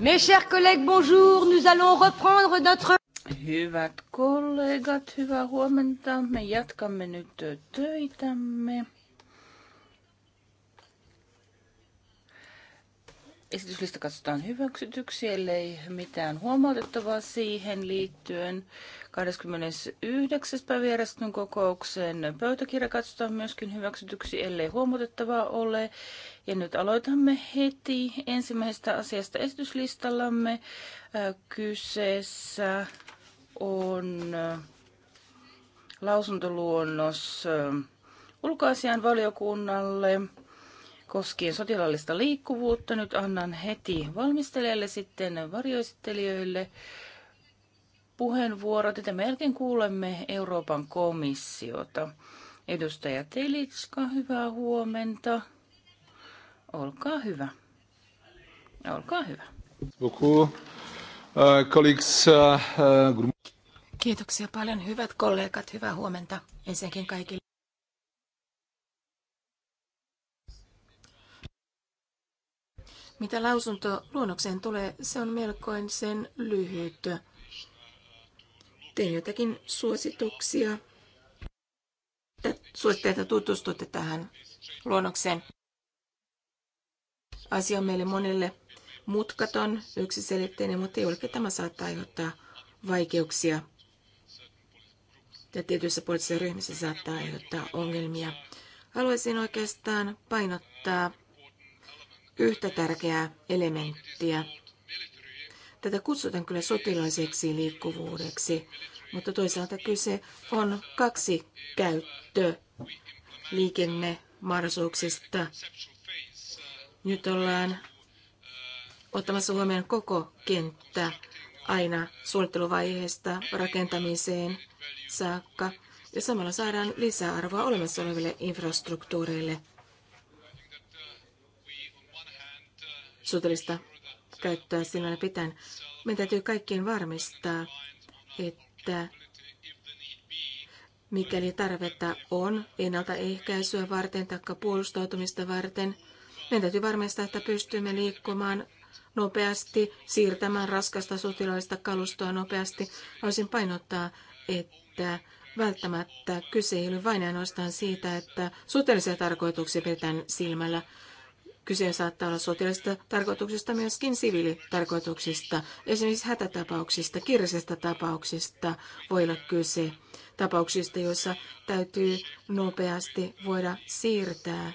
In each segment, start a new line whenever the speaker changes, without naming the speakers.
Mes chers collègues, bonjour. Nous allons reprendre notre... Hyvät kollegat, hyvää huomenta. Me jatkamme nyt töitämme. Esityslista katsotaan hyväksytyksi, ellei mitään huomautettavaa siihen liittyen. 29. päivä kokouksen pöytäkirja katsotaan myöskin hyväksytyksi, ellei huomautettavaa ole. Ja nyt aloitamme heti ensimmäisestä asiasta esityslistallamme. Kyseessä on lausuntoluonnos ulkoasian valiokunnalle koskien sotilaallista liikkuvuutta. Nyt annan heti valmistelijalle sitten varjoistelijoille. puheenvuorot. Tämän jälkeen kuulemme Euroopan komissiota. Edustaja Telitska, hyvää huomenta. Olkaa hyvä. Olkaa hyvä. Uh, uh, uh,
Kiitoksia paljon hyvät kollegat. Hyvää huomenta ensinnäkin kaikille. Mitä lausunto luonnokseen tulee, se on melkoin sen lyhyt. Tein jotakin suosituksia. Suositteita tutustutte tähän luonnokseen. Asia on meille monille mutkaton, yksiselitteinen, mutta juurikin tämä saattaa aiheuttaa vaikeuksia. Ja tietyissä poliittisissa ryhmissä saattaa aiheuttaa ongelmia. Haluaisin oikeastaan painottaa yhtä tärkeää elementtiä. Tätä kutsutaan kyllä sotilaiseksi liikkuvuudeksi, mutta toisaalta kyse on kaksi käyttö liikennemahdollisuuksista nyt ollaan ottamassa huomioon koko kenttä aina suunnitteluvaiheesta rakentamiseen saakka. Ja samalla saadaan lisäarvoa olemassa oleville infrastruktuureille. Suunnitellista käyttöä silloin pitää, Meidän täytyy kaikkien varmistaa, että mikäli tarvetta on ennaltaehkäisyä varten tai puolustautumista varten – meidän täytyy varmistaa, että pystymme liikkumaan nopeasti, siirtämään raskasta sotilaallista kalustoa nopeasti. Haluaisin painottaa, että välttämättä kyse ei ole vain ainoastaan siitä, että sotilaisia tarkoituksia pidetään silmällä. Kyse saattaa olla sotilaisista tarkoituksista, myöskin siviilitarkoituksista, esimerkiksi hätätapauksista, kirjallisista tapauksista voi olla kyse, tapauksista, joissa täytyy nopeasti voida siirtää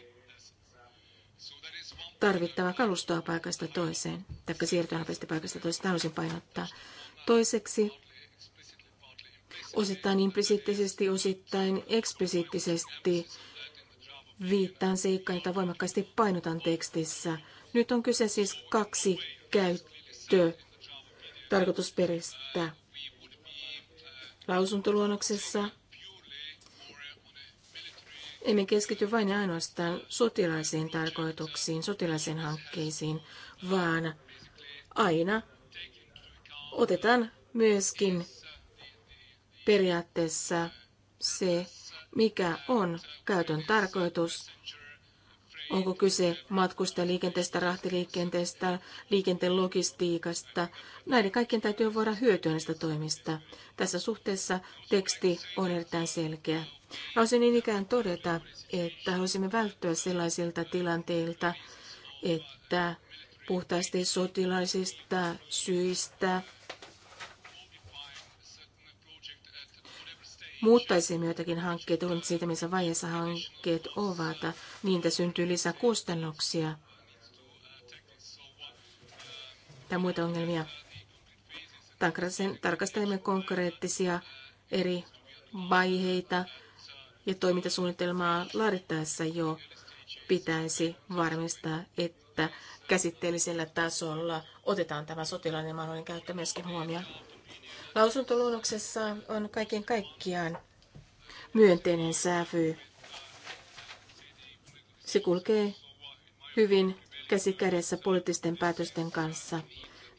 tarvittavaa kalustoa paikasta toiseen, tai siirtyä nopeasti paikasta toiseen, haluaisin painottaa. Toiseksi, osittain implisiittisesti, osittain eksplisiittisesti viittaan seikkaan, jota voimakkaasti painotan tekstissä. Nyt on kyse siis kaksi käyttö tarkoitusperistä. Lausuntoluonnoksessa emme keskity vain ainoastaan sotilaisiin tarkoituksiin, sotilaisiin hankkeisiin, vaan aina otetaan myöskin periaatteessa se, mikä on käytön tarkoitus Onko kyse matkustajaliikenteestä, rahtiliikenteestä, liikenteen logistiikasta? Näiden kaikkien täytyy voida hyötyä näistä toimista. Tässä suhteessa teksti on erittäin selkeä. Haluaisin niin ikään todeta, että haluaisimme välttyä sellaisilta tilanteilta, että puhtaasti sotilaisista syistä muuttaisimme jotakin hankkeita, on siitä, missä vaiheessa hankkeet ovat, niin että syntyy lisää kustannuksia tai muita ongelmia. Tarkastelemme konkreettisia eri vaiheita ja toimintasuunnitelmaa laadittaessa jo pitäisi varmistaa, että käsitteellisellä tasolla otetaan tämä sotilainen mahdollinen käyttö myöskin huomioon. Lausuntoluonnoksessa on kaiken kaikkiaan myönteinen sävy. Se kulkee hyvin käsi kädessä poliittisten päätösten kanssa.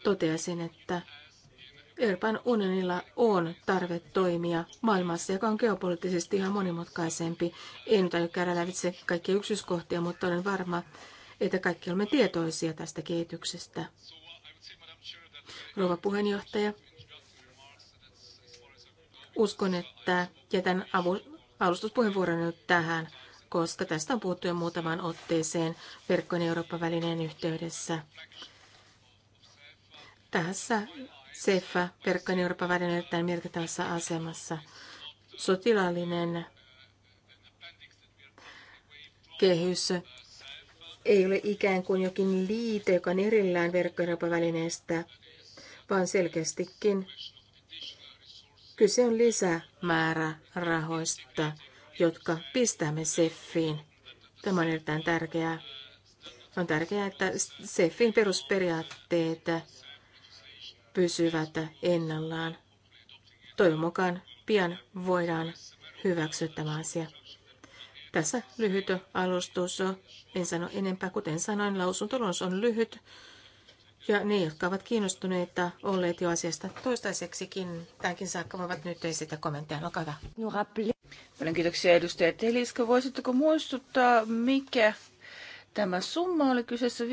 Toteasin, että Euroopan unionilla on tarve toimia maailmassa, joka on geopoliittisesti ihan monimutkaisempi. En nyt aio käydä lävitse kaikkia yksityiskohtia, mutta olen varma, että kaikki olemme tietoisia tästä kehityksestä. Rouva puheenjohtaja, Uskon, että jätän avu- alustuspuheenvuoron nyt tähän, koska tästä on puhuttu jo muutamaan otteeseen verkkojen Eurooppa-välineen yhteydessä. Tässä SEFA, verkkojen eurooppa välineen erittäin merkittävässä asemassa. Sotilaallinen kehys ei ole ikään kuin jokin liite, joka on erillään verkkojen Eurooppa-välineestä, vaan selkeästikin Kyse on lisämäärä rahoista, jotka pistämme SEFiin. Tämä on erittäin tärkeää. On tärkeää, että SEFin perusperiaatteet pysyvät ennallaan. Toivon mukaan pian voidaan hyväksyä tämä asia. Tässä lyhyt alustus. En sano enempää, kuten sanoin, lausuntolons on lyhyt ja ne, jotka ovat kiinnostuneita olleet jo asiasta toistaiseksikin, tämänkin
saakka voivat nyt esitä kommentteja. Olkaa hyvä. Paljon kiitoksia edustaja Teliska. Voisitteko muistuttaa, mikä tämä summa oli kyseessä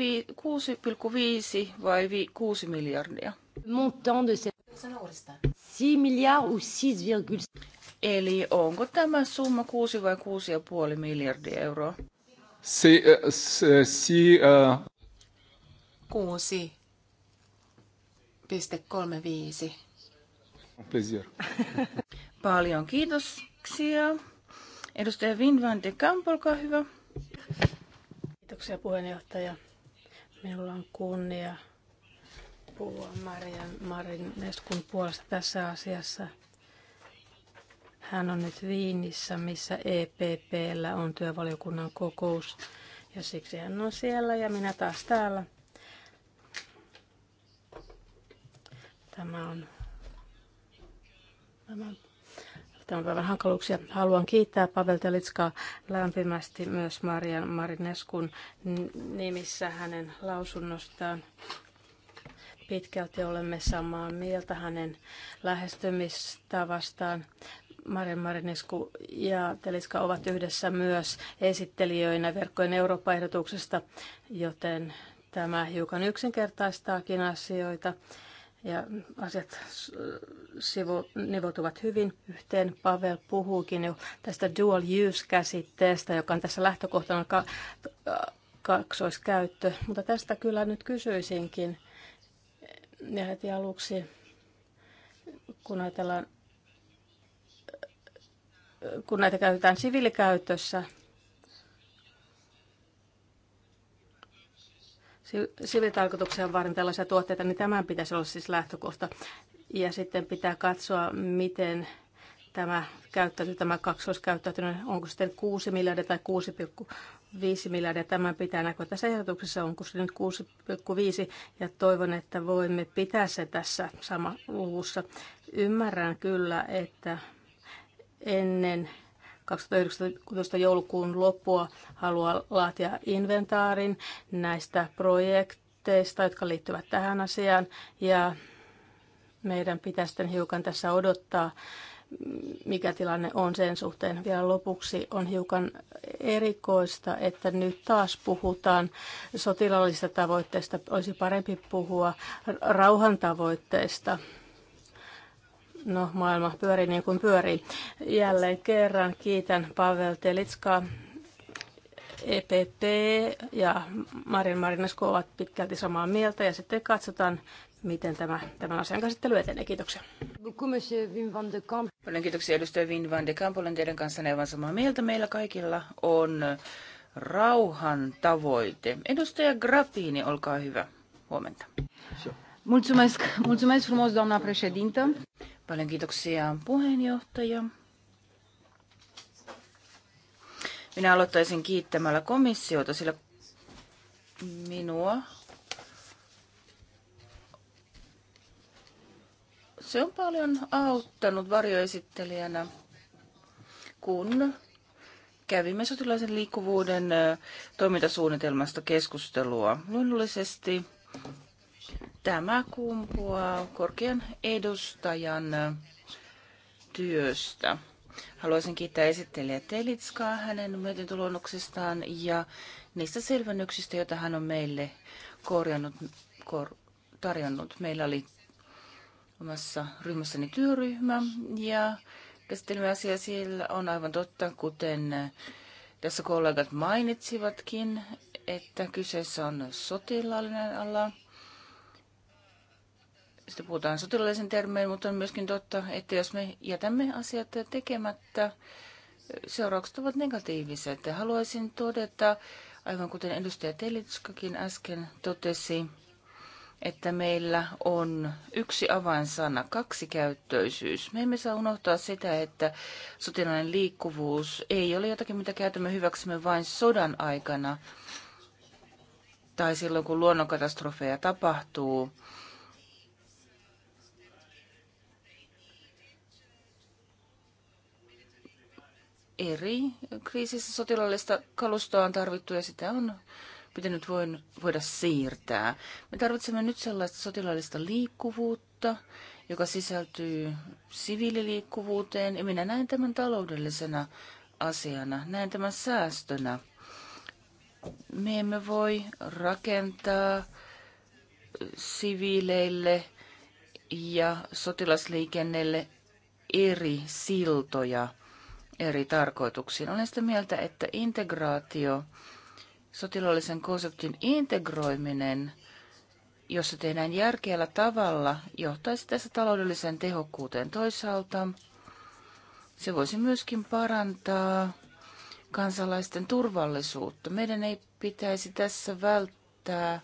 6,5 vai 6 miljardia? Montant de cette...
6
miljardia ou 6,6. Eli onko tämä summa 6 vai 6,5 miljardia euroa? Si, eh, si, uh... 6,35. Pleasure. Paljon kiitoksia. Edustaja Wim van de Kamp, olkaa hyvä.
Kiitoksia puheenjohtaja. Minulla on kunnia puhua Marian Marin Neskun puolesta tässä asiassa. Hän on nyt Viinissä, missä EPPllä on työvaliokunnan kokous ja siksi hän on siellä ja minä taas täällä. Tämä on, tämä on tämän päivän hankaluuksia. Haluan kiittää Pavel Telitskaa lämpimästi myös Marian Marineskun nimissä hänen lausunnostaan. Pitkälti olemme samaa mieltä hänen lähestymistavastaan. Marian Marinesku ja Teliska ovat yhdessä myös esittelijöinä verkkojen Eurooppa-ehdotuksesta, joten tämä hiukan yksinkertaistaakin asioita ja asiat sivu, nivoutuvat hyvin yhteen. Pavel puhuukin jo tästä dual use-käsitteestä, joka on tässä lähtökohtana ka- kaksoiskäyttö. Mutta tästä kyllä nyt kysyisinkin ja heti aluksi, kun ajatellaan kun näitä käytetään siviilikäytössä, sivitarkoituksia varten tällaisia tuotteita, niin tämän pitäisi olla siis lähtökohta. Ja sitten pitää katsoa, miten tämä käyttäytyy, tämä kaksoiskäyttäytyminen, onko sitten 6 miljardia tai 6,5 miljardia. Tämän pitää näkyä tässä ehdotuksessa, onko se nyt 6,5 ja toivon, että voimme pitää se tässä sama luvussa. Ymmärrän kyllä, että ennen 2019 joulukuun loppua haluaa laatia inventaarin näistä projekteista, jotka liittyvät tähän asiaan. Ja meidän pitäisi sitten hiukan tässä odottaa, mikä tilanne on sen suhteen. Vielä lopuksi on hiukan erikoista, että nyt taas puhutaan sotilaallisista tavoitteista. Olisi parempi puhua rauhantavoitteista. No, maailma pyörii niin kuin pyörii. Jälleen kerran kiitän Pavel Telitska, EPP ja Marin Marinesko ovat pitkälti samaa mieltä ja sitten katsotaan, miten tämä, tämän asian käsittely etenee. Kiitoksia.
Paljon kiitoksia edustaja Vin van de Kamp. Olen teidän kanssa aivan samaa mieltä. Meillä kaikilla on rauhan tavoite. Edustaja Grappini, olkaa hyvä. Huomenta. Mulțumesc, mulțumesc frumos, doamna președintă. Paljon kiitoksia puheenjohtaja. Minä aloittaisin kiittämällä komissiota, sillä minua se on paljon auttanut varjoesittelijänä, kun kävimme sotilaisen liikkuvuuden toimintasuunnitelmasta keskustelua. Luonnollisesti Tämä kumpuaa korkean edustajan työstä. Haluaisin kiittää esittelijä Telitskaa hänen mietintöluonnoksestaan ja niistä selvennyksistä, joita hän on meille korjannut, kor, tarjonnut. Meillä oli omassa ryhmässäni työryhmä ja käsittelimme asia siellä on aivan totta, kuten tässä kollegat mainitsivatkin, että kyseessä on sotilaallinen ala sitä puhutaan sotilaallisen termein, mutta on myöskin totta, että jos me jätämme asiat tekemättä, seuraukset ovat negatiiviset. Haluaisin todeta, aivan kuten edustaja Telitskakin äsken totesi, että meillä on yksi avainsana, käyttöisyys. Me emme saa unohtaa sitä, että sotilainen liikkuvuus ei ole jotakin, mitä käytämme hyväksymme vain sodan aikana tai silloin, kun luonnonkatastrofeja tapahtuu eri kriisissä sotilaallista kalustoa on tarvittu ja sitä on pitänyt voin, voida siirtää. Me tarvitsemme nyt sellaista sotilaallista liikkuvuutta, joka sisältyy siviililiikkuvuuteen, ja minä näen tämän taloudellisena asiana, näen tämän säästönä. Me emme voi rakentaa siviileille ja sotilasliikennelle eri siltoja – eri tarkoituksiin. Olen sitä mieltä, että integraatio, sotilaallisen konseptin integroiminen, jossa tehdään järkeällä tavalla, johtaisi tässä taloudelliseen tehokkuuteen toisaalta. Se voisi myöskin parantaa kansalaisten turvallisuutta. Meidän ei pitäisi tässä välttää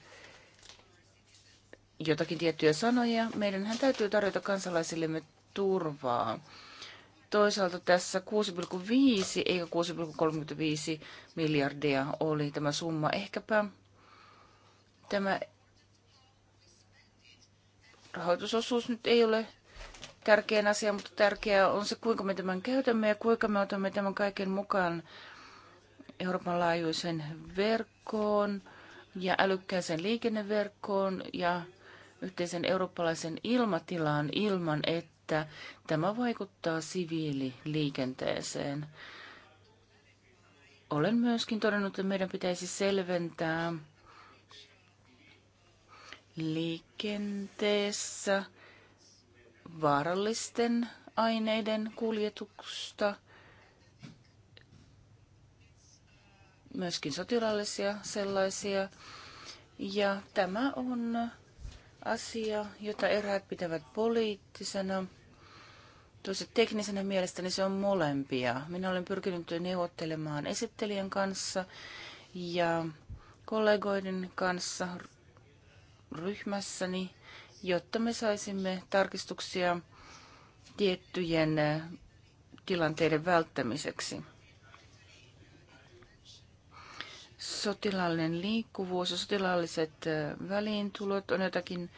jotakin tiettyjä sanoja. Meidänhän täytyy tarjota kansalaisillemme turvaa. Toisaalta tässä 6,5 eikä 6,35 miljardia oli tämä summa. Ehkäpä tämä rahoitusosuus nyt ei ole tärkein asia, mutta tärkeää on se, kuinka me tämän käytämme ja kuinka me otamme tämän kaiken mukaan Euroopan laajuisen verkkoon ja älykkäisen liikenneverkkoon ja yhteisen eurooppalaisen ilmatilaan ilman, että että tämä vaikuttaa siviililiikenteeseen. Olen myöskin todennut, että meidän pitäisi selventää liikenteessä vaarallisten aineiden kuljetusta, myöskin sotilaallisia sellaisia. Ja tämä on asia, jota eräät pitävät poliittisena, Tuossa teknisenä mielestäni se on molempia. Minä olen pyrkinyt neuvottelemaan esittelijän kanssa ja kollegoiden kanssa ryhmässäni, jotta me saisimme tarkistuksia tiettyjen tilanteiden välttämiseksi. sotilaallinen liikkuvuus ja sotilaalliset väliintulot on jotakin,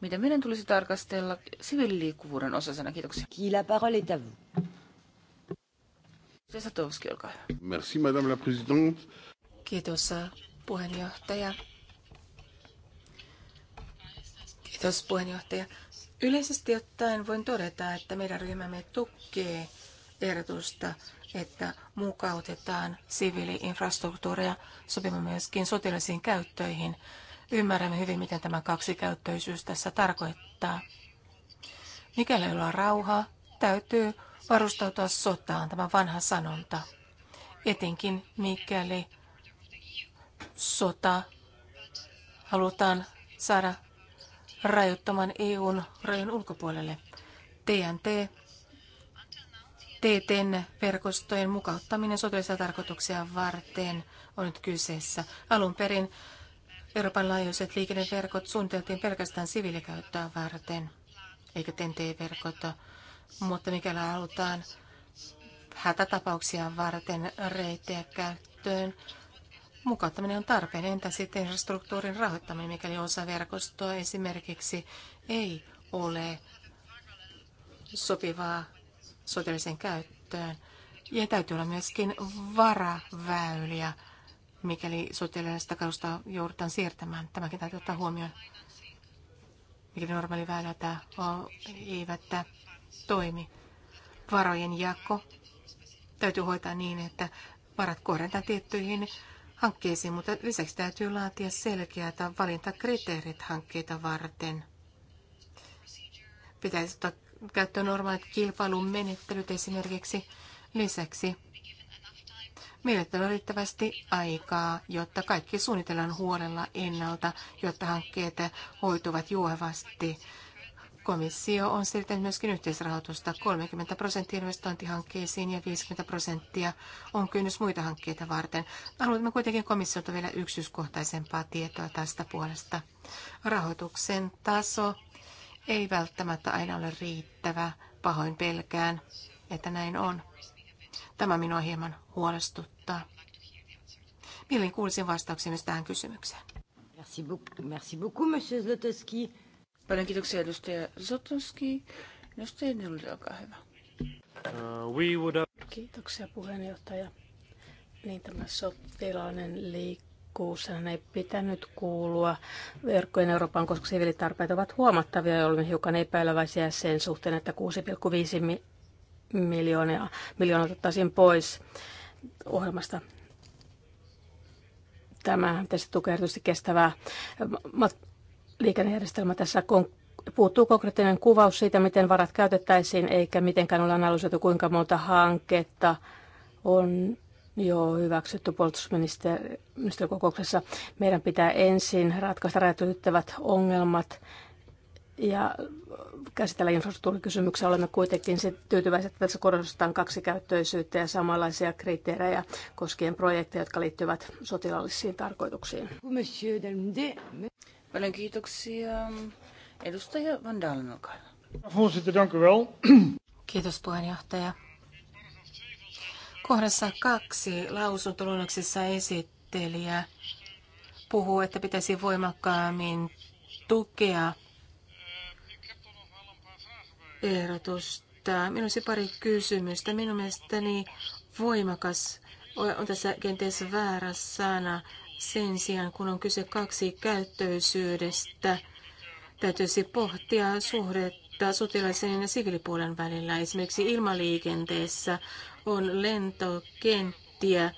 mitä meidän tulisi tarkastella siviililiikkuvuuden osasena. Kiitoksia. La parole est à vous. Satowski, olkaa hyvä. Merci, madame la présidente.
Kiitos, äh, puheenjohtaja. Kiitos, puheenjohtaja. Yleisesti ottaen voin todeta, että meidän ryhmämme tukee ehdotusta että mukautetaan siviiliinfrastruktuuria sopimaan myöskin sotilaisiin käyttöihin. Ymmärrämme hyvin, mitä tämä kaksikäyttöisyys tässä tarkoittaa. Mikäli ei ole rauhaa, täytyy varustautua sotaan, tämä vanha sanonta. Etenkin mikäli sota halutaan saada rajoittamaan EUn rajan ulkopuolelle. TNT TTN-verkostojen mukauttaminen sotilaisia tarkoituksia varten on nyt kyseessä. Alun perin Euroopan laajuiset liikenneverkot suunniteltiin pelkästään siviilikäyttöä varten, eikä TNT-verkot, mutta mikäli halutaan hätätapauksia varten reittejä käyttöön, mukauttaminen on tarpeen. Entä sitten infrastruktuurin rahoittaminen, mikäli osa verkostoa esimerkiksi ei ole sopivaa sotilaisen käyttöön. Ja täytyy olla myöskin varaväyliä, mikäli sotilaista kalusta joudutaan siirtämään. Tämäkin täytyy ottaa huomioon, mikäli normaali väylä tämä eivät toimi. Varojen jako täytyy hoitaa niin, että varat kohdentaa tiettyihin hankkeisiin, mutta lisäksi täytyy laatia selkeät valintakriteerit hankkeita varten. Pitäisi ottaa käyttöön normaalit kilpailun menettelyt esimerkiksi lisäksi. Meillä on riittävästi aikaa, jotta kaikki suunnitellaan huolella ennalta, jotta hankkeet hoituvat juohevasti. Komissio on siirtänyt myöskin yhteisrahoitusta 30 prosenttia investointihankkeisiin ja 50 prosenttia on kynnys muita hankkeita varten. Haluamme kuitenkin komissiolta vielä yksityiskohtaisempaa tietoa tästä puolesta. Rahoituksen taso ei välttämättä aina ole riittävä. Pahoin pelkään, että näin on. Tämä minua hieman huolestuttaa.
Mielin kuulisin vastauksen myös tähän kysymykseen. Merci beaucoup, merci beaucoup monsieur Zlotowski. Paljon kiitoksia edustaja Zlotowski. Edustaja Nelli, niin olkaa hyvä.
Uh, we would have...
Kiitoksia puheenjohtaja. Niin tämä
sotilainen liikkeelle ne ei pitänyt kuulua. Verkkojen Euroopan koska siviilitarpeet ovat huomattavia ja olemme hiukan epäileväisiä sen suhteen, että 6,5 miljoonaa, miljoonaa otettaisiin pois ohjelmasta. Tämä tietysti tukee erityisesti kestävää liikennejärjestelmää. Tässä puuttuu konkreettinen kuvaus siitä, miten varat käytettäisiin, eikä mitenkään ole analysoitu, kuinka monta hanketta on Joo, hyväksytty puolustusministerikokouksessa. Meidän pitää ensin ratkaista rajat ongelmat ja käsitellä infrastruktuurikysymyksiä. Olemme kuitenkin tyytyväisiä, että tässä korostetaan kaksikäyttöisyyttä ja samanlaisia kriteerejä koskien projekteja, jotka liittyvät sotilaallisiin tarkoituksiin.
Paljon kiitoksia. Edustaja Van Dalen, olkaa hyvä. Kiitos puheenjohtaja.
Kohdassa kaksi lausuntoluonnoksessa esittelijä puhuu, että pitäisi voimakkaammin tukea ehdotusta. Minulla olisi pari kysymystä. Minun mielestäni voimakas on tässä kenties väärä sana. Sen sijaan, kun on kyse kaksi käyttöisyydestä, täytyisi pohtia suhdetta sotilaisen ja siviilipuolen välillä. Esimerkiksi ilmaliikenteessä on lentokenttiä,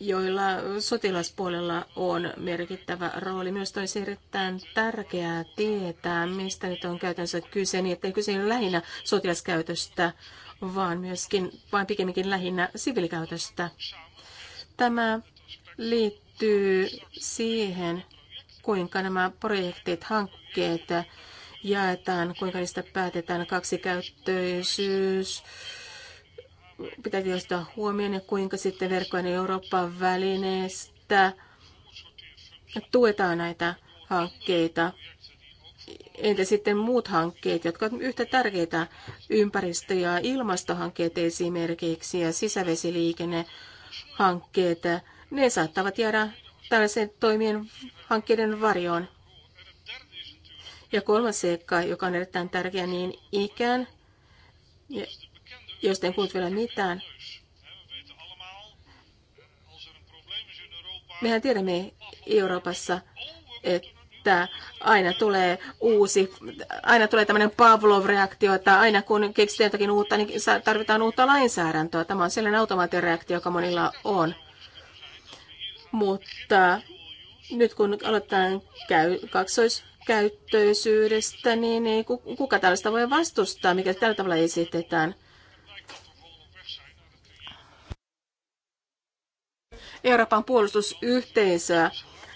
joilla sotilaspuolella on merkittävä rooli. Myös olisi erittäin tärkeää tietää, mistä nyt on käytännössä kyse, niin ettei kyse ole lähinnä sotilaskäytöstä, vaan myöskin, vaan pikemminkin lähinnä siviilikäytöstä. Tämä liittyy siihen, kuinka nämä projektit, hankkeet jaetaan, kuinka niistä päätetään, kaksikäyttöisyys, pitäisi ottaa huomioon ja kuinka sitten verkkojen Euroopan välineestä tuetaan näitä hankkeita. Entä sitten muut hankkeet, jotka ovat yhtä tärkeitä, ympäristö- ja ilmastohankkeet esimerkiksi ja sisävesiliikennehankkeet, ne saattavat jäädä tällaisen toimien hankkeiden varjoon. Ja kolmas seikka, joka on erittäin tärkeä niin ikään, ja jos en puhut vielä mitään, mehän tiedämme Euroopassa, että aina tulee uusi, aina tulee tämmöinen Pavlov-reaktio, että aina kun keksitään jotakin uutta, niin tarvitaan uutta lainsäädäntöä. Tämä on sellainen reaktio, joka monilla on. Mutta nyt kun aloitetaan käy, kaksois käyttöisyydestä, niin ei kuka tällaista voi vastustaa, mikä tällä tavalla esitetään. Euroopan puolustusyhteisöä,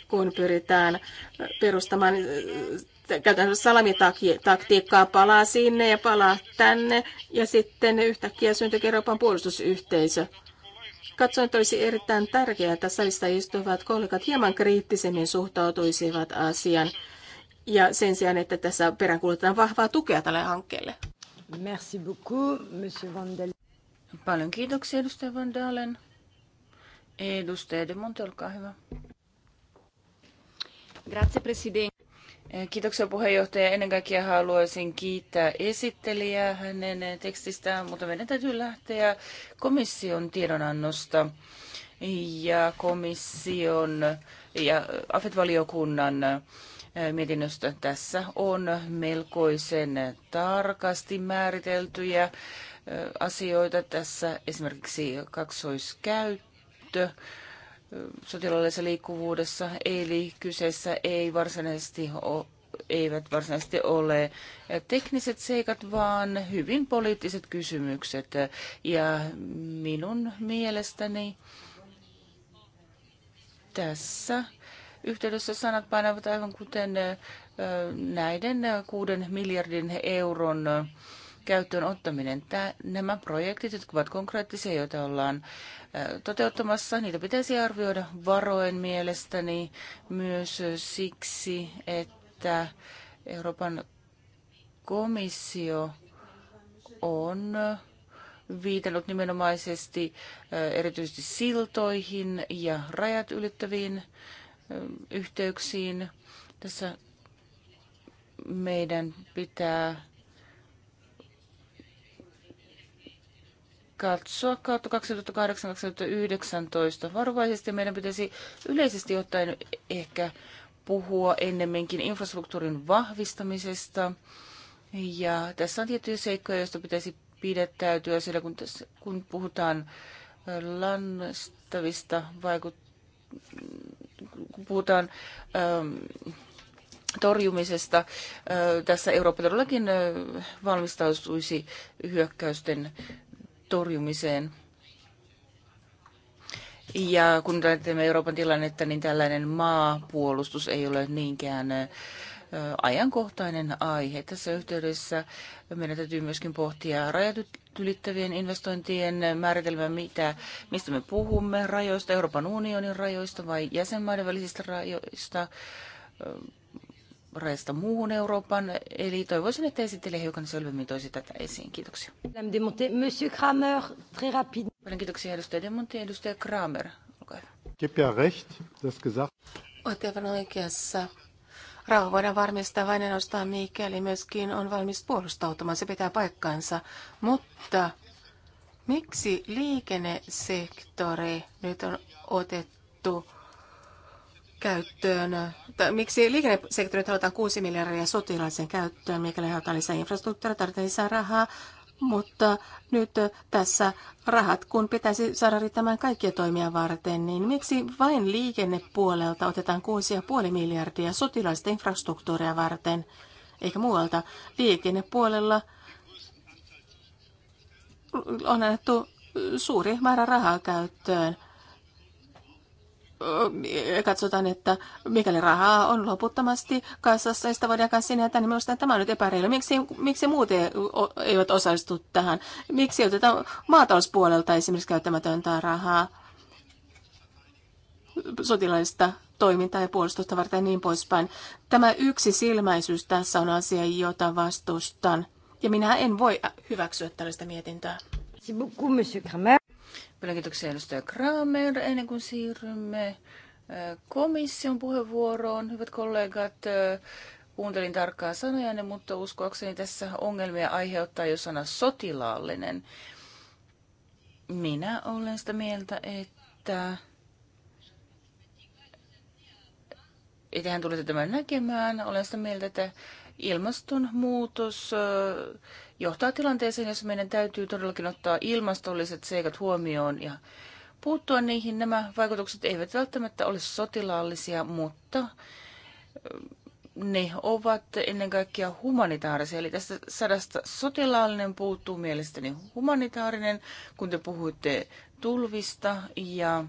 kun pyritään perustamaan äh, käytännössä salamitaktiikkaa, palaa sinne ja palaa tänne, ja sitten yhtäkkiä syntyy Euroopan puolustusyhteisö. Katsoin, että olisi erittäin tärkeää, että salissa istuvat kollegat hieman kriittisemmin suhtautuisivat asian ja sen sijaan, että tässä peräänkuulutetaan vahvaa tukea tälle hankkeelle.
Merci beaucoup, monsieur Van Paljon kiitoksia, edustaja Van Dalen. Edustaja De Monte, olkaa hyvä. Grazie, presidente. Eh, kiitoksia puheenjohtaja. Ennen kaikkea haluaisin kiittää esittelijää hänen tekstistään, mutta meidän täytyy lähteä komission tiedonannosta ja komission ja AFET-valiokunnan mietinnöstä. Tässä on melkoisen tarkasti määriteltyjä asioita. Tässä esimerkiksi kaksoiskäyttö sotilaallisessa liikkuvuudessa, eli kyseessä ei varsinaisesti ole eivät varsinaisesti ole tekniset seikat, vaan hyvin poliittiset kysymykset. Ja minun mielestäni tässä yhteydessä sanat painavat aivan kuten näiden kuuden miljardin euron käyttöön ottaminen. nämä projektit, jotka ovat konkreettisia, joita ollaan toteuttamassa, niitä pitäisi arvioida varoen mielestäni myös siksi, että Euroopan komissio on viitannut nimenomaisesti erityisesti siltoihin ja rajat ylittäviin yhteyksiin. Tässä meidän pitää katsoa kautta 2008-2019 varovaisesti. Meidän pitäisi yleisesti ottaen ehkä puhua ennemminkin infrastruktuurin vahvistamisesta. Ja tässä on tiettyjä seikkoja, joista pitäisi pidettäytyä, sillä kun, tässä, kun puhutaan lannistavista vaikutuksista, kun puhutaan ähm, torjumisesta. Äh, tässä Eurooppa todellakin äh, valmistautuisi hyökkäysten torjumiseen. Ja kun ajattelemme Euroopan tilannetta, niin tällainen maapuolustus ei ole niinkään äh, ajankohtainen aihe. Tässä yhteydessä meidän täytyy myöskin pohtia rajat ylittävien investointien määritelmä, mitä, mistä me puhumme, rajoista, Euroopan unionin rajoista vai jäsenmaiden välisistä rajoista, rajasta muuhun Euroopan. Eli toivoisin, että esittelijä hiukan selvemmin toisi tätä esiin. Kiitoksia. Monsieur Kramer, très rapide. Paljon kiitoksia edustaja Demonti ja edustaja Kramer. Olkaa hyvä. Olette aivan oikeassa.
Rauha voidaan varmistaa vain nostaa mikäli myöskin on valmis puolustautumaan, se pitää paikkansa. Mutta miksi liikennesektori nyt on otettu käyttöön, tai miksi liikennesektorilla halutaan 6 miljardia sotilaisen käyttöön, mikäli halutaan lisää infrastruktuuria, tarvitaan lisää rahaa, mutta nyt tässä rahat, kun pitäisi saada riittämään kaikkia toimia varten, niin miksi vain liikennepuolelta otetaan 6,5 miljardia sotilaista infrastruktuuria varten, eikä muualta? Liikennepuolella on annettu suuri määrä rahaa käyttöön katsotaan, että mikäli rahaa on loputtomasti kassassa ja sitä voidaan kanssa sinne niin ja minusta tämä on nyt epäreilu. Miksi, miksi muut eivät osallistu tähän? Miksi otetaan maatalouspuolelta esimerkiksi käyttämätöntä rahaa sotilaallista toimintaa ja puolustusta varten ja niin poispäin? Tämä yksi silmäisyys tässä on asia, jota vastustan. Ja minä en voi hyväksyä tällaista mietintöä. Paljon kiitoksia edustaja
Kramer. Ennen kuin siirrymme äh, komission puheenvuoroon, hyvät kollegat, äh, kuuntelin tarkkaa sanojanne, mutta uskoakseni tässä ongelmia aiheuttaa jo sana sotilaallinen. Minä olen sitä mieltä, että tehän tulette tämän näkemään. Olen sitä mieltä, että ilmastonmuutos äh, johtaa tilanteeseen, jossa meidän täytyy todellakin ottaa ilmastolliset seikat huomioon ja puuttua niihin. Nämä vaikutukset eivät välttämättä ole sotilaallisia, mutta ne ovat ennen kaikkea humanitaarisia. Eli tästä sadasta sotilaallinen puuttuu mielestäni humanitaarinen, kun te puhuitte tulvista ja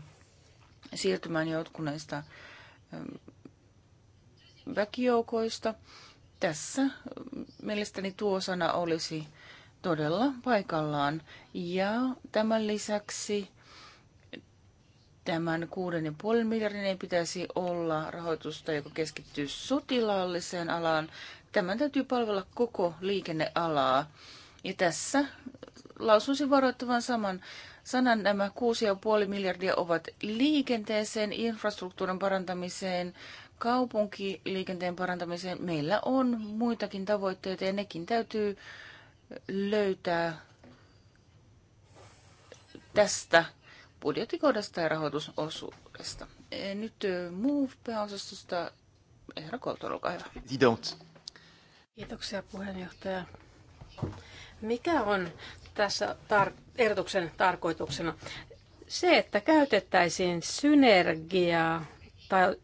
siirtymään joutuneista väkijoukoista tässä mielestäni tuo sana olisi todella paikallaan. Ja tämän lisäksi tämän 6,5 miljardin ei pitäisi olla rahoitusta, joka keskittyy sotilaalliseen alaan. Tämän täytyy palvella koko liikennealaa. Ja tässä lausuisin varoittavan saman sanan. Nämä 6,5 miljardia ovat liikenteeseen, infrastruktuurin parantamiseen, kaupunkiliikenteen parantamiseen meillä on muitakin tavoitteita ja nekin täytyy löytää tästä budjettikohdasta ja rahoitusosuudesta. E, nyt MOVE-pääosastosta Eero Koltor, olkaa hyvä. Don't. Kiitoksia puheenjohtaja.
Mikä on tässä tar- ehdotuksen tarkoituksena? Se, että käytettäisiin synergiaa tai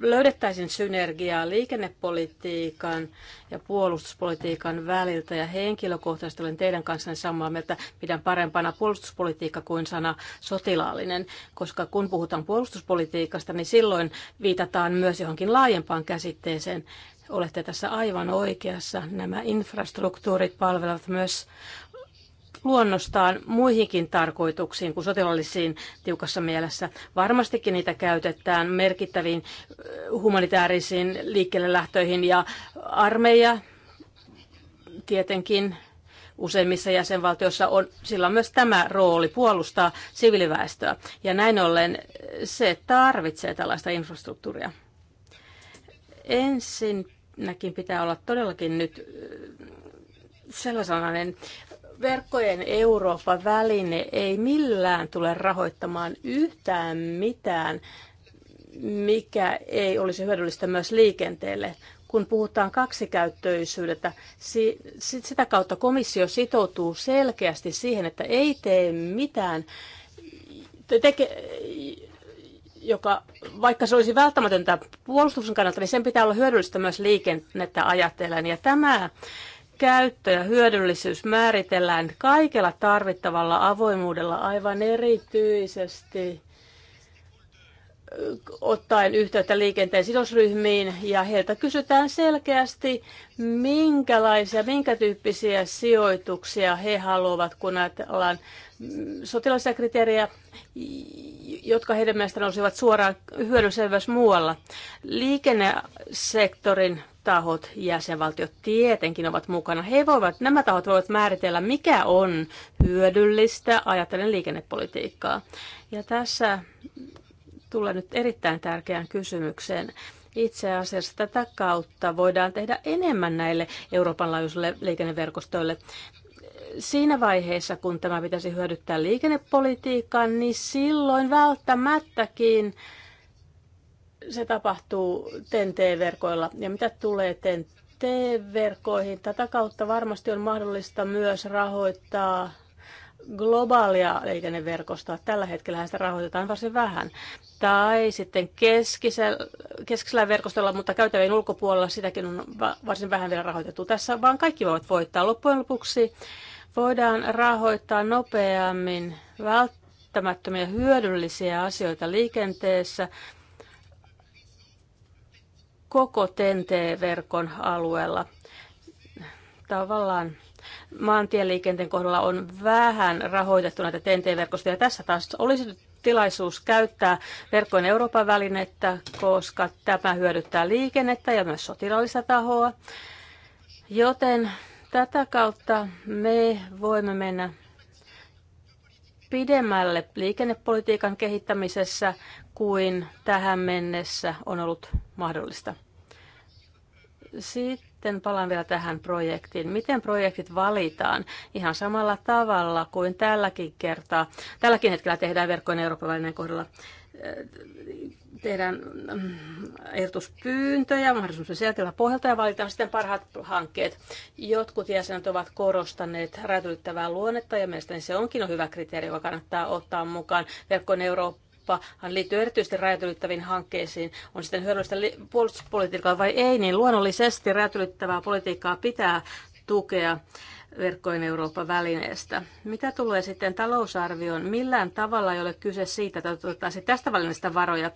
löydettäisiin synergiaa liikennepolitiikan ja puolustuspolitiikan väliltä ja henkilökohtaisesti olen teidän kanssanne samaa mieltä, pidän parempana puolustuspolitiikka kuin sana sotilaallinen, koska kun puhutaan puolustuspolitiikasta, niin silloin viitataan myös johonkin laajempaan käsitteeseen. Olette tässä aivan oikeassa. Nämä infrastruktuurit palvelevat myös luonnostaan muihinkin tarkoituksiin kuin sotilaallisiin tiukassa mielessä. Varmastikin niitä käytetään merkittäviin humanitaarisiin liikkeelle lähtöihin ja armeija tietenkin useimmissa jäsenvaltioissa on, sillä on myös tämä rooli puolustaa siviiliväestöä. Ja näin ollen se tarvitsee tällaista infrastruktuuria. Ensinnäkin pitää olla todellakin nyt sellainen Verkkojen Euroopan väline ei millään tule rahoittamaan yhtään mitään, mikä ei olisi hyödyllistä myös liikenteelle. Kun puhutaan kaksikäyttöisyydestä, sitä kautta komissio sitoutuu selkeästi siihen, että ei tee mitään, teke, joka, vaikka se olisi välttämätöntä puolustuksen kannalta, niin sen pitää olla hyödyllistä myös liikennettä ajatellen. Ja tämä käyttö ja hyödyllisyys määritellään kaikella tarvittavalla avoimuudella aivan erityisesti ottaen yhteyttä liikenteen sidosryhmiin ja heiltä kysytään selkeästi, minkälaisia, minkä tyyppisiä sijoituksia he haluavat, kun ajatellaan mm, sotilaisia kriteerejä, jotka heidän mielestään olisivat suoraan hyödyllisiä myös muualla. Liikennesektorin tahot, jäsenvaltiot tietenkin ovat mukana. He voivat, nämä tahot voivat määritellä, mikä on hyödyllistä ajatellen liikennepolitiikkaa. Ja tässä tulee nyt erittäin tärkeään kysymykseen. Itse asiassa tätä kautta voidaan tehdä enemmän näille Euroopan laajuisille liikenneverkostoille. Siinä vaiheessa, kun tämä pitäisi hyödyttää liikennepolitiikkaa, niin silloin välttämättäkin se tapahtuu TEN-T-verkoilla. Ja mitä tulee TEN-T-verkkoihin, tätä kautta varmasti on mahdollista myös rahoittaa globaalia liikenneverkostoa. Tällä hetkellä sitä rahoitetaan varsin vähän. Tai sitten keskisellä, keskisellä verkostolla, mutta käytävien ulkopuolella sitäkin on varsin vähän vielä rahoitettu. Tässä vaan kaikki voivat voittaa. Loppujen lopuksi voidaan rahoittaa nopeammin välttämättömiä hyödyllisiä asioita liikenteessä – koko TNT-verkon alueella. Tavallaan maantieliikenteen kohdalla on vähän rahoitettu näitä TNT-verkostoja. Tässä taas olisi tilaisuus käyttää verkkojen Euroopan välinettä, koska tämä hyödyttää liikennettä ja myös sotilaallista tahoa. Joten tätä kautta me voimme mennä pidemmälle liikennepolitiikan kehittämisessä kuin tähän mennessä on ollut mahdollista. Sitten palaan vielä tähän projektiin. Miten projektit valitaan? Ihan samalla tavalla kuin tälläkin kertaa. Tälläkin hetkellä tehdään verkkojen eurooppalainen kohdalla tehdään mm, ehdotuspyyntöjä mahdollisuuksien selkeällä pohjalta ja valitaan sitten parhaat hankkeet. Jotkut jäsenet ovat korostaneet räätylittävää luonnetta ja mielestäni se onkin hyvä kriteeri, joka kannattaa ottaa mukaan verkkoon Eurooppaan liittyy erityisesti räätylittäviin hankkeisiin. On sitten hyödyllistä puolustuspolitiikkaa vai ei, niin luonnollisesti räätylittävää politiikkaa pitää tukea verkkojen Euroopan välineestä. Mitä tulee sitten talousarvioon? Millään tavalla ei ole kyse siitä, että otettaisiin tästä välineestä varoja.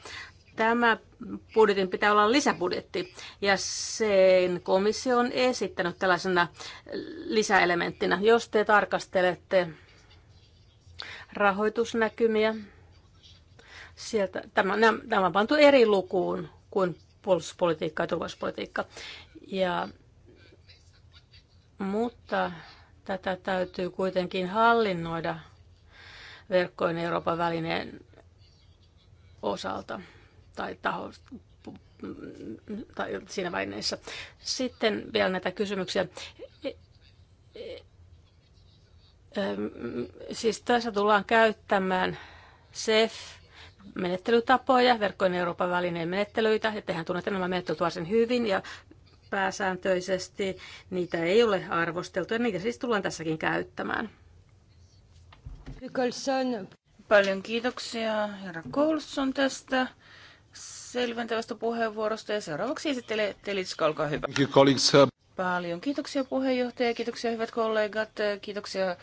Tämä budjetin pitää olla lisäbudjetti ja sen komissio on esittänyt tällaisena lisäelementtinä. Jos te tarkastelette rahoitusnäkymiä, sieltä, tämä, nämä, tämä on pantu eri lukuun kuin puolustuspolitiikka ja turvallisuuspolitiikka. Ja, mutta tätä täytyy kuitenkin hallinnoida verkkojen Euroopan välineen osalta tai taho, tai siinä vaiheessa. Sitten vielä näitä kysymyksiä.
E, e, e,
siis tässä tullaan käyttämään SEF, menettelytapoja, verkkojen Euroopan välineen menettelyitä, ja tehän tunnette nämä menettelyt varsin hyvin, ja pääsääntöisesti niitä ei ole arvosteltu, ja niitä siis tullaan tässäkin käyttämään.
Paljon kiitoksia herra Colson tästä selventävästä puheenvuorosta ja seuraavaksi esittelee Telitska, olkaa hyvä. Paljon kiitoksia puheenjohtaja, kiitoksia hyvät kollegat, kiitoksia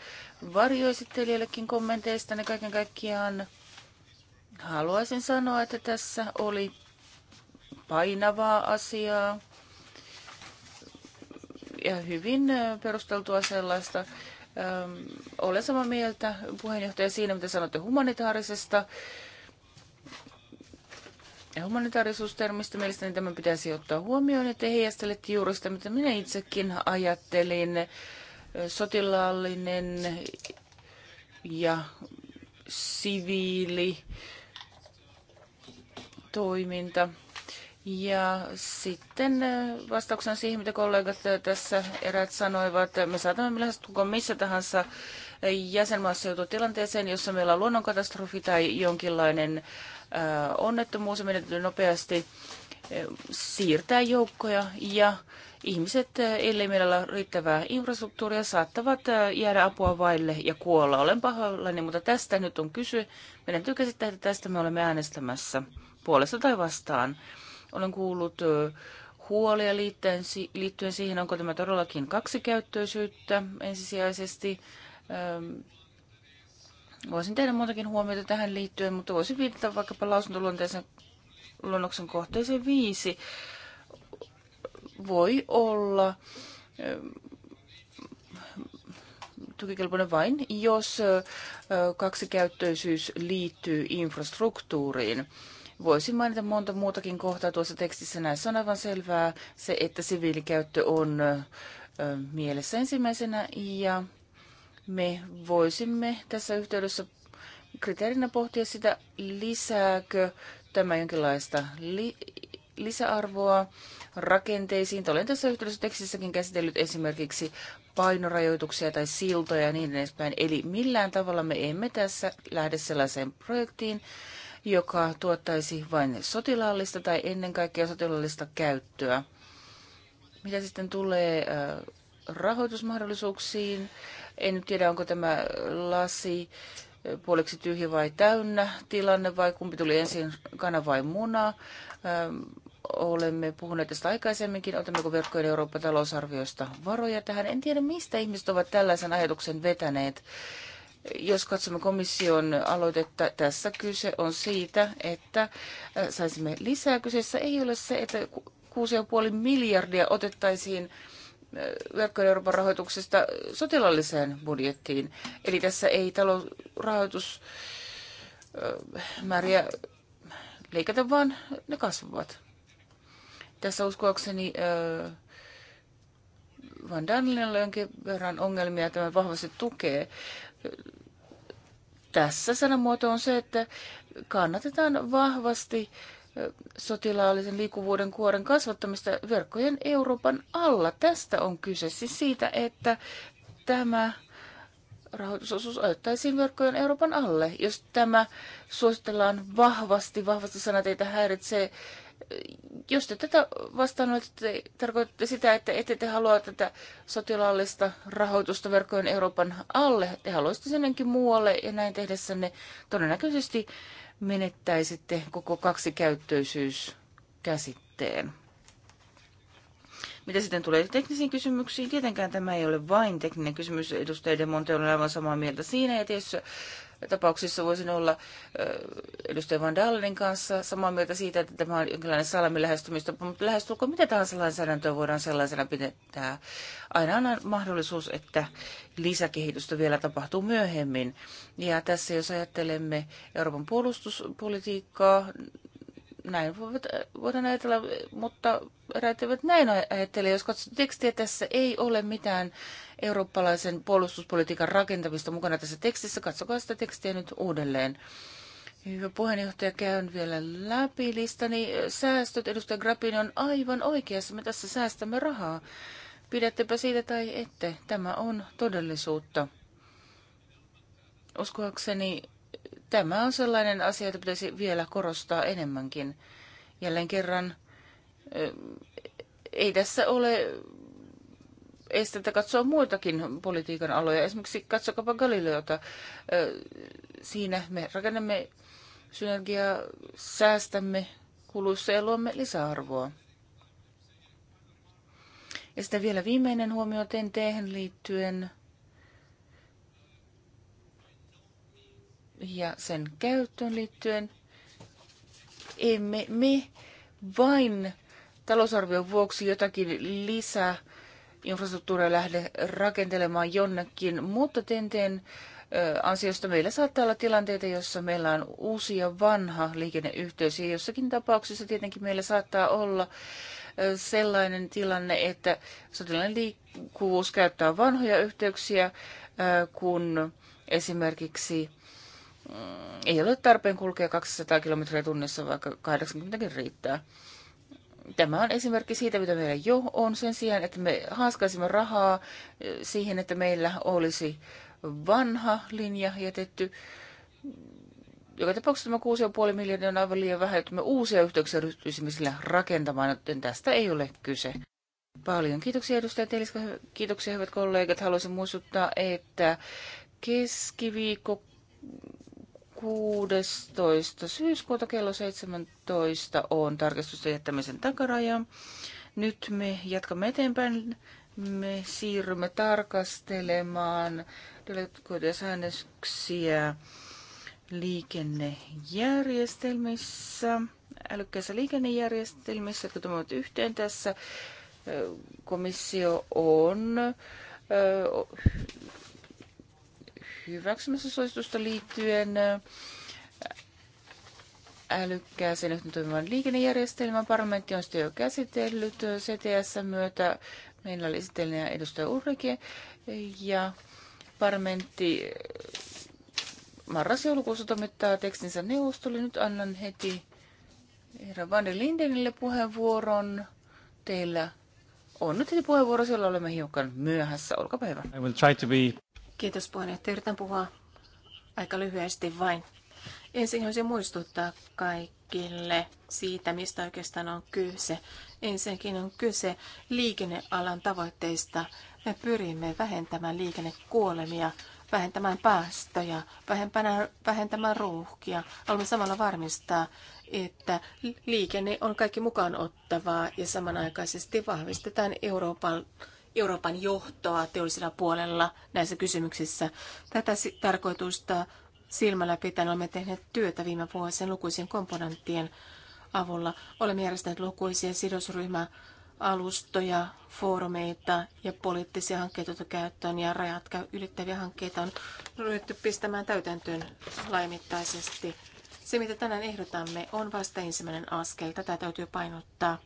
varjoesittelijällekin kommenteista. Ne kaiken kaikkiaan haluaisin sanoa, että tässä oli painavaa asiaa ja hyvin perusteltua sellaista. Öm, olen samaa mieltä puheenjohtaja siinä, mitä sanotte humanitaarisesta humanitaarisuustermistä. Mielestäni tämä pitäisi ottaa huomioon, että heijastelette juuri sitä, mitä minä itsekin ajattelin. Sotilaallinen ja siviili toiminta. Ja sitten vastauksena siihen, mitä kollegat tässä erät sanoivat, me saatamme lähestulkoon missä tahansa jäsenmaassa joutua tilanteeseen, jossa meillä on luonnonkatastrofi tai jonkinlainen äh, onnettomuus ja meidän täytyy nopeasti siirtää joukkoja ja ihmiset, ellei meillä ole riittävää infrastruktuuria, saattavat jäädä apua vaille ja kuolla. Olen pahoillani, mutta tästä nyt on kyse. Meidän täytyy käsittää, että tästä me olemme äänestämässä puolesta tai vastaan. Olen kuullut huolia liittyen, liittyen siihen, onko tämä todellakin kaksikäyttöisyyttä ensisijaisesti Voisin tehdä muutakin huomiota tähän liittyen, mutta voisin viitata vaikkapa lausuntoluonteisen luonnoksen kohteeseen viisi. Voi olla eh, tukikelpoinen vain, jos eh, kaksikäyttöisyys liittyy infrastruktuuriin. Voisin mainita monta muutakin kohtaa tuossa tekstissä. Näissä on aivan selvää se, että siviilikäyttö on eh, mielessä ensimmäisenä ja me voisimme tässä yhteydessä kriteerinä pohtia sitä, lisääkö tämä jonkinlaista li- lisäarvoa rakenteisiin. Olen tässä yhteydessä tekstissäkin käsitellyt esimerkiksi painorajoituksia tai siltoja ja niin edespäin. Eli millään tavalla me emme tässä lähde sellaiseen projektiin, joka tuottaisi vain sotilaallista tai ennen kaikkea sotilaallista käyttöä. Mitä sitten tulee äh, rahoitusmahdollisuuksiin, en nyt tiedä, onko tämä lasi puoliksi tyhjä vai täynnä tilanne vai kumpi tuli ensin, kana vai muna. Olemme puhuneet tästä aikaisemminkin, otammeko verkkojen Eurooppa-talousarviosta varoja tähän. En tiedä, mistä ihmiset ovat tällaisen ajatuksen vetäneet. Jos katsomme komission aloitetta, tässä kyse on siitä, että äh, saisimme lisää. Kyseessä ei ole se, että 6,5 miljardia otettaisiin verkkojen Euroopan rahoituksesta sotilaalliseen budjettiin. Eli tässä ei talousrahoitusmääriä leikata, vaan ne kasvavat. Tässä uskoakseni Van Danlinalla jonkin verran ongelmia tämä vahvasti tukee. Tässä sanamuoto on se, että kannatetaan vahvasti sotilaallisen liikkuvuuden kuoren kasvattamista verkkojen Euroopan alla. Tästä on kyse siis siitä, että tämä rahoitusosuus ajettaisiin verkkojen Euroopan alle. Jos tämä suositellaan vahvasti, vahvasti sana teitä häiritsee, jos te tätä vastaan olette, tarkoitatte sitä, että ette te halua tätä sotilaallista rahoitusta verkkojen Euroopan alle, te haluaisitte sen muualle ja näin tehdessänne todennäköisesti menettäisitte koko kaksikäyttöisyyskäsitteen. Mitä sitten tulee teknisiin kysymyksiin? Tietenkään tämä ei ole vain tekninen kysymys. Edustaja Demonte on aivan samaa mieltä siinä. Ja tietysti tapauksissa voisin olla edustaja Van Dalenin kanssa samaa mieltä siitä, että tämä on jonkinlainen salamilähestymistapa, mutta lähestulkoon mitä tahansa lainsäädäntöä voidaan sellaisena pitää. Aina on mahdollisuus, että lisäkehitystä vielä tapahtuu myöhemmin. Ja tässä jos ajattelemme Euroopan puolustuspolitiikkaa, näin voivat, äh, voidaan ajatella, mutta eräät näin ajattele. Jos katsot tekstiä, tässä ei ole mitään eurooppalaisen puolustuspolitiikan rakentamista mukana tässä tekstissä. Katsokaa sitä tekstiä nyt uudelleen. Hyvä puheenjohtaja, käyn vielä läpi listani. Säästöt, edustaja Grappini on aivan oikeassa. Me tässä säästämme rahaa. Pidättepä siitä tai ette. Tämä on todellisuutta. Uskoakseni tämä on sellainen asia, jota pitäisi vielä korostaa enemmänkin. Jälleen kerran, ei tässä ole estettä katsoa muitakin politiikan aloja. Esimerkiksi katsokapa Galileota. Siinä me rakennamme synergiaa, säästämme kuluissa ja luomme lisäarvoa. Ja sitten vielä viimeinen huomio TNT liittyen – ja sen käyttöön liittyen. Emme me vain talousarvion vuoksi jotakin lisää infrastruktuuria lähde rakentelemaan jonnekin, mutta tenteen ansiosta meillä saattaa olla tilanteita, joissa meillä on uusi ja vanha liikenneyhteys ja jossakin tapauksessa tietenkin meillä saattaa olla sellainen tilanne, että sotilainen liikkuvuus käyttää vanhoja yhteyksiä, kun esimerkiksi ei ole tarpeen kulkea 200 kilometriä tunnissa, vaikka 80 riittää. Tämä on esimerkki siitä, mitä meillä jo on, sen sijaan, että me haaskaisimme rahaa eh, siihen, että meillä olisi vanha linja jätetty. Joka tapauksessa tämä 6,5 miljardia on aivan liian vähän, että me uusia yhteyksiä ryhtyisimme sillä rakentamaan, joten tästä ei ole kyse. Paljon kiitoksia edustaja Teliska, kiitoksia hyvät kollegat. Haluaisin muistuttaa, että keskiviikko 16. syyskuuta kello 17 on tarkistusten jättämisen takaraja. Nyt me jatkamme eteenpäin. Me siirrymme tarkastelemaan delegoituja säännöksiä liikennejärjestelmissä, älykkäissä liikennejärjestelmissä, jotka tulevat yhteen tässä. Komissio on hyväksymässä suositusta liittyen äh, älykkääseen toimivan liikennejärjestelmän. Parlamentti on sitä jo käsitellyt CTS myötä. Meillä oli esitellinen edustaja Ulrike ja parlamentti äh, marras-joulukuussa toimittaa tekstinsä neuvostolle. Nyt annan heti herra Van der Lindenille puheenvuoron. Teillä on nyt heti puheenvuoro, siellä olemme hiukan myöhässä. Olkaa hyvä.
I will try to be...
Kiitos puheenjohtaja. Yritän puhua aika lyhyesti vain. Ensin haluaisin muistuttaa kaikille siitä, mistä oikeastaan on kyse. Ensinnäkin on kyse liikennealan tavoitteista. Me pyrimme vähentämään liikennekuolemia, vähentämään päästöjä, vähentämään ruuhkia. Haluamme samalla varmistaa, että liikenne on kaikki mukaan ottavaa ja samanaikaisesti vahvistetaan Euroopan Euroopan johtoa teollisella puolella näissä kysymyksissä. Tätä tarkoitusta silmällä pitäen olemme tehneet työtä viime vuosien lukuisien komponenttien avulla. Olemme järjestäneet lukuisia sidosryhmäalustoja, alustoja, foorumeita ja poliittisia hankkeita käyttöön ja rajat ylittäviä hankkeita on ryhdytty pistämään täytäntöön laimittaisesti. Se, mitä tänään ehdotamme, on vasta ensimmäinen askel. Tätä täytyy painottaa.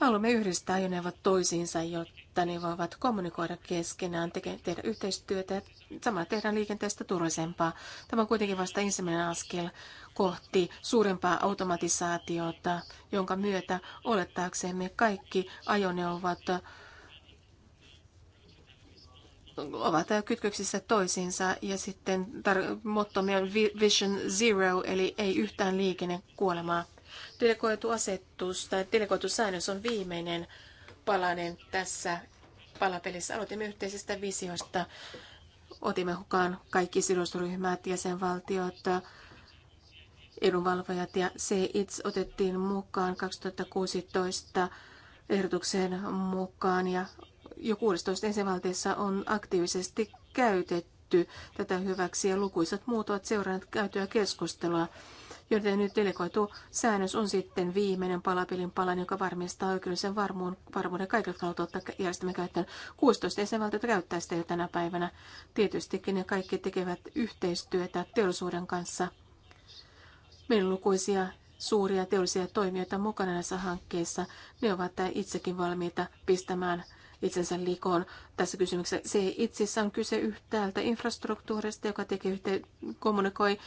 Me haluamme yhdistää ajoneuvot toisiinsa, jotta ne voivat kommunikoida keskenään, teke, tehdä yhteistyötä ja samalla tehdään liikenteestä turvallisempaa. Tämä on kuitenkin vasta ensimmäinen askel kohti suurempaa automatisaatiota, jonka myötä olettaaksemme kaikki ajoneuvot ovat kytköksissä toisiinsa ja sitten tar- mottomme on Vision Zero, eli ei yhtään liikennekuolemaa. Delegoitu asetus tai delegoitu säännös on viimeinen palanen tässä palapelissä. Aloitimme yhteisestä visiosta. Otimme mukaan kaikki sidosryhmät, jäsenvaltiot, edunvalvojat ja itse otettiin mukaan 2016 ehdotuksen mukaan ja jo 16 jäsenvaltiossa on aktiivisesti käytetty tätä hyväksi ja lukuisat muut ovat seuranneet käytyä keskustelua joten nyt delegoitu säännös on sitten viimeinen palapelin palan, joka varmistaa oikeudellisen varmuun, varmuuden kaikille, kannalta ottaa järjestelmän käyttöön. 16 jäsenvaltiota käyttää sitä jo tänä päivänä. Tietystikin ne kaikki tekevät yhteistyötä teollisuuden kanssa. Meillä on lukuisia suuria teollisia toimijoita mukana näissä hankkeissa. Ne ovat itsekin valmiita pistämään itsensä likoon tässä kysymyksessä. Se itsessään on kyse yhtäältä infrastruktuurista, joka tekee yhteen, kommunikoi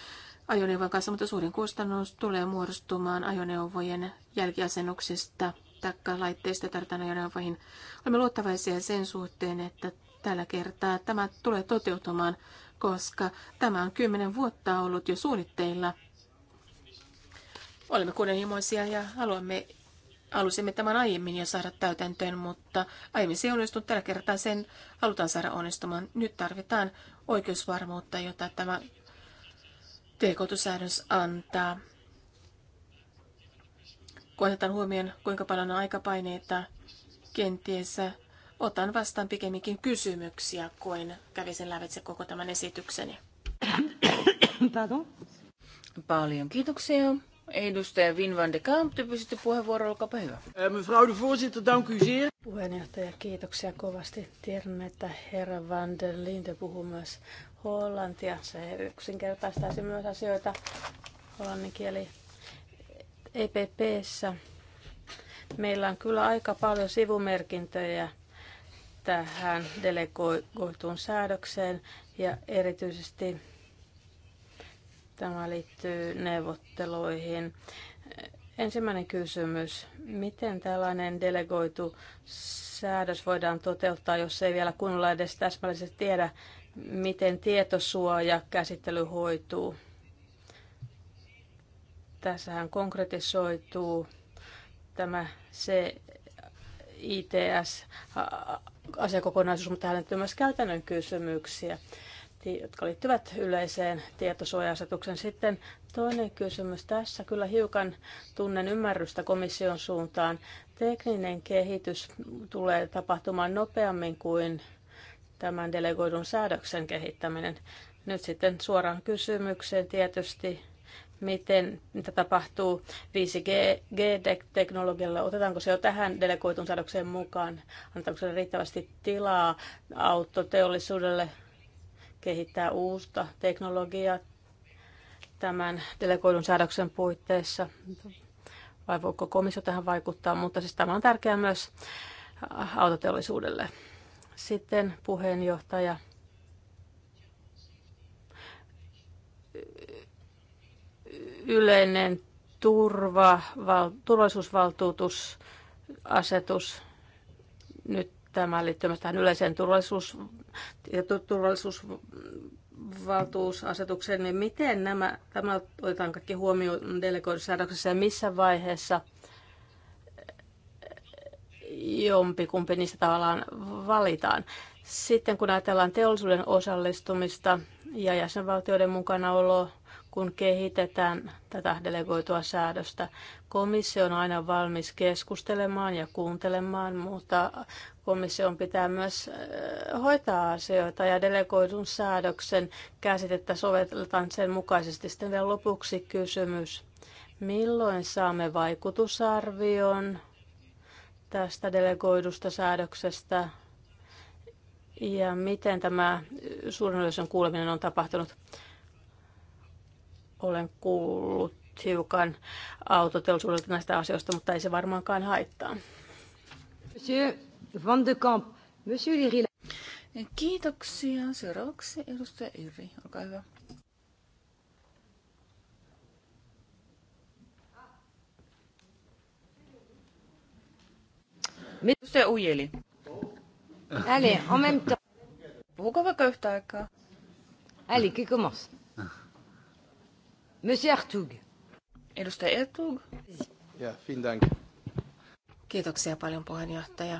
ajoneuvon kanssa, mutta suurin kustannus tulee muodostumaan ajoneuvojen jälkiasennuksista tai laitteista tarvitaan ajoneuvoihin. Olemme luottavaisia sen suhteen, että tällä kertaa tämä tulee toteutumaan, koska tämä on kymmenen vuotta ollut jo suunnitteilla. Olemme kunnianhimoisia ja haluamme Halusimme tämän aiemmin jo saada täytäntöön, mutta aiemmin se ei onnistunut. Tällä kertaa sen halutaan saada onnistumaan. Nyt tarvitaan oikeusvarmuutta, jota tämä työkoulutussäädös antaa. Kun otetaan huomioon, kuinka paljon on aikapaineita, kenties otan vastaan pikemminkin kysymyksiä, kuin kävisin lävitse koko tämän esitykseni.
Pardon. Paljon kiitoksia. Edustaja Win van de Kamp, te pysytte puheenvuoron, olkaapa hyvä. Eh,
mevrouw de voorzitter,
dank u zeer. Puheenjohtaja, kiitoksia kovasti. Tiedän, että herra van der Linde puhuu myös hollantia. Se yksinkertaistaisi myös asioita hollannin kieli EPPssä. Meillä on kyllä aika paljon sivumerkintöjä tähän delegoituun säädökseen ja erityisesti tämä liittyy neuvotteluihin. Ensimmäinen kysymys. Miten tällainen delegoitu säädös voidaan toteuttaa, jos ei vielä kunnolla edes täsmällisesti tiedä, miten tietosuoja käsittely hoituu. Tässähän konkretisoituu tämä se ITS-asiakokonaisuus, mutta tähän liittyy myös käytännön kysymyksiä, jotka liittyvät yleiseen tietosuoja-asetukseen. Sitten toinen kysymys. Tässä kyllä hiukan tunnen ymmärrystä komission suuntaan. Tekninen kehitys tulee tapahtumaan nopeammin kuin tämän delegoidun säädöksen kehittäminen. Nyt sitten suoraan kysymykseen tietysti, miten, mitä tapahtuu 5G-teknologialla, otetaanko se jo tähän delegoitun säädökseen mukaan, antaako se riittävästi tilaa autoteollisuudelle kehittää uusta teknologiaa tämän delegoidun säädöksen puitteissa, vai voiko komissio tähän vaikuttaa, mutta siis tämä on tärkeää myös autoteollisuudelle. Sitten puheenjohtaja yleinen turva, val, turvallisuusvaltuutusasetus. Nyt tämä liittyy tähän yleiseen turvallisuus, turvallisuusvaltuusasetukseen, niin miten nämä, tämä otetaan kaikki huomioon delegoidussäädöksessä ja missä vaiheessa jompikumpi niistä tavallaan valitaan. Sitten kun ajatellaan teollisuuden osallistumista ja jäsenvaltioiden mukanaoloa, kun kehitetään tätä delegoitua säädöstä, komissio on aina valmis keskustelemaan ja kuuntelemaan, mutta komission pitää myös hoitaa asioita ja delegoidun säädöksen käsitettä sovelletaan sen mukaisesti. Sitten vielä lopuksi kysymys. Milloin saamme vaikutusarvion tästä delegoidusta säädöksestä ja miten tämä suurin kuuleminen on tapahtunut. Olen kuullut hiukan autoteollisuudelta näistä asioista, mutta ei se varmaankaan haittaa.
Monsieur Van de Kamp, Monsieur Lirillä. Kiitoksia. Seuraavaksi edustaja Yri, olkaa hyvä. Mistä ujeli? Äli, on même temps. Puhuko vaikka yhtä aikaa? Äli, qui commence? Monsieur Artug. Edustaja Ertug.
Ja, fin Dank.
Kiitoksia paljon
puheenjohtaja.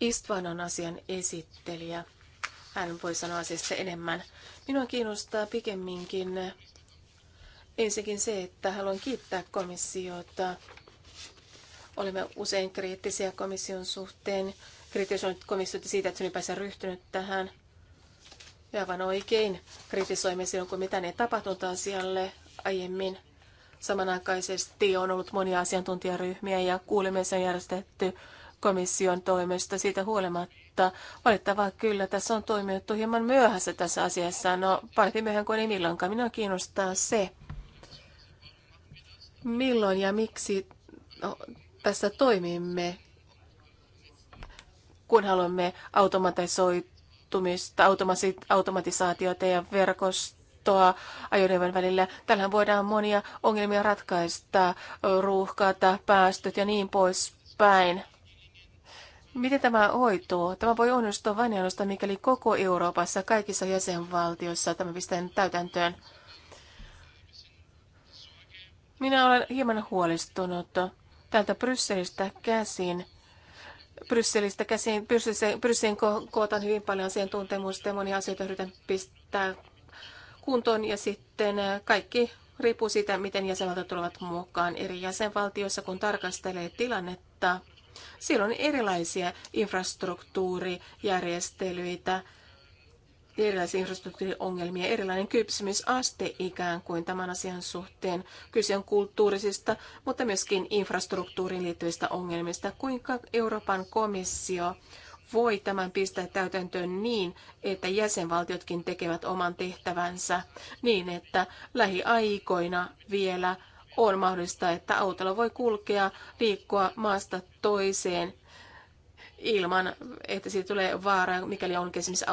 Istvan on asian esittelijä. Hän voi sanoa asiasta enemmän. Minua kiinnostaa pikemminkin ensinnäkin se, että haluan kiittää komissiota Olemme usein kriittisiä komission suhteen, Kritisoin komissiota siitä, että se ylipäänsä niin ryhtynyt tähän. Ja aivan oikein kritisoimme silloin, kun mitään ei tapahtunut asialle aiemmin. Samanaikaisesti on ollut monia asiantuntijaryhmiä ja kuulemisen on järjestetty komission toimesta siitä huolimatta. Valittavaa kyllä, tässä on toimittu hieman myöhässä tässä asiassa. No, parempi myöhään kuin ei milloinkaan. Minua kiinnostaa se, milloin ja miksi no, tässä toimimme, kun haluamme automatisoitumista, automatisaatiota ja verkostoa ajoneuvon välillä. Tällähän voidaan monia ongelmia ratkaista, ruuhkata, päästöt ja niin poispäin. Miten tämä hoituu? Tämä voi onnistua vain ainoastaan, mikäli koko Euroopassa, kaikissa jäsenvaltioissa tämä pistetään täytäntöön. Minä olen hieman huolestunut täältä Brysselistä käsin. Brysselistä käsin, Brysselin, Brysselin ko- kootaan hyvin paljon asiantuntemusta ja monia asioita yritän pistää kuntoon ja sitten äh, kaikki riippuu siitä, miten jäsenvaltiot tulevat mukaan eri jäsenvaltioissa, kun tarkastelee tilannetta. Siellä on erilaisia infrastruktuurijärjestelyitä, erilaisia infrastruktuuriongelmia, erilainen kypsymisaste ikään kuin tämän asian suhteen. Kyse on kulttuurisista, mutta myöskin infrastruktuuriin liittyvistä ongelmista. Kuinka Euroopan komissio voi tämän pistää täytäntöön niin, että jäsenvaltiotkin tekevät oman tehtävänsä niin, että lähiaikoina vielä on mahdollista, että autolla voi kulkea, liikkua maasta toiseen ilman, että siitä tulee vaaraa, mikäli on esimerkiksi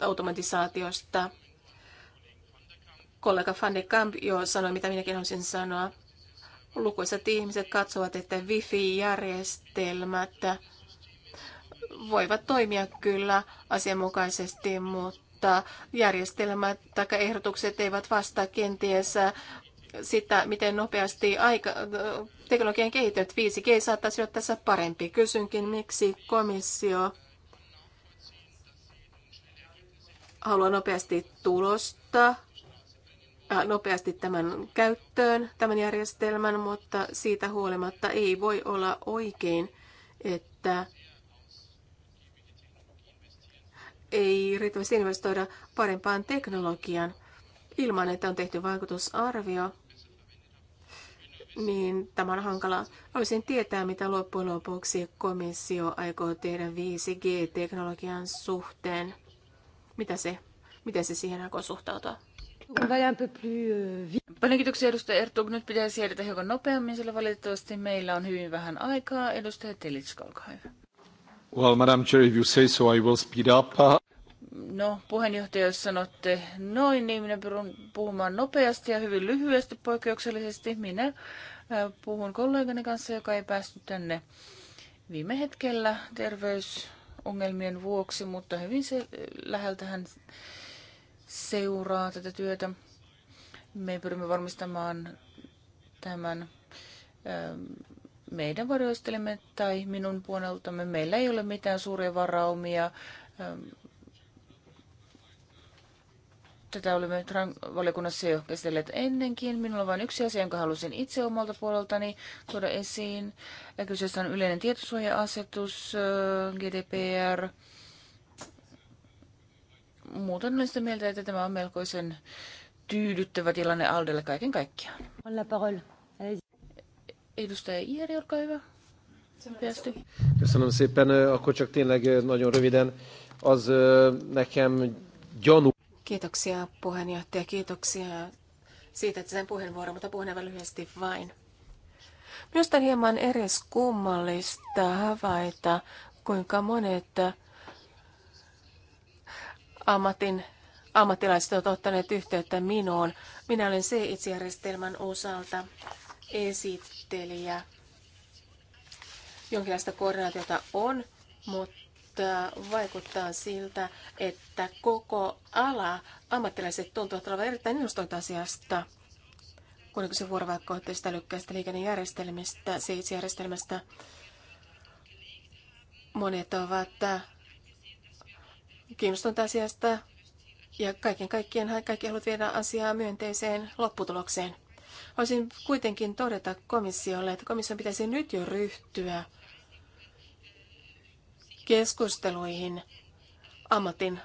automatisaatiosta. Kollega Van de Kamp jo sanoi, mitä minäkin haluaisin sanoa. Lukuisat ihmiset katsovat, että wifi-järjestelmät voivat toimia kyllä asianmukaisesti, mutta järjestelmät tai ehdotukset eivät vastaa kenties sitä, miten nopeasti aika, teknologian kehityt 5G saattaisi olla tässä parempi. Kysynkin, miksi komissio haluaa nopeasti tulosta, äh, nopeasti tämän käyttöön, tämän järjestelmän, mutta siitä huolimatta ei voi olla oikein, että ei riittävästi investoida parempaan teknologiaan ilman, että on tehty vaikutusarvio niin tämä on hankalaa. Haluaisin tietää, mitä loppujen lopuksi komissio aikoo tehdä 5G-teknologian suhteen. Mitä se, miten se siihen aikoo suhtautua?
Euh, Paljon kiitoksia edustaja Ertug. Nyt pitää siirtyä hiukan nopeammin, sillä valitettavasti meillä on hyvin vähän aikaa. Edustaja Telitska, olkaa hyvä. Well, Madam Chair, if you say so, I will speed up. No, puheenjohtaja, jos sanotte noin, niin minä pyrin puhumaan nopeasti ja hyvin lyhyesti poikkeuksellisesti. Minä puhun kollegani kanssa, joka ei päästy tänne viime hetkellä terveysongelmien vuoksi, mutta hyvin se, läheltä hän seuraa tätä työtä. Me pyrimme varmistamaan tämän meidän varjoistelemme tai minun puoleltamme. Meillä ei ole mitään suuria varaumia Tätä olemme valiokunnassa jo käsitelleet ennenkin. Minulla on vain yksi asia, jonka halusin itse omalta puoleltani tuoda esiin. Kyseessä on yleinen tietosuoja-asetus, äh, GDPR. Muuten olen sitä mieltä, että tämä on melkoisen tyydyttävä tilanne Aldelle kaiken kaikkiaan. Edustaja Ieri, olkaa hyvä. Päästy.
Köszönöm szépen, akkor csak tényleg nagyon röviden. Az nekem gyanú Kiitoksia puheenjohtaja, kiitoksia siitä, että sen puheenvuoro, mutta puhun aivan lyhyesti vain. Minusta on hieman edes kummallista havaita, kuinka monet ammatin, ammattilaiset ovat ottaneet yhteyttä minuun. Minä olen se itsejärjestelmän osalta esittelijä. Jonkinlaista koordinaatiota on, mutta vaikuttaa siltä, että koko ala, ammattilaiset tuntuvat olevan erittäin innostuneita asiasta, kun se vuorovaikutteista lykkäistä liikennejärjestelmistä, siis järjestelmästä. Monet ovat kiinnostuneita asiasta ja kaiken kaikkien kaikki haluavat viedä asiaa myönteiseen lopputulokseen. Olisin kuitenkin todeta komissiolle, että komission pitäisi nyt jo ryhtyä keskusteluihin ammatin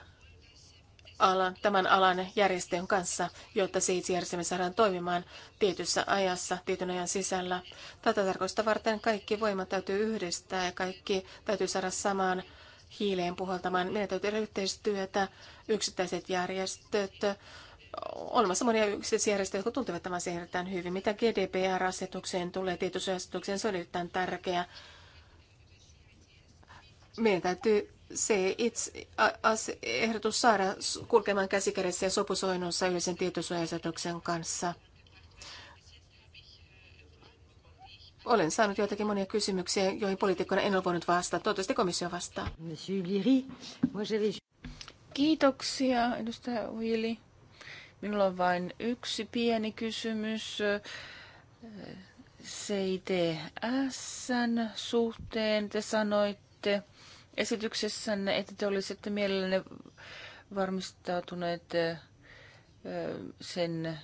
alan, tämän alan järjestön kanssa, jotta siis järjestelmä saadaan toimimaan tietyssä ajassa, tietyn ajan sisällä. Tätä tarkoista varten kaikki voimat täytyy yhdistää ja kaikki täytyy saada samaan hiileen puhaltamaan. Meidän täytyy tehdä yhteistyötä, yksittäiset järjestöt, olemassa monia järjestöjä, jotka tuntevat tämän asian erittäin hyvin. Mitä GDPR-asetukseen tulee, tietosuojasetukseen, se on erittäin tärkeä meidän täytyy se itse ehdotus saada kulkemaan käsikädessä ja sopusoinnossa yleisen tietosuojasetuksen kanssa. Olen saanut joitakin monia kysymyksiä, joihin poliitikkoina en ole voinut vastata. Toivottavasti komissio vastaa.
Kiitoksia, edustaja Uili. Minulla on vain yksi pieni kysymys. cits suhteen te sanoitte, esityksessänne, että te olisitte mielellänne varmistautuneet sen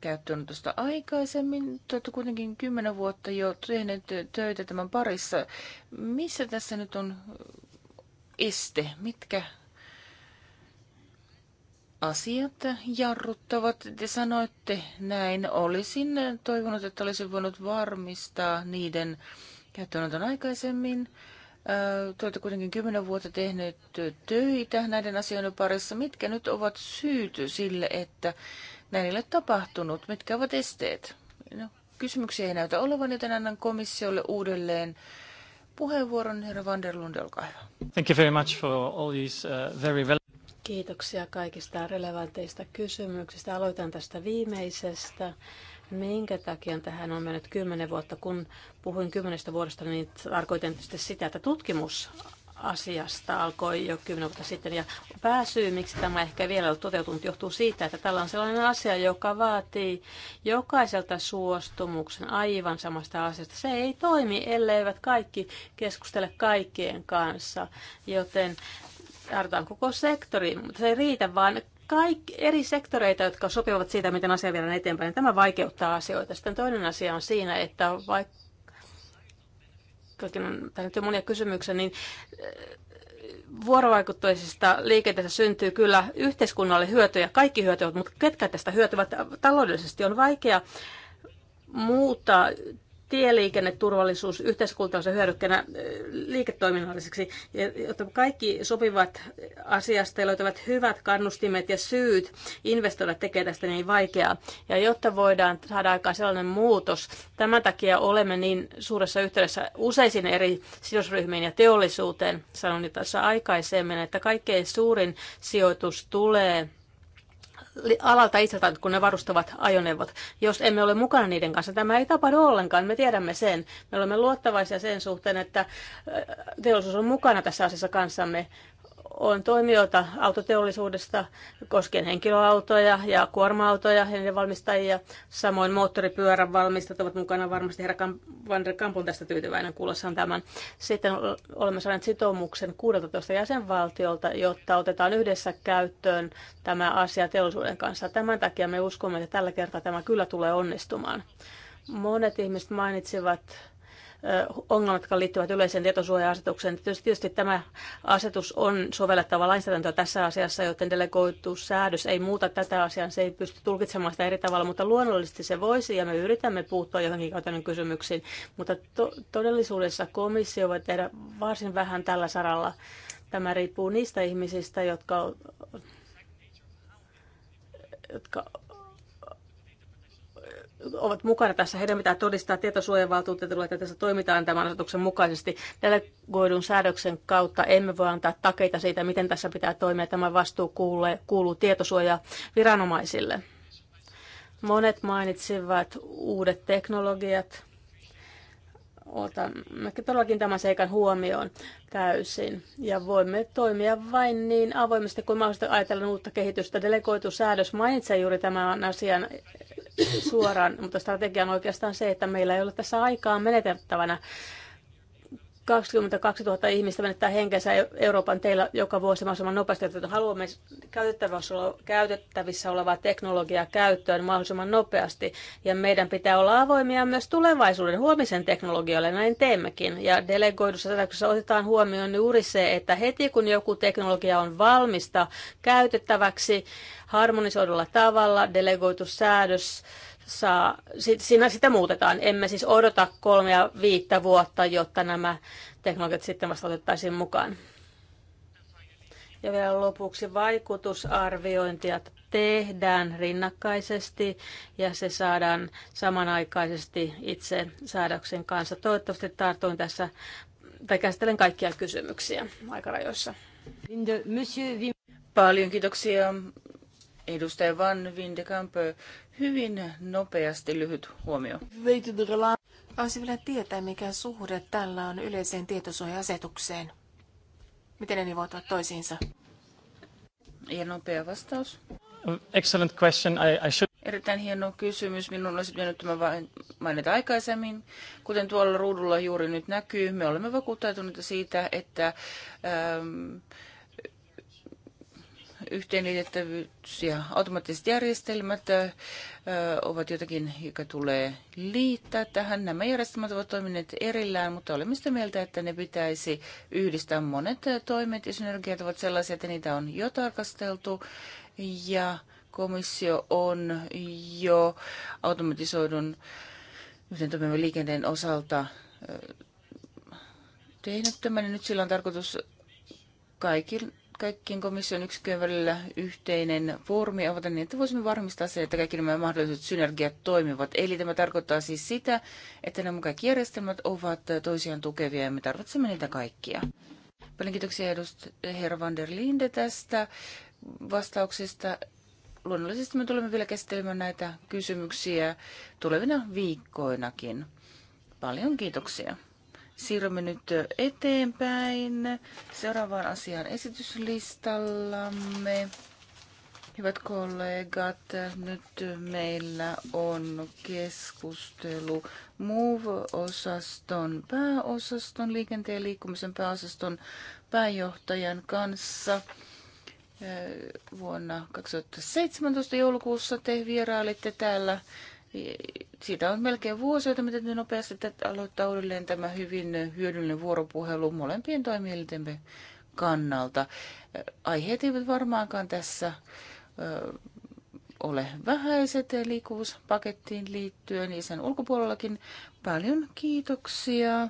käyttöönotosta aikaisemmin. Te olette kuitenkin kymmenen vuotta jo tehneet töitä tämän parissa. Missä tässä nyt on este? Mitkä asiat jarruttavat. Te sanoitte näin. Olisin toivonut, että olisin voinut varmistaa niiden käyttöönoton aikaisemmin. Te olette kuitenkin kymmenen vuotta tehneet töitä näiden asioiden parissa. Mitkä nyt ovat syyt sille, että näin ei ole tapahtunut? Mitkä ovat esteet? No, kysymyksiä ei näytä olevan, joten annan komissiolle uudelleen puheenvuoron. Herra van der Lund, olkaa hyvä. Thank you very much for all these uh, very
Kiitoksia kaikista relevanteista kysymyksistä. Aloitan tästä viimeisestä. Minkä takia tähän on mennyt kymmenen vuotta? Kun puhuin kymmenestä vuodesta, niin tarkoitan tietysti sitä, että tutkimus asiasta alkoi jo kymmenen vuotta sitten. Ja pääsyy, miksi tämä ehkä vielä ole toteutunut, johtuu siitä, että tällä on sellainen asia, joka vaatii jokaiselta suostumuksen aivan samasta asiasta. Se ei toimi, elleivät kaikki keskustele kaikkien kanssa. Joten tarvitaan koko sektori, mutta se ei riitä, vaan kaikki eri sektoreita, jotka sopivat siitä, miten asia viedään eteenpäin. Tämä vaikeuttaa asioita. Sitten toinen asia on siinä, että vaikka on monia kysymyksiä, niin äh, vuorovaikutteisesta liikenteestä syntyy kyllä yhteiskunnalle hyötyjä, kaikki hyötyvät, mutta ketkä tästä hyötyvät taloudellisesti on vaikea muuttaa tieliikenneturvallisuus yhteiskuntaisen hyödykkeenä äh, liiketoiminnalliseksi, jotta kaikki sopivat asiasta ja löytävät hyvät kannustimet ja syyt investoida tekee tästä niin vaikeaa. Ja jotta voidaan saada aikaan sellainen muutos, tämän takia olemme niin suuressa yhteydessä useisiin eri sidosryhmiin ja teollisuuteen, sanon jo tässä aikaisemmin, että kaikkein suurin sijoitus tulee alalta itseltään, kun ne varustavat ajoneuvot. Jos emme ole mukana niiden kanssa, tämä ei tapahdu ollenkaan, me tiedämme sen. Me olemme luottavaisia sen suhteen, että teollisuus on mukana tässä asiassa kanssamme on toimijoita autoteollisuudesta koskien henkilöautoja ja kuorma-autoja ja niiden valmistajia. Samoin moottoripyörän valmistajat ovat mukana. Varmasti herra Kamp- Van der Kampun tästä tyytyväinen kuulossaan tämän. Sitten olemme saaneet sitoumuksen 16 jäsenvaltiolta, jotta otetaan yhdessä käyttöön tämä asia teollisuuden kanssa. Tämän takia me uskomme, että tällä kertaa tämä kyllä tulee onnistumaan. Monet ihmiset mainitsivat ongelmat, jotka liittyvät yleiseen tietosuoja-asetukseen. Tietysti, tietysti tämä asetus on sovellettava lainsäädäntöä tässä asiassa, joten delegoitu säädös ei muuta tätä asiaa, se ei pysty tulkitsemaan sitä eri tavalla, mutta luonnollisesti se voisi ja me yritämme puuttua johonkin käytännön kysymyksiin, mutta to- todellisuudessa komissio voi tehdä varsin vähän tällä saralla. Tämä riippuu niistä ihmisistä, jotka, jotka ovat mukana tässä. Heidän pitää todistaa tietosuojavaltuutetulle, että tässä toimitaan tämän asetuksen mukaisesti. Delegoidun säädöksen kautta emme voi antaa takeita siitä, miten tässä pitää toimia. Tämä vastuu kuuluu, kuuluu tietosuojaviranomaisille. Monet mainitsivat uudet teknologiat. Otamme todellakin tämän seikan huomioon täysin. Ja voimme toimia vain niin avoimesti kuin mahdollisesti ajatellen uutta kehitystä. Delegoitu säädös mainitsee juuri tämän asian suoraan, mutta strategia on oikeastaan se, että meillä ei ole tässä aikaa menetettävänä 22 000 ihmistä menettää henkensä Euroopan teillä joka vuosi mahdollisimman nopeasti, joten haluamme käytettävissä olevaa teknologiaa käyttöön mahdollisimman nopeasti. Ja meidän pitää olla avoimia myös tulevaisuuden huomisen teknologioille, näin teemmekin. Ja delegoidussa säädöksessä otetaan huomioon juuri se, että heti kun joku teknologia on valmista käytettäväksi harmonisoidulla tavalla, delegoitu säädös saa, siinä sitä muutetaan. Emme siis odota ja viittä vuotta, jotta nämä teknologiat sitten vasta otettaisiin mukaan. Ja vielä lopuksi vaikutusarviointia tehdään rinnakkaisesti ja se saadaan samanaikaisesti itse säädöksen kanssa. Toivottavasti tartuin tässä tai käsittelen kaikkia kysymyksiä aikarajoissa.
Paljon kiitoksia Edustaja Van Windekamp, hyvin nopeasti lyhyt huomio. Olisin vielä tietää,
mikä suhde tällä on yleiseen tietosuoja-asetukseen. Miten ne nivoutuvat
toisiinsa? Ja nopea vastaus.
Excellent question. I, I should...
Erittäin hieno kysymys. Minun olisi pitänyt tämä mainita aikaisemmin. Kuten tuolla ruudulla juuri nyt näkyy, me olemme vakuuttautuneita siitä, että ähm, yhteenliitettävyys ja automaattiset järjestelmät ovat jotakin, joka tulee liittää tähän. Nämä järjestelmät ovat toimineet erillään, mutta olemme sitä mieltä, että ne pitäisi yhdistää. Monet toimet ja synergiat ovat sellaisia, että niitä on jo tarkasteltu ja komissio on jo automatisoidun yhden toimivan liikenteen osalta tehnyt tämän. Nyt sillä on tarkoitus kaikille kaikkien komission yksikön välillä yhteinen foorumi avata niin, että voisimme varmistaa se, että kaikki nämä mahdolliset synergiat toimivat. Eli tämä tarkoittaa siis sitä, että nämä kaikki järjestelmät ovat toisiaan tukevia ja me tarvitsemme niitä kaikkia. Paljon kiitoksia edust- herra van der Linde tästä vastauksesta. Luonnollisesti me tulemme vielä käsittelemään näitä kysymyksiä tulevina viikkoinakin. Paljon kiitoksia. Siirrymme nyt eteenpäin seuraavaan asiaan esityslistallamme. Hyvät kollegat, nyt meillä on keskustelu MOVE-osaston pääosaston, liikenteen liikkumisen pääosaston pääjohtajan kanssa. Vuonna 2017 joulukuussa te vierailitte täällä siitä on melkein vuosi, että me nopeasti että aloittaa uudelleen tämä hyvin hyödyllinen vuoropuhelu molempien toimielintemme kannalta. Aiheet eivät varmaankaan tässä ole vähäiset liikkuvuuspakettiin liittyen ja sen ulkopuolellakin. Paljon kiitoksia,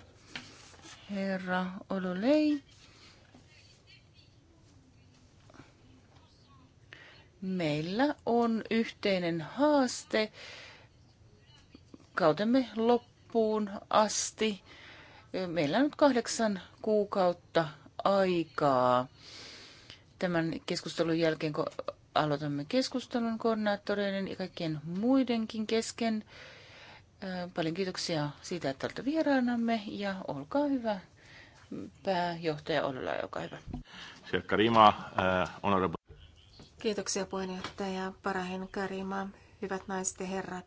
herra Ololei. Meillä on yhteinen haaste kautemme loppuun asti. Meillä on nyt kahdeksan kuukautta aikaa tämän keskustelun jälkeen, kun aloitamme keskustelun koordinaattoreiden ja kaikkien muidenkin kesken. Äh, Paljon kiitoksia siitä, että olette vieraanamme ja olkaa hyvä pääjohtaja Ollila, joka hyvä. Karima, äh, honorable.
Kiitoksia puheenjohtaja Parahin Karima, hyvät naiset ja herrat.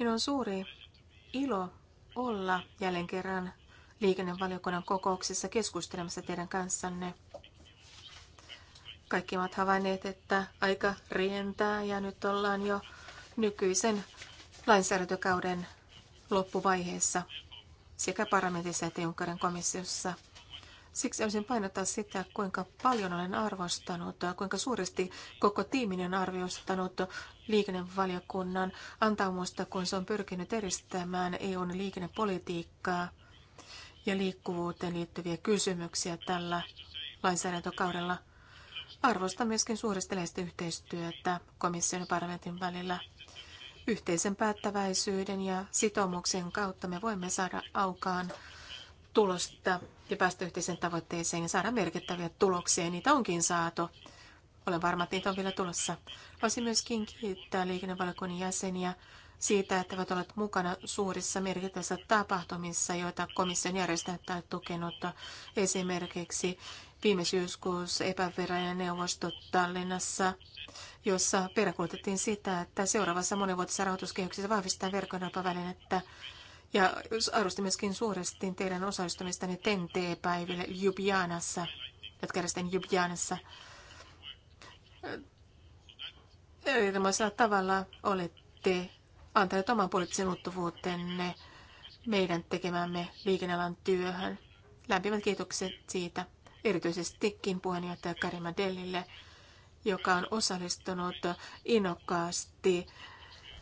Minun on suuri ilo olla jälleen kerran liikennevaliokunnan kokouksessa keskustelemassa teidän kanssanne. Kaikki ovat havainneet, että aika rientää ja nyt ollaan jo nykyisen lainsäädäntökauden loppuvaiheessa sekä parlamentissa että Junckerin komissiossa – Siksi olisin painottaa sitä, kuinka paljon olen arvostanut, kuinka suuresti koko tiimin on arvostanut liikennevaliokunnan antaumusta, kun se on pyrkinyt eristämään EUn liikennepolitiikkaa ja liikkuvuuteen liittyviä kysymyksiä tällä lainsäädäntökaudella. Arvostan myöskin suuresti läheistä yhteistyötä komission ja parlamentin välillä. Yhteisen päättäväisyyden ja sitoumuksen kautta me voimme saada aukaan tulosta ja päästä yhteiseen tavoitteeseen ja saada merkittäviä tuloksia. Niitä onkin saatu. Olen varma, että niitä on vielä tulossa. Voisin myöskin kiittää liikennevaliokunnan jäseniä siitä, että ovat olleet mukana suurissa merkittävissä tapahtumissa, joita komission järjestäjät tai tukenut. Esimerkiksi viime syyskuussa epävirallinen neuvosto Tallinnassa, jossa peräkuutettiin sitä, että seuraavassa monivuotisessa rahoituskehyksessä vahvistetaan verkkonapavälinettä välinettä ja arvostin myöskin suuresti teidän osallistumistanne TNT-päiville Ljubljanassa, jotka järjestetään Ljubljanassa. Erilaisella tavalla olette antaneet oman poliittisen uuttuvuutenne meidän tekemämme liikennealan työhön. Lämpimät kiitokset siitä erityisestikin puheenjohtaja Karima Dellille, joka on osallistunut innokkaasti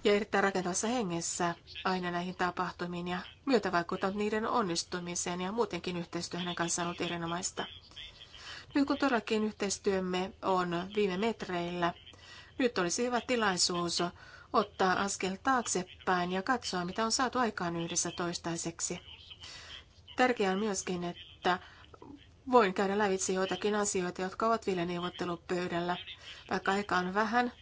ja erittäin rakentavassa hengessä aina näihin tapahtumiin ja myötävaikuttanut niiden onnistumiseen ja muutenkin yhteistyö hänen kanssaan on ollut erinomaista. Nyt kun todellakin yhteistyömme on viime metreillä, nyt olisi hyvä tilaisuus ottaa askel taaksepäin ja katsoa, mitä on saatu aikaan yhdessä toistaiseksi. Tärkeää on myöskin, että voin käydä lävitse joitakin asioita, jotka ovat vielä neuvottelupöydällä. Vaikka aika on vähän,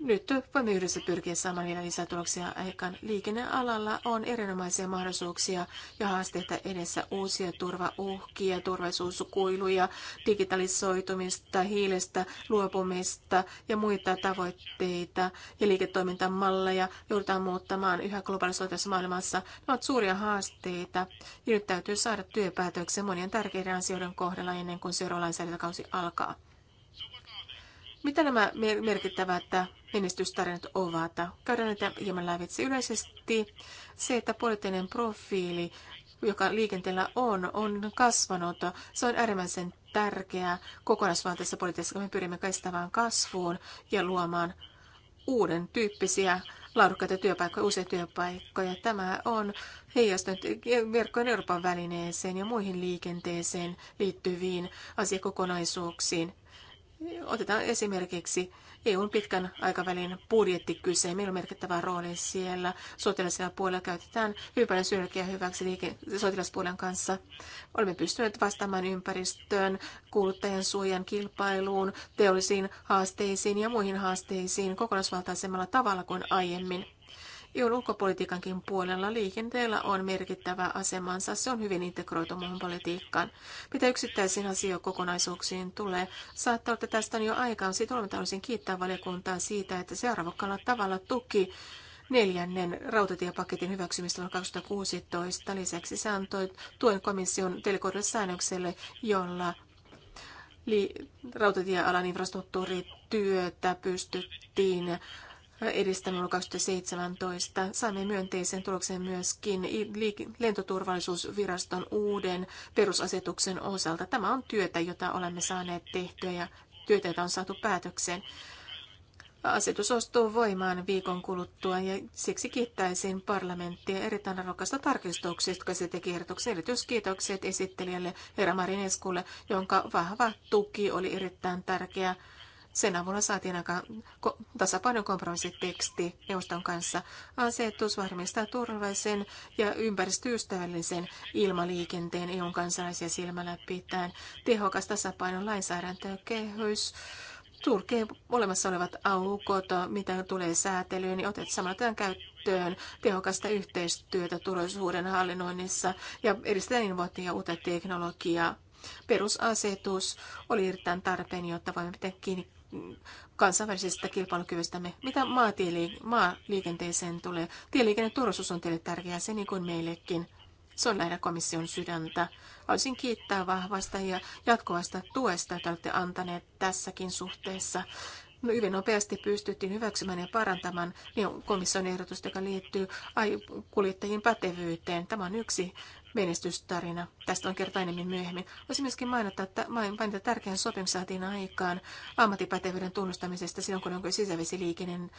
nyt voimme yhdessä pyrkiä saamaan vielä lisätuloksia aikaan. Liikennealalla on erinomaisia mahdollisuuksia ja haasteita edessä uusia turvauhkia, turvallisuuskuiluja, digitalisoitumista, hiilestä luopumista ja muita tavoitteita ja liiketoimintamalleja joudutaan muuttamaan yhä globalisoituessa maailmassa. Ne ovat suuria haasteita ja nyt täytyy saada työpäätöksen monien tärkeiden asioiden kohdalla ennen kuin seuraava lainsäädäntökausi alkaa. Mitä nämä merkittävät menestystarinat ovat? Käydään näitä hieman lävitse yleisesti. Se, että poliittinen profiili, joka liikenteellä on, on kasvanut. Se on äärimmäisen tärkeää kokonaisvaltaisessa politiikassa, kun me pyrimme kestävään kasvuun ja luomaan uuden tyyppisiä laadukkaita työpaikkoja, uusia työpaikkoja. Tämä on heijastunut verkkojen Euroopan välineeseen ja muihin liikenteeseen liittyviin asiakokonaisuuksiin. Otetaan esimerkiksi EUn pitkän aikavälin budjetti kyse. Meillä on merkittävä rooli siellä. Sotilaisella puolella käytetään hyvin paljon synergiaa hyväksi liike- sotilaspuolen kanssa. Olemme pystyneet vastaamaan ympäristöön, kuluttajan suojan kilpailuun, teollisiin haasteisiin ja muihin haasteisiin kokonaisvaltaisemmalla tavalla kuin aiemmin. EUn ulkopolitiikankin puolella liikenteellä on merkittävä asemansa. Se on hyvin integroitu muuhun politiikkaan. Mitä yksittäisiin asiakokonaisuuksiin tulee, saattaa olla, että tästä on jo aikaa. Siitä olemme haluaisin kiittää valiokuntaa siitä, että se arvokkaalla tavalla tuki neljännen rautatiepaketin hyväksymistä vuonna 2016. Lisäksi se antoi tuen komission delegoidulle säännökselle, jolla rautatiealan infrastruktuurityötä pystyttiin edistämme vuonna 2017. Saimme myönteisen tuloksen myöskin lentoturvallisuusviraston uuden perusasetuksen osalta. Tämä on työtä, jota olemme saaneet tehtyä ja työtä, jota on saatu päätökseen. Asetus ostuu voimaan viikon kuluttua ja siksi kiittäisin parlamenttia erittäin arvokasta tarkistuksesta, jotka se teki ehdotuksen. Erityiskiitokset esittelijälle Herra Marineskulle, jonka vahva tuki oli erittäin tärkeä sen avulla saatiin aika tasapainon kompromissiteksti neuvoston kanssa. Asetus varmistaa turvallisen ja ympäristöystävällisen ilmaliikenteen EUn kansalaisia silmällä pitäen. Tehokas tasapainon kehys. sulkee olemassa olevat aukot, mitä tulee säätelyyn, niin otetaan samalla käyttöön tehokasta yhteistyötä turvallisuuden hallinnoinnissa ja edistetään innovaatiota ja uutta teknologiaa. Perusasetus oli erittäin tarpeen, jotta voimme pitää kiinni kansainvälisestä kilpailukyvystämme. Mitä maatieli, maaliikenteeseen tulee? Tieliikenneturvallisuus on teille tärkeää, se niin kuin meillekin. Se on lähinnä komission sydäntä. Haluaisin kiittää vahvasta ja jatkuvasta tuesta, jota olette antaneet tässäkin suhteessa. No, hyvin nopeasti pystyttiin hyväksymään ja parantamaan niin komission ehdotusta, joka liittyy kuljettajien pätevyyteen. Tämä on yksi menestystarina. Tästä on kerta enemmän myöhemmin. Voisin myöskin mainita, että mainita tärkeän sopimus saatiin aikaan ammattipätevyyden tunnustamisesta silloin, kun onko sisävesiliikenteen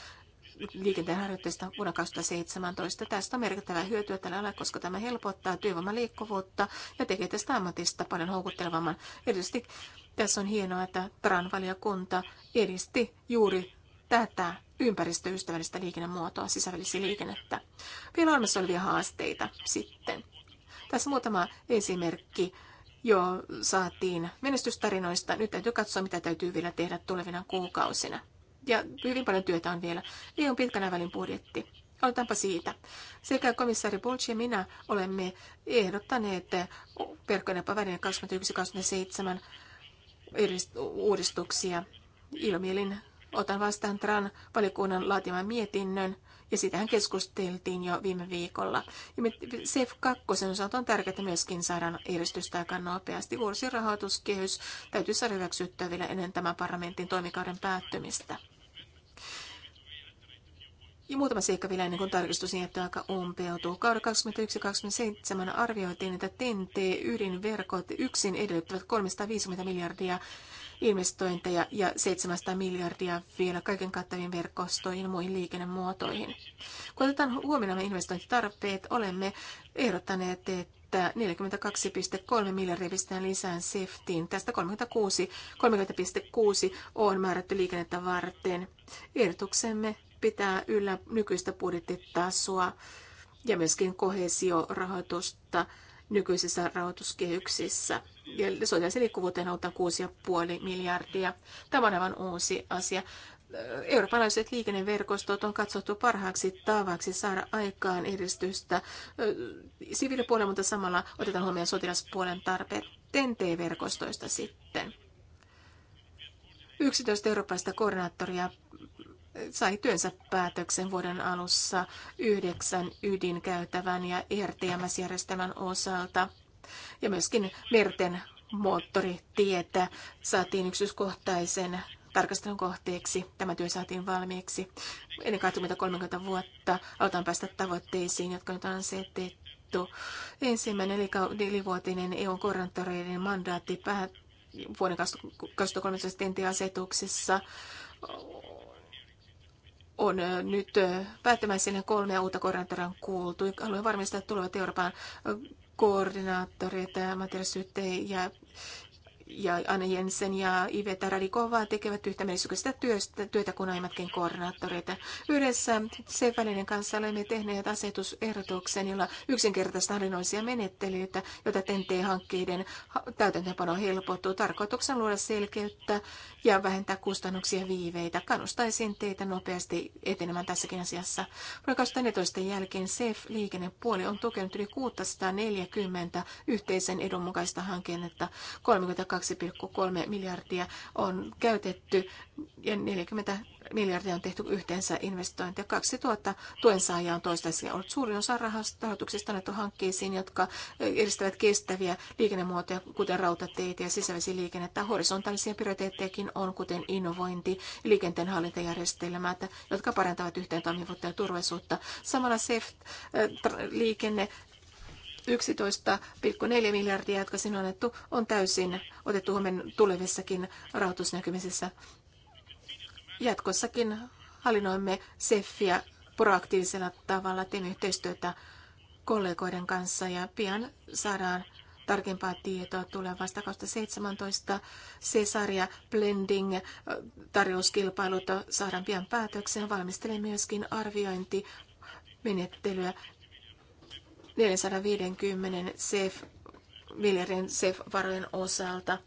liikenteen harjoitteesta vuonna 2017. Tästä on merkittävää hyötyä tällä alalla, koska tämä helpottaa työvoiman liikkuvuutta ja tekee tästä ammatista paljon houkuttelevamman. Erityisesti tässä on hienoa, että TRAN-valiokunta edisti juuri tätä ympäristöystävällistä liikennemuotoa, sisävälisiä liikennettä. Vielä olemassa olevia haasteita sitten. Tässä muutama esimerkki jo saatiin menestystarinoista. Nyt täytyy katsoa, mitä täytyy vielä tehdä tulevina kuukausina. Ja hyvin paljon työtä on vielä. Ei on pitkän välin budjetti. Aloitetaanpa siitä. Sekä komissaari Bulci ja minä olemme ehdottaneet verkkojen välinen 21-27 uudistuksia. Ilmielin otan vastaan TRAN valikunnan laatiman mietinnön ja sitähän keskusteltiin jo viime viikolla. Ja CEF2 osalta on tärkeää että myöskin saada eristystä aika nopeasti. Uusi rahoituskehys täytyy saada hyväksyttää vielä ennen tämän parlamentin toimikauden päättymistä. Ja muutama seikka vielä ennen kuin tarkistus että aika umpeutuu. Kauden 2021-2027 arvioitiin, että TNT ydinverkot yksin edellyttävät 350 miljardia investointeja ja 700 miljardia vielä kaiken kattaviin verkostoihin ja muihin liikennemuotoihin. Kun otetaan huomioon investointitarpeet, olemme ehdottaneet, että 42,3 miljardia pistetään lisään SEFTiin. Tästä 36, 30,6 on määrätty liikennettä varten. Ehdotuksemme pitää yllä nykyistä budjettitasoa ja myöskin kohesiorahoitusta nykyisissä rahoituskehyksissä. Ja sosiaalisen liikkuvuuteen halutaan 6,5 miljardia. Tämä on aivan uusi asia. Eurooppalaiset liikenneverkostot on katsottu parhaaksi tavaksi saada aikaan edistystä siviilipuolella, mutta samalla otetaan huomioon sotilaspuolen tarpeet. TNT-verkostoista sitten. 11 eurooppalaista koordinaattoria sai työnsä päätöksen vuoden alussa yhdeksän ydinkäytävän ja ERTMS-järjestelmän osalta. Ja myöskin merten moottoritietä saatiin yksityiskohtaisen tarkastelun kohteeksi. Tämä työ saatiin valmiiksi. Ennen 2030 vuotta autan päästä tavoitteisiin, jotka nyt on asetettu. Ensimmäinen nelivuotinen EUn korantoreiden mandaatti päät- vuoden 2013 asetuksessa on nyt päättämässä kolmea uutta koordinaattoria on kuultu. Haluan varmistaa, että tulevat Euroopan koordinaattorit, Matias Sytte ja, ja Anne Jensen ja Iveta Radikova tekevät yhtä työtä kuin aiemmatkin koordinaattoreita. Yhdessä se välinen kanssa olemme tehneet asetusehdotuksen, jolla yksinkertaista hallinnollisia menettelyitä, joita TNT-hankkeiden täytäntöönpano helpottuu. Tarkoituksena luoda selkeyttä ja vähentää kustannuksia ja viiveitä. Kannustaisin teitä nopeasti etenemään tässäkin asiassa. Vuonna 2014 jälkeen SEF-liikennepuoli on tukenut yli 640 yhteisen edun mukaista hanketta. 32,3 miljardia on käytetty ja 40 miljardia on tehty yhteensä investointeja. 2000 tuen saajaa on toistaiseksi ollut suurin osa rahoituksesta annettu hankkeisiin, jotka edistävät kestäviä liikennemuotoja, kuten rautateitä ja sisävesiliikennettä. Horisontaalisia prioriteettejakin on, kuten innovointi, liikenteen hallintajärjestelmät, jotka parantavat yhteen toimivuutta ja turvallisuutta. Samalla SEFT-liikenne 11,4 miljardia, jotka sinne on annettu, on täysin otettu huomioon tulevissakin rahoitusnäkymisissä jatkossakin hallinnoimme SEFiä proaktiivisella tavalla, teemme yhteistyötä kollegoiden kanssa ja pian saadaan tarkempaa tietoa tulevasta 2017. Cesar ja Blending äh, tarjouskilpailut saadaan pian päätökseen. Valmistelee myöskin arviointimenettelyä 450 SEF, miljardin SEF-varojen osalta.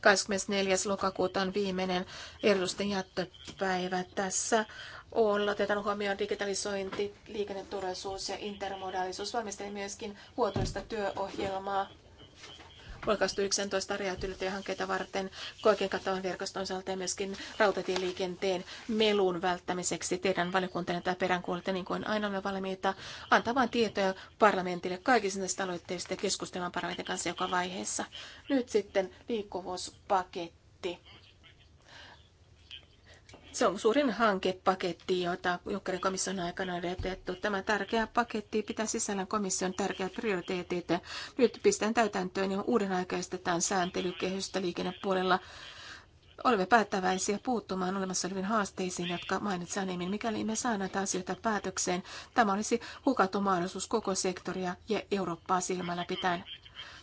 24. lokakuuta on viimeinen erilusten jättöpäivä. Tässä olla. Otetaan huomioon digitalisointi, liikenneturvallisuus ja intermodaalisuus. Valmistelin myöskin vuotuista työohjelmaa vuonna 2019 hankkeita varten koikien kattavan verkoston osalta ja myöskin rautatieliikenteen melun välttämiseksi. Teidän valiokuntana tai peräänkuulta, niin kuin aina olemme valmiita antamaan tietoja parlamentille kaikista näistä aloitteista ja keskustelemaan parlamentin kanssa joka vaiheessa. Nyt sitten liikkuvuuspaketti. Se on suurin hankepaketti, jota Junckerin komission aikana on edetetty. Tämä tärkeä paketti pitää sisällään komission tärkeät prioriteetit. Nyt pistetään täytäntöön ja uuden aikaistetaan sääntelykehystä liikennepuolella. Olemme päättäväisiä puuttumaan olemassa oleviin haasteisiin, jotka mainitsin aiemmin. Mikäli me saa näitä asioita päätökseen, tämä olisi hukattu mahdollisuus koko sektoria ja Eurooppaa silmällä pitäen.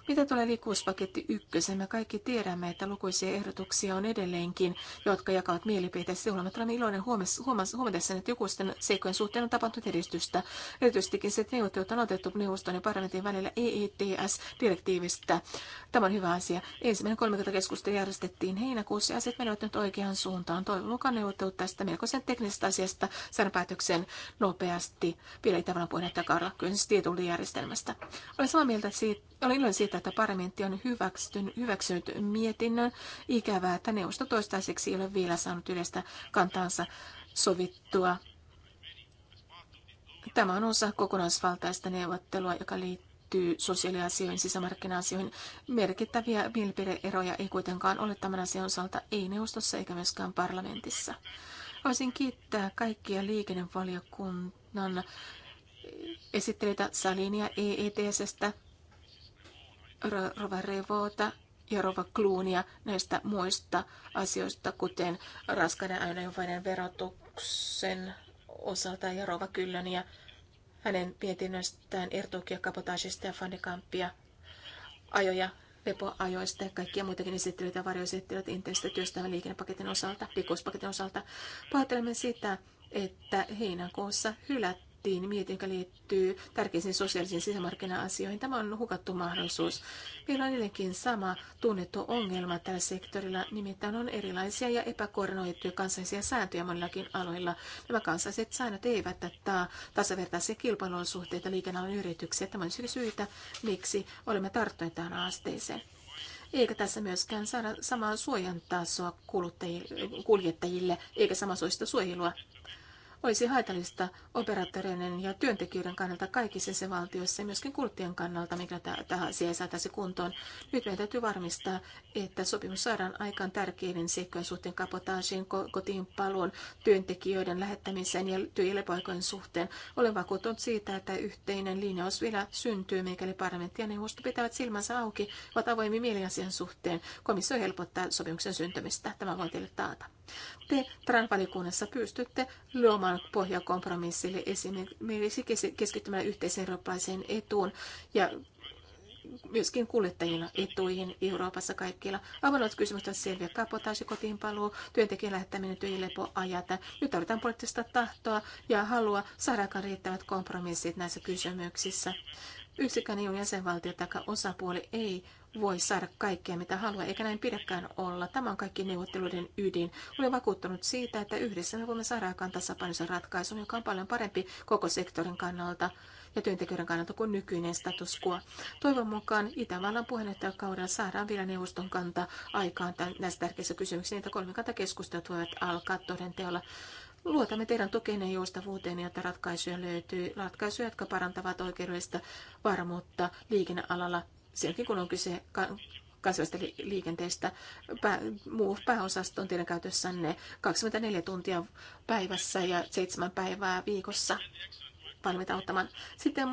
Mitä tulee liikkuvuuspaketti ykkösen, me kaikki tiedämme, että lukuisia ehdotuksia on edelleenkin, jotka jakavat mielipiteitä. Sitten olemme iloinen huomatessa, että sitten seikkojen suhteen on tapahtunut edistystä. Erityisestikin se, että neuvottelut on otettu neuvoston ja parlamentin välillä EETS-direktiivistä. Tämä on hyvä asia. Ensimmäinen 30 keskustelu järjestettiin heinäkuussa ja asiat menevät nyt oikeaan suuntaan. Toivon mukaan neuvottelut tästä melkoisen teknisestä asiasta saadaan päätöksen nopeasti vielä Itävallan karla kyseisessä tietullijärjestelmästä. Olen samaa mieltä siitä, olen iloinen siitä, että parlamentti on hyväksynyt, mietinnön. Ikävää, että neuvosto toistaiseksi ei ole vielä saanut yleistä kantansa sovittua. Tämä on osa kokonaisvaltaista neuvottelua, joka liittyy sosiaaliasioihin, sisämarkkina-asioihin. Merkittäviä mielipideeroja ei kuitenkaan ole tämän asian osalta, ei neuvostossa eikä myöskään parlamentissa. Haluaisin kiittää kaikkia liikennevaliokunnan esittelijöitä Salinia EETSstä Rova revota ja Rova Kluunia näistä muista asioista, kuten raskainen ajoneuvojen verotuksen osalta ja Rova ja hänen mietinnöstään Ertukia, Kapotaasista ja Fannikampia ajoja lepoajoista ja kaikkia muitakin esittelyitä, varjoesittelyitä, intensiivistä työstä liikennepaketin osalta, pikuispaketin osalta. Pahoittelemme sitä, että heinäkuussa hylättiin hyväksyttiin mietin, joka liittyy tärkeisiin sosiaalisiin sisämarkkina-asioihin. Tämä on hukattu mahdollisuus. Meillä on edelleenkin sama tunnettu ongelma tällä sektorilla, nimittäin on erilaisia ja epäkoordinoituja kansallisia sääntöjä monillakin aloilla. Nämä kansalliset säännöt eivät tätä tasavertaisia kilpailuolosuhteita liikennealan yrityksiä. Tämä on syytä, miksi olemme tarttuneet tähän haasteeseen eikä tässä myöskään saada samaa suojan tasoa kuljettajille, eikä samansuoista suojelua olisi haitallista operaattoreiden ja työntekijöiden kannalta kaikissa se valtioissa ja myöskin kulttien kannalta, mikä tähän asia ei saataisi kuntoon. Nyt meidän täytyy varmistaa, että sopimus saadaan aikaan tärkeiden seikkojen suhteen kapotaasiin, kotiin paluun, työntekijöiden lähettämisen ja työ- ja lepoaikojen suhteen. Olen vakuuttunut siitä, että yhteinen linjaus vielä syntyy, mikäli parlamentti ja neuvosto pitävät silmänsä auki, ovat avoimin mieliasian suhteen. Komissio helpottaa sopimuksen syntymistä. Tämä voi teille taata. Te Tran-valikunnassa pystytte luomaan olemaan pohjakompromissille esimerkiksi keskittymään yhteiseen eurooppalaiseen etuun ja myöskin kuljettajilla etuihin Euroopassa kaikkialla. Avoimet kysymykset ovat selviä. Kapotaasi, kotiinpaluu, työntekijän lähettäminen, ajata. Nyt tarvitaan poliittista tahtoa ja halua saada riittävät kompromissit näissä kysymyksissä. Yksikään eu jäsenvaltio tai osapuoli ei voi saada kaikkea, mitä haluaa, eikä näin pidäkään olla. Tämä on kaikki neuvotteluiden ydin. Olen vakuuttunut siitä, että yhdessä me voimme saada aikaan tasapainoisen ratkaisun, joka on paljon parempi koko sektorin kannalta ja työntekijöiden kannalta kuin nykyinen status quo. Toivon mukaan Itävallan puheenjohtajakaudella saadaan vielä neuvoston kanta aikaan näissä tärkeissä kysymyksissä, niitä keskustelut voivat alkaa todenteolla. Luotamme teidän tukeen joustavuuteen, jotta ratkaisuja löytyy, ratkaisuja, jotka parantavat oikeudellista varmuutta liikennealalla silloin kun on kyse kansainvälisestä liikenteestä. muu pääosasto on teidän käytössänne 24 tuntia päivässä ja 7 päivää viikossa valmiita auttamaan. Sitten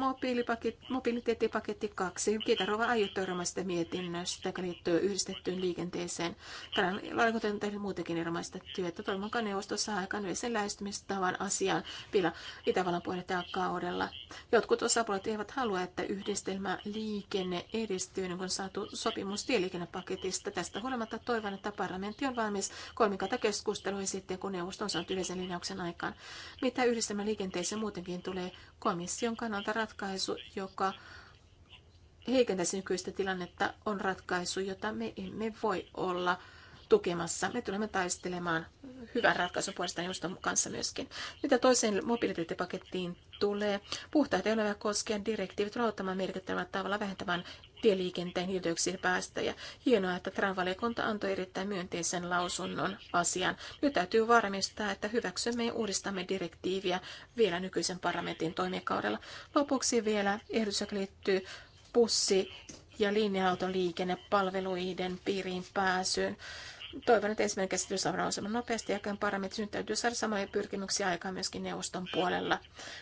mobiilitietipaketti 2. Kiitä Rova aiotteuromaisesta mietinnöstä, joka liittyy yhdistettyyn liikenteeseen. Tänään valiokunta on tehnyt muutenkin niin erilaista työtä. Toivon mukaan neuvostossa aikaan yleisen lähestymistavan asiaan vielä Itävallan kaudella. Jotkut osapuolet eivät halua, että yhdistelmä liikenne edistyy, niin kun saatu sopimus tieliikennepaketista. Tästä huolimatta toivon, että parlamentti on valmis kolmikata keskustelua sitten, kun neuvosto on saanut yleisen linjauksen aikaan. Mitä yhdistelmä liikenteeseen muutenkin tulee, Komission kannalta ratkaisu, joka heikentäisi nykyistä tilannetta, on ratkaisu, jota me emme voi olla tukemassa. Me tulemme taistelemaan hyvän ratkaisun puolesta neuvoston kanssa myöskin. Mitä toiseen mobiliteettipakettiin tulee, puhtaat ja koskien direktiivit auttamaan merkittävällä tavalla vähentämään tieliikenteen hiilidioksidipäästöjä. Hienoa, että Tranvaliokunta antoi erittäin myönteisen lausunnon asian. Nyt täytyy varmistaa, että hyväksymme ja uudistamme direktiiviä vielä nykyisen parlamentin toimikaudella. Lopuksi vielä ehdotus, joka liittyy bussi- ja linja-autoliikennepalveluiden piiriin pääsyyn. Toivon, että ensimmäinen käsitys on nopeasti ja paremmin. Nyt täytyy saada samoja pyrkimyksiä aikaan myöskin neuvoston puolella.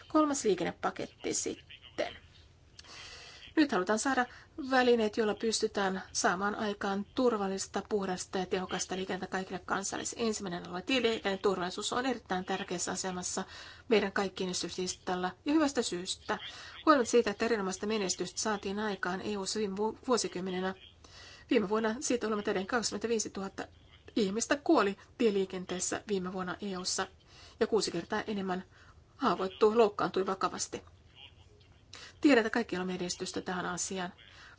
Kolmas liikennepaketti sitten. Nyt halutaan saada välineet, joilla pystytään saamaan aikaan turvallista, puhdasta ja tehokasta liikennettä kaikille kansalaisille. Ensimmäinen alue, tieliikenneturvallisuus, on erittäin tärkeässä asemassa meidän kaikkien esityslistalla ja hyvästä syystä. Huolimatta siitä, että erinomaista menestystä saatiin aikaan eu viime vuosikymmenenä, viime vuonna siitä olemme teidän 25 000 ihmistä kuoli tieliikenteessä viime vuonna EU:ssa ja kuusi kertaa enemmän haavoittui, loukkaantui vakavasti. Tiedän, että kaikki on edistystä tähän asiaan.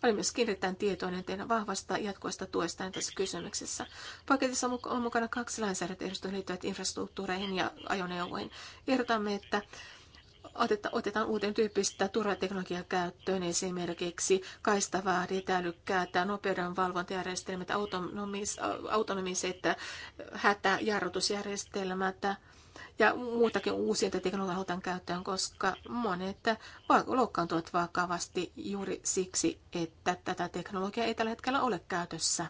Olen myös erittäin tietoinen teidän vahvasta jatkuvasta tuesta tässä kysymyksessä. Paketissa on mukana kaksi lainsäädäntöehdotusta liittyvät infrastruktuureihin ja ajoneuvoihin. Ehdotamme, että otetaan uuden tyyppistä turvateknologiaa käyttöön, esimerkiksi kaistavahdit, älykkäät, nopeudenvalvontajärjestelmät, autonomiset hätäjarrutusjärjestelmät, ja muutakin uusinta teknologiaa halutaan käyttöön, koska monet loukkaantuvat vakavasti juuri siksi, että tätä teknologiaa ei tällä hetkellä ole käytössä.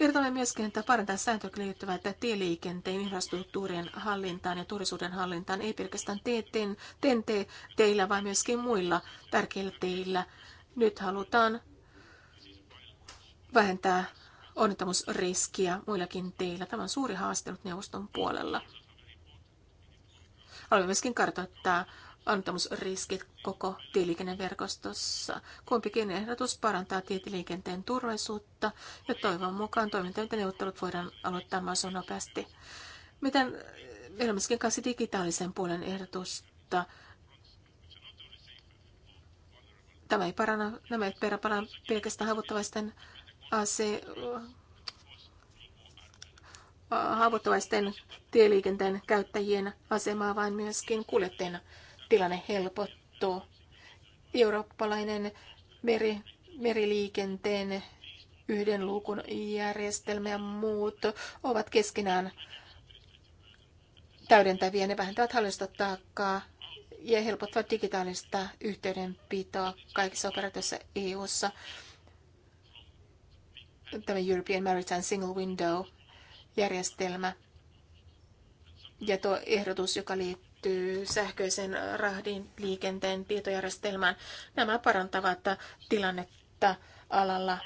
Irtoimme myöskin, että parantaa sääntöjä liittyvät tieliikenteen infrastruktuurien hallintaan ja turvallisuuden hallintaan, ei pelkästään TNT-teillä, vaan myöskin muilla tärkeillä teillä. Nyt halutaan vähentää onnettomuusriskiä muillakin teillä. Tämä on suuri haaste neuvoston puolella. Haluamme myöskin kartoittaa antamusriskit koko tieliikenneverkostossa. Kumpikin ehdotus parantaa tietiliikenteen turvallisuutta ja toivon mukaan toimintaneuvottelut voidaan aloittaa mahdollisimman nopeasti. Miten meillä on myöskin kanssa digitaalisen puolen ehdotusta. Tämä ei parana, nämä ei perä pelkästään haavoittavaisten AC haavoittuvaisten tieliikenteen käyttäjien asemaa, vaan myöskin kuljettajien tilanne helpottuu. Eurooppalainen meri, meriliikenteen yhden luukun järjestelmä ja muut ovat keskenään täydentäviä. Ne vähentävät hallinnosta taakkaa ja helpottavat digitaalista yhteydenpitoa kaikissa operaatioissa EU-ssa. Tämä European Maritime Single Window järjestelmä ja tuo ehdotus, joka liittyy sähköisen rahdin liikenteen tietojärjestelmään, nämä parantavat tilannetta alalla.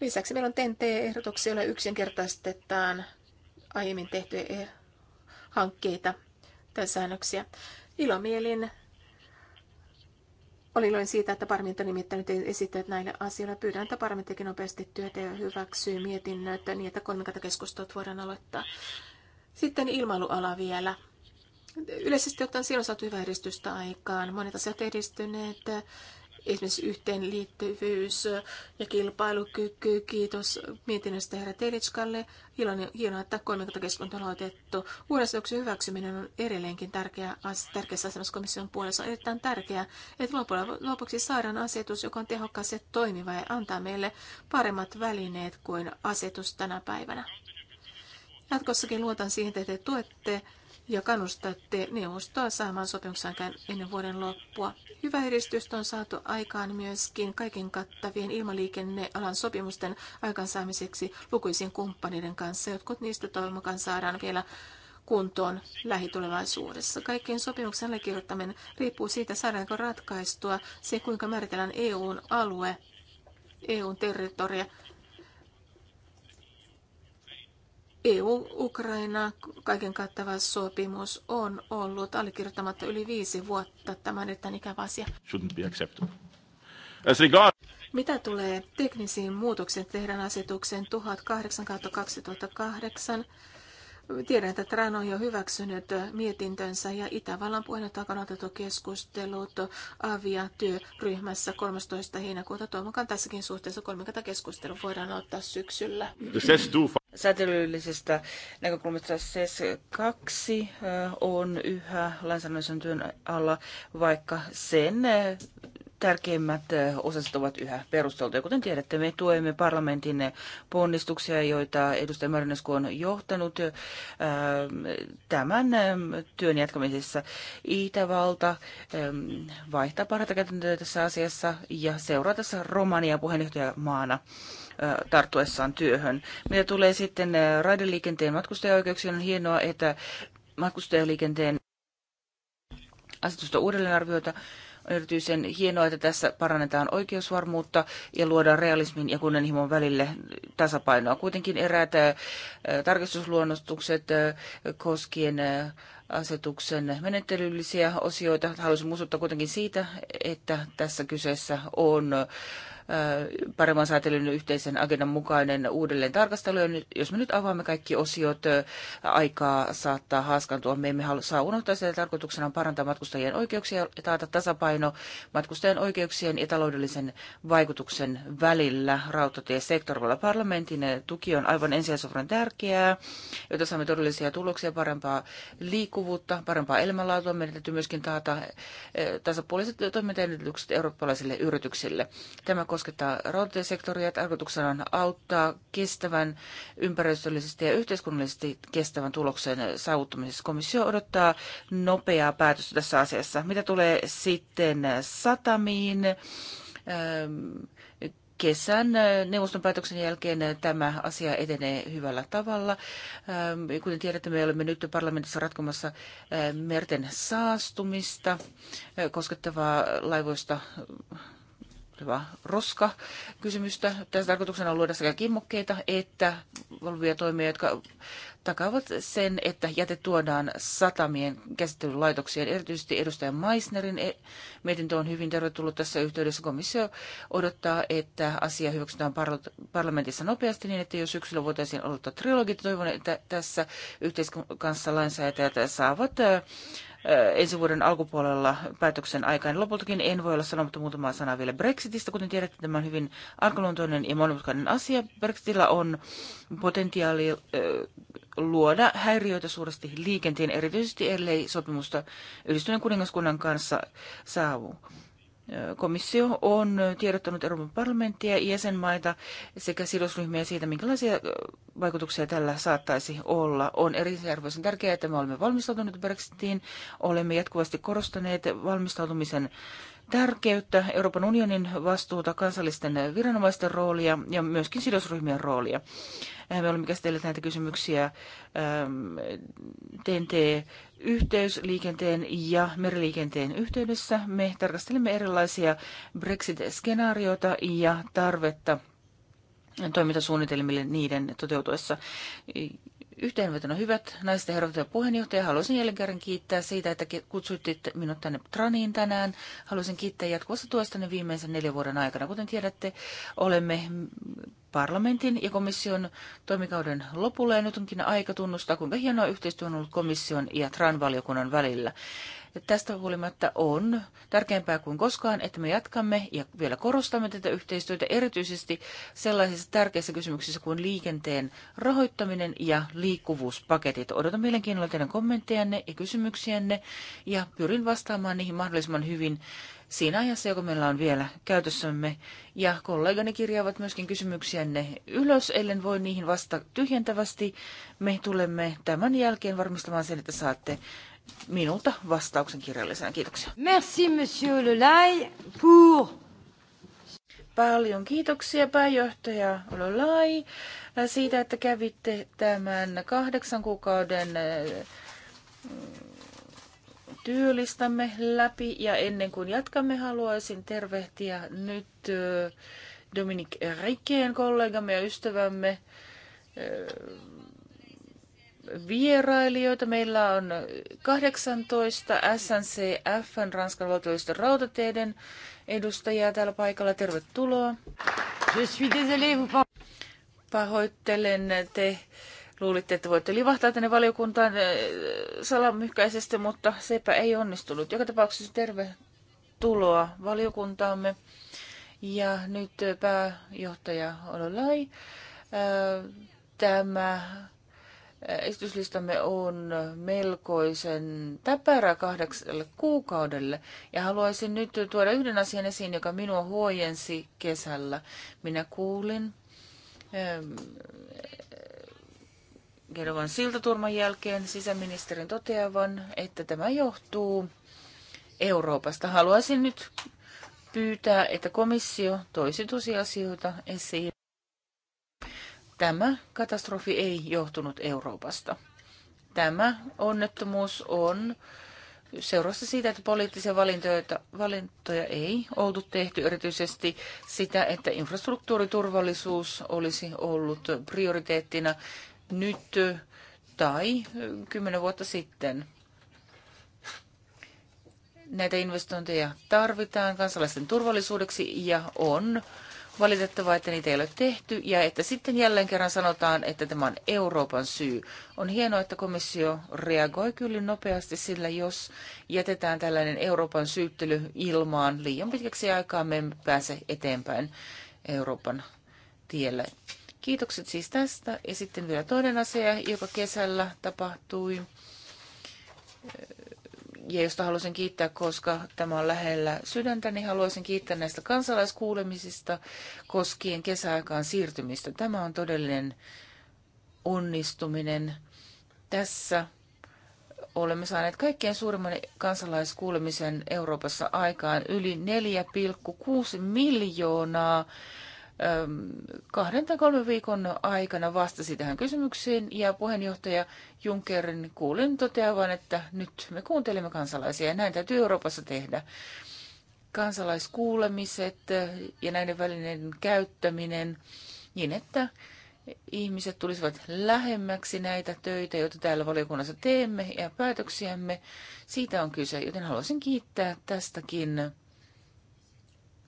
Lisäksi meillä on TNT-ehdotuksia, joilla yksinkertaistetaan aiemmin tehtyjä e- hankkeita tai säännöksiä. Ilomielin Olin iloinen siitä, että parlamentti on nimittänyt esittäjät näille asioille. Pyydän, että parlamentti nopeasti työtä ja hyväksyy mietinnöt niin, että kolmikantakeskustelut voidaan aloittaa. Sitten ilmailuala vielä. Yleisesti ottaen siinä on saatu hyvää edistystä aikaan. Monet asiat edistyneet esimerkiksi yhteenliittyvyys ja kilpailukyky. Kiitos mietinnöstä herra Telitskalle. hienoa, että kolmikantakeskustelu on otettu. Uudistuksen hyväksyminen on edelleenkin tärkeä, tärkeässä asemassa komission puolessa. On erittäin tärkeää, että lopuksi saadaan asetus, joka on tehokas ja toimiva ja antaa meille paremmat välineet kuin asetus tänä päivänä. Jatkossakin luotan siihen, että te tuette ja kannustatte neuvostoa saamaan sopimuksen ennen vuoden loppua. Hyvä edistystä on saatu aikaan myöskin kaiken kattavien ilmaliikennealan sopimusten aikaansaamiseksi lukuisien kumppaneiden kanssa. Jotkut niistä toivon mukaan saadaan vielä kuntoon lähitulevaisuudessa. Kaikkien sopimuksen allekirjoittaminen riippuu siitä, saadaanko ratkaistua se, kuinka määritellään EUn alue, EUn territoria EU-Ukraina kaiken kattava sopimus on ollut allekirjoittamatta yli viisi vuotta. Tämä on erittäin ikävä asia. Mitä tulee teknisiin muutoksiin, tehdään asetuksen 1008-2008 Tiedän, että Trano on jo hyväksynyt mietintönsä ja Itävallan takana otettu keskustelut AVIA-työryhmässä 13. heinäkuuta. Toivon tässäkin suhteessa kolmikata keskustelu voidaan ottaa syksyllä.
Säätelyllisestä näkökulmasta SES 2 on yhä lainsäädännöllisen työn alla, vaikka sen tärkeimmät osaset ovat yhä perusteltuja. Kuten tiedätte, me tuemme parlamentin ponnistuksia, joita edustaja Marinesku on johtanut tämän työn jatkamisessa. Itävalta vaihtaa parhaita käytäntöjä tässä asiassa ja seuraa tässä Romania puheenjohtajamaana tarttuessaan työhön. Mitä tulee sitten raideliikenteen matkustajaoikeuksiin, on hienoa, että matkustajaliikenteen asetusta uudelleenarvioita on erityisen hienoa, että tässä parannetaan oikeusvarmuutta ja luodaan realismin ja kunnianhimon välille tasapainoa. Kuitenkin eräät äh, tarkistusluonnostukset äh, koskien äh, asetuksen menettelyllisiä osioita. Haluaisin muistuttaa kuitenkin siitä, että tässä kyseessä on paremman säätelyn yhteisen agendan mukainen uudelleen tarkastelu. Jos me nyt avaamme kaikki osiot, aikaa saattaa haaskantua. Me emme saa unohtaa sitä tarkoituksena on parantaa matkustajien oikeuksia ja taata tasapaino matkustajien oikeuksien ja taloudellisen vaikutuksen välillä rautatiesektorilla. Parlamentin tuki on aivan ensisijaisen tärkeää, jotta saamme todellisia tuloksia, parempaa liikkuvuutta, parempaa elämänlaatua. Meidän täytyy myöskin taata tasapuoliset toimintaedellytykset eurooppalaisille yrityksille. Tämä koskettaa rautatiesektoria. Tarkoituksena on auttaa kestävän, ympäristöllisesti ja yhteiskunnallisesti kestävän tuloksen saavuttamisessa. Komissio odottaa nopeaa päätöstä tässä asiassa. Mitä tulee sitten satamiin? Ähm, kesän neuvoston päätöksen jälkeen tämä asia etenee hyvällä tavalla. Ähm, kuten tiedätte, me olemme nyt parlamentissa ratkomassa äh, merten saastumista äh, koskettavaa laivoista roska kysymystä. Tässä tarkoituksena on luoda sekä kimmokkeita että valvovia toimia, jotka takaavat sen, että jäte tuodaan satamien käsittelylaitoksien. Erityisesti edustaja Meissnerin e- mietintö on hyvin tervetullut tässä yhteydessä. Komissio odottaa, että asia hyväksytään parlamentissa nopeasti niin, että jos syksyllä voitaisiin aloittaa trilogit, toivon, että tässä yhteiskunnassa lainsäätäjät saavat ensi vuoden alkupuolella päätöksen aikaan. Lopultakin en voi olla sanomatta muutamaa sanaa vielä Brexitistä. Kuten tiedätte, tämä on hyvin arkaluontoinen ja monimutkainen asia. Brexitillä on potentiaali luoda häiriöitä suuresti liikenteen, erityisesti ellei sopimusta yhdistyneen kuningaskunnan kanssa saavu. Komissio on tiedottanut Euroopan parlamenttia, jäsenmaita sekä sidosryhmiä siitä, minkälaisia vaikutuksia tällä saattaisi olla. On erityisen tärkeää, että me olemme valmistautuneet Brexitiin. Olemme jatkuvasti korostaneet valmistautumisen tärkeyttä, Euroopan unionin vastuuta, kansallisten viranomaisten roolia ja myöskin sidosryhmien roolia. Äh, me olemme käsitelleet näitä kysymyksiä ähm, TNT-yhteysliikenteen ja meriliikenteen yhteydessä. Me tarkastelemme erilaisia Brexit-skenaarioita ja tarvetta toimintasuunnitelmille niiden toteutuessa. Yhteenvetona hyvät naiset ja herrat ja puheenjohtaja, haluaisin jälleen kerran kiittää siitä, että kutsuitte minut tänne Traniin tänään. Haluaisin kiittää jatkuvasta tuestanne viimeisen neljän vuoden aikana. Kuten tiedätte, olemme parlamentin ja komission toimikauden lopulle. ja nyt onkin aika tunnustaa, kuinka hienoa yhteistyö on ollut komission ja TRAN-valiokunnan välillä. Tästä huolimatta on tärkeämpää kuin koskaan, että me jatkamme ja vielä korostamme tätä yhteistyötä erityisesti sellaisissa tärkeissä kysymyksissä kuin liikenteen rahoittaminen ja liikkuvuuspaketit. Odotan mielenkiinnolla teidän kommenttejanne ja kysymyksiänne ja pyrin vastaamaan niihin mahdollisimman hyvin siinä ajassa, joka meillä on vielä käytössämme. Ja kollegani kirjaavat myöskin kysymyksiänne ylös, ellen voi niihin vasta tyhjentävästi. Me tulemme tämän jälkeen varmistamaan sen, että saatte minulta vastauksen kirjallisena. Kiitoksia. Merci, monsieur Lelay, pour... Paljon kiitoksia pääjohtaja Lelay siitä, että kävitte tämän kahdeksan kuukauden työlistamme läpi. Ja ennen kuin jatkamme, haluaisin tervehtiä nyt Dominik Rikkeen kollegamme ja ystävämme vierailijoita. Meillä on 18 SNCF, Ranskan valtiollisten rautateiden edustajaa täällä paikalla. Tervetuloa. Je suis désolé, vous... Pahoittelen, te Luulitte, että voitte livahtaa tänne valiokuntaan eh, salamyhkäisesti, mutta sepä ei onnistunut. Joka tapauksessa tervetuloa valiokuntaamme. Ja nyt pääjohtaja Ololai. Eh, tämä eh, esityslistamme on melkoisen täpärä kahdeksalle kuukaudelle. Ja haluaisin nyt tuoda yhden asian esiin, joka minua huojensi kesällä. Minä kuulin Gerovan siltaturman jälkeen sisäministerin toteavan, että tämä johtuu Euroopasta. Haluaisin nyt pyytää, että komissio toisi tosiasioita esiin. Tämä katastrofi ei johtunut Euroopasta. Tämä onnettomuus on seurassa siitä, että poliittisia valintoja, valintoja ei oltu tehty, erityisesti sitä, että infrastruktuuriturvallisuus olisi ollut prioriteettina nyt tai äh, kymmenen vuotta sitten. Näitä investointeja tarvitaan kansalaisten turvallisuudeksi ja on valitettavaa, että niitä ei ole tehty ja että sitten jälleen kerran sanotaan, että tämä on Euroopan syy. On hienoa, että komissio reagoi kyllä nopeasti, sillä jos jätetään tällainen Euroopan syyttely ilmaan liian pitkäksi aikaa, me emme pääse eteenpäin Euroopan tielle. Kiitokset siis tästä. Ja sitten vielä toinen asia, joka kesällä tapahtui ja josta haluaisin kiittää, koska tämä on lähellä sydäntäni, niin haluaisin kiittää näistä kansalaiskuulemisista koskien kesäaikaan siirtymistä. Tämä on todellinen onnistuminen. Tässä olemme saaneet kaikkein suurimman kansalaiskuulemisen Euroopassa aikaan yli 4,6 miljoonaa kahden tai kolmen viikon aikana vastasi tähän kysymykseen ja puheenjohtaja Junckerin kuulin toteavan, että nyt me kuuntelemme kansalaisia ja näin täytyy Euroopassa tehdä. Kansalaiskuulemiset ja näiden välineiden käyttäminen niin, että ihmiset tulisivat lähemmäksi näitä töitä, joita täällä valiokunnassa teemme ja päätöksiämme. Siitä on kyse, joten haluaisin kiittää tästäkin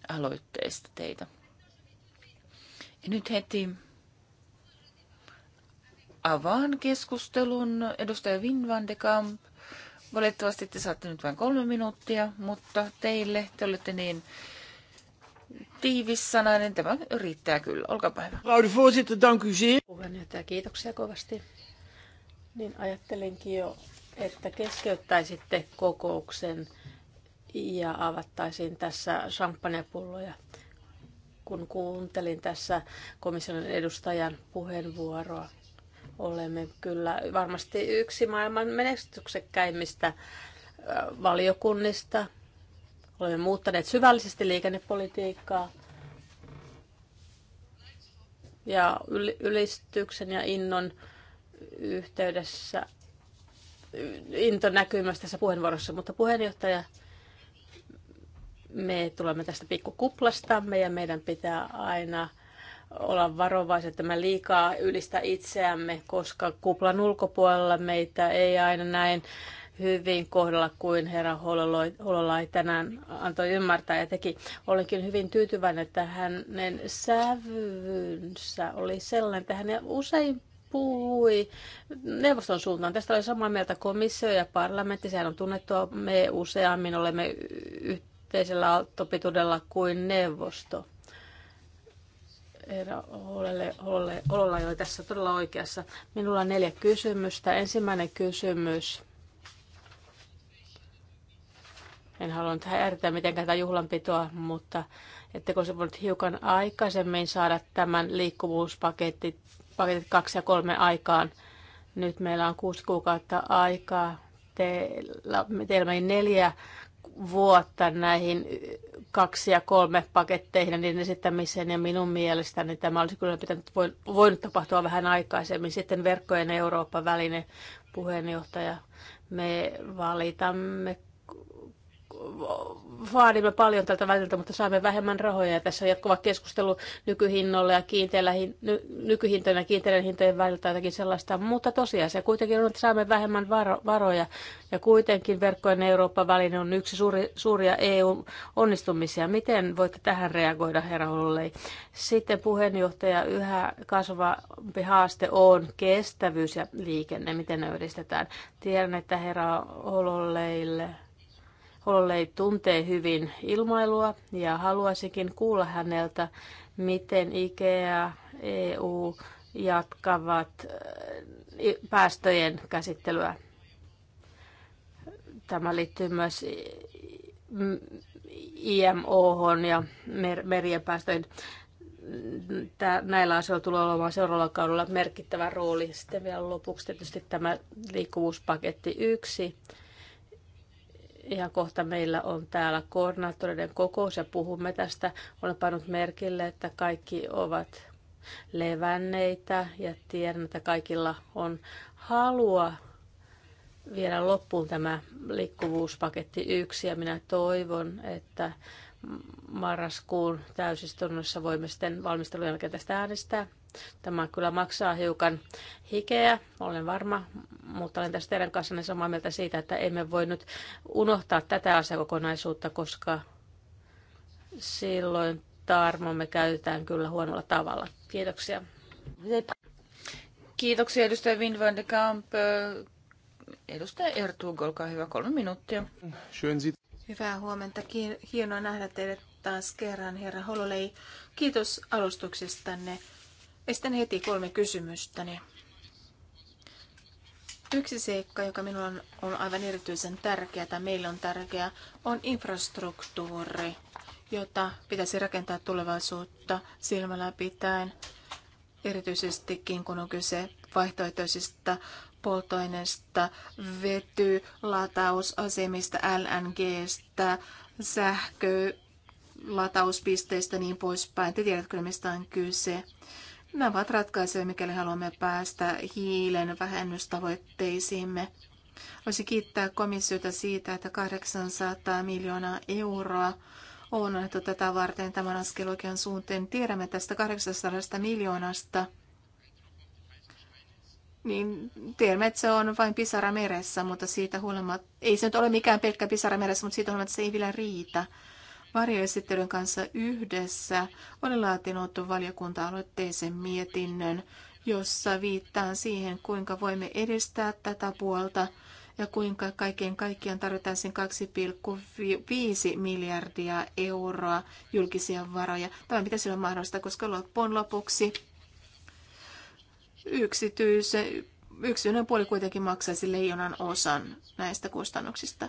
aloitteesta teitä. Nyt heti avaan keskustelun. Edustaja Wim van de Kamp, valitettavasti te saatte nyt vain kolme minuuttia, mutta teille, te olette niin tiivissanainen, tämä riittää kyllä. olkaa hyvä. Laudi voorzitter, dank u kiitoksia kovasti.
Niin ajattelinkin jo, että keskeyttäisitte kokouksen ja avattaisiin tässä champagnepulloja kun kuuntelin tässä komission edustajan puheenvuoroa, olemme kyllä varmasti yksi maailman menestyksekkäimmistä valiokunnista. Olemme muuttaneet syvällisesti liikennepolitiikkaa. Ja ylistyksen ja innon yhteydessä into näkymässä tässä puheenvuorossa, mutta puheenjohtaja me tulemme tästä pikkukuplastamme ja meidän pitää aina olla varovaisia, että me liikaa ylistä itseämme, koska kuplan ulkopuolella meitä ei aina näin hyvin kohdalla kuin herra Hololai tänään antoi ymmärtää ja teki. Olenkin hyvin tyytyväinen, että hänen sävynsä oli sellainen, että hän usein puhui neuvoston suuntaan. Tästä oli samaa mieltä komissio ja parlamentti. Sehän on tunnettua. Me useammin olemme yhteisellä aaltopituudella kuin neuvosto. Eero Ololla oli tässä todella oikeassa. Minulla on neljä kysymystä. Ensimmäinen kysymys. En halua nyt häiritä mitenkään tätä juhlanpitoa, mutta ettekö se voinut hiukan aikaisemmin saada tämän liikkuvuuspaketit paketit kaksi ja kolme aikaan. Nyt meillä on kuusi kuukautta aikaa. Teillä, teillä meni neljä vuotta näihin kaksi ja kolme paketteihin ja niiden esittämiseen, ja minun mielestäni tämä olisi kyllä pitänyt, voinut tapahtua vähän aikaisemmin. Sitten verkkojen Euroopan väline puheenjohtaja, me valitamme vaadimme paljon tältä väliltä, mutta saamme vähemmän rahoja. Ja tässä on jatkuva keskustelu nykyhinnolla ja kiinteillä, ny, nykyhintojen ja kiinteiden hintojen väliltä jotakin sellaista. Mutta tosiasia kuitenkin on, että saamme vähemmän varo, varoja. Ja kuitenkin verkkojen Euroopan väline on yksi suuri, suuria EU-onnistumisia. Miten voitte tähän reagoida, herra Hollei? Sitten puheenjohtaja, yhä kasvavampi haaste on kestävyys ja liikenne. Miten ne yhdistetään? Tiedän, että herra Holleille Hollolei tuntee hyvin ilmailua ja haluaisinkin kuulla häneltä, miten IKEA, EU jatkavat eh, päästöjen käsittelyä. Tämä liittyy myös IMO ja merien päästöihin. Näillä asioilla tulee olemaan seuraavalla kaudella merkittävä rooli. Sitten vielä lopuksi tietysti tämä liikkuvuuspaketti yksi ihan kohta meillä on täällä koordinaattoreiden kokous ja puhumme tästä. Olen pannut merkille, että kaikki ovat levänneitä ja tiedän, että kaikilla on halua viedä loppuun tämä liikkuvuuspaketti yksi ja minä toivon, että marraskuun täysistunnossa voimme sitten valmistelun jälkeen tästä äänestää. Tämä kyllä maksaa hiukan hikeä, olen varma, mutta olen tässä teidän kanssanne samaa mieltä siitä, että emme voi nyt unohtaa tätä asiakokonaisuutta, koska silloin tarmomme käytetään
kyllä huonolla tavalla. Kiitoksia. Kiitoksia edustaja Wim van de Kamp. Edustaja Ertug, olkaa hyvä, kolme minuuttia.
Hyvää huomenta. Hienoa nähdä teidät taas kerran, herra Hololei. Kiitos alustuksestanne. Esitän heti kolme kysymystäni. Yksi seikka, joka minulla on, on aivan erityisen tärkeä tai meille on tärkeä, on infrastruktuuri, jota pitäisi rakentaa tulevaisuutta silmällä pitäen, erityisestikin kun on kyse vaihtoehtoisista polttoaineista, vety, latausasemista, LNGstä, sähkö, latauspisteistä niin poispäin. Te tiedätkö, mistä on kyse. Nämä ovat ratkaisuja, mikäli haluamme päästä hiilen vähennystavoitteisiimme. Voisi kiittää komissiota siitä, että 800 miljoonaa euroa on annettu tätä varten tämän askel oikean suuntaan. Tiedämme tästä 800 miljoonasta, niin tiedämme, että se on vain pisara meressä, mutta siitä huolimatta, ei se nyt ole mikään pelkkä pisara meressä, mutta siitä huolimatta se ei vielä riitä varjoesittelyn kanssa yhdessä olen laatinut valiokunta-aloitteisen mietinnön, jossa viittaan siihen, kuinka voimme edistää tätä puolta ja kuinka kaiken kaikkiaan tarvitaan sen 2,5 miljardia euroa julkisia varoja. Tämä pitäisi olla mahdollista, koska loppuun lopuksi yksityisen yksityinen puoli kuitenkin maksaisi leijonan osan näistä kustannuksista.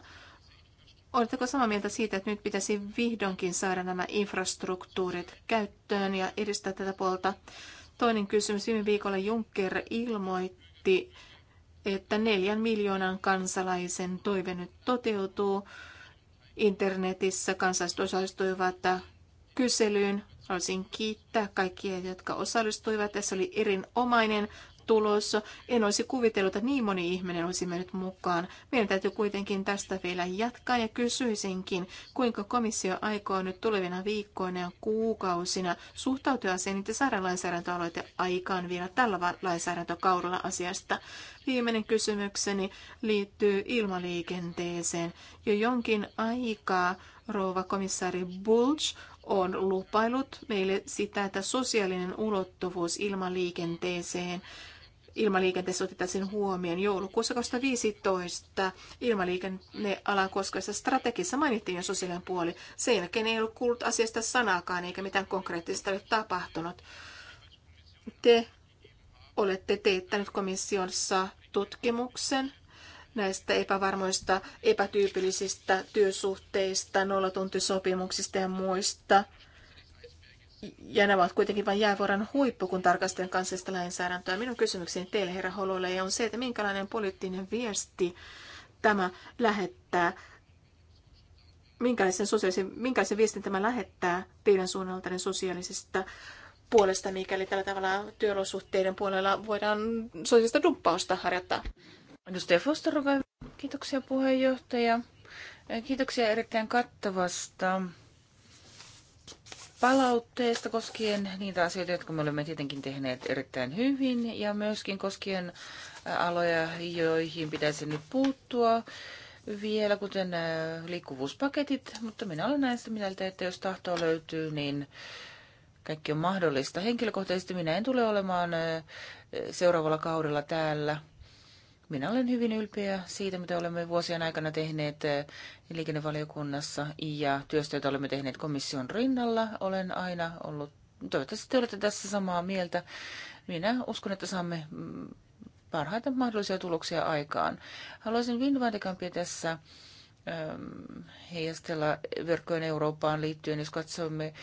Oletteko samaa mieltä siitä, että nyt pitäisi vihdoinkin saada nämä infrastruktuurit käyttöön ja edistää tätä puolta? Toinen kysymys. Viime viikolla Juncker ilmoitti, että neljän miljoonan kansalaisen toive nyt toteutuu. Internetissä kansalaiset osallistuivat kyselyyn. Haluaisin kiittää kaikkia, jotka osallistuivat. Tässä oli erinomainen tulossa. En olisi kuvitellut, että niin moni ihminen olisi mennyt mukaan. Meidän täytyy kuitenkin tästä vielä jatkaa ja kysyisinkin, kuinka komissio aikoo nyt tulevina viikkoina ja kuukausina suhtautua siihen, että saadaan lainsäädäntöaloite aikaan vielä tällä lainsäädäntökaudella asiasta. Viimeinen kysymykseni liittyy ilmaliikenteeseen. Jo jonkin aikaa rouva komissaari Bulge on lupailut meille sitä, että sosiaalinen ulottuvuus ilmaliikenteeseen ilmaliikenteessä otettaisiin huomioon. Joulukuussa 2015 ilmaliikennealan koskevassa strategissa mainittiin jo sosiaalinen puoli. Sen jälkeen ei ollut kuullut asiasta sanaakaan eikä mitään konkreettista ole tapahtunut. Te olette teettänyt komissiossa tutkimuksen näistä epävarmoista, epätyypillisistä työsuhteista, nollatuntisopimuksista ja muista – ja nämä ovat kuitenkin vain jäävuoren huippu, kun tarkastelen kansallista lainsäädäntöä. Minun kysymykseni teille, herra Hololle, on se, että minkälainen poliittinen viesti tämä lähettää, minkälaisen, sosiaalisen, minkälaisen viestin tämä lähettää teidän suunnaltanne sosiaalisesta puolesta, mikäli tällä tavalla työolosuhteiden puolella voidaan sosiaalista dumppausta
harjoittaa. Edustaja Foster, kiitoksia puheenjohtaja. Kiitoksia erittäin kattavasta palautteesta koskien niitä asioita, jotka me olemme tietenkin tehneet erittäin hyvin ja myöskin koskien aloja, joihin pitäisi nyt puuttua vielä, kuten liikkuvuuspaketit, mutta minä olen näistä mieltä, että jos tahtoa löytyy, niin kaikki on mahdollista. Henkilökohtaisesti minä en tule olemaan seuraavalla kaudella täällä. Minä olen hyvin ylpeä siitä, mitä olemme vuosien aikana tehneet eh, liikennevaliokunnassa ja työstä, jota olemme tehneet komission rinnalla. Olen aina ollut, toivottavasti te olette tässä samaa mieltä. Minä uskon, että saamme mm, parhaita mahdollisia tuloksia aikaan. Haluaisin Winvandekampia tässä ehm, heijastella verkkojen Eurooppaan liittyen, jos katsomme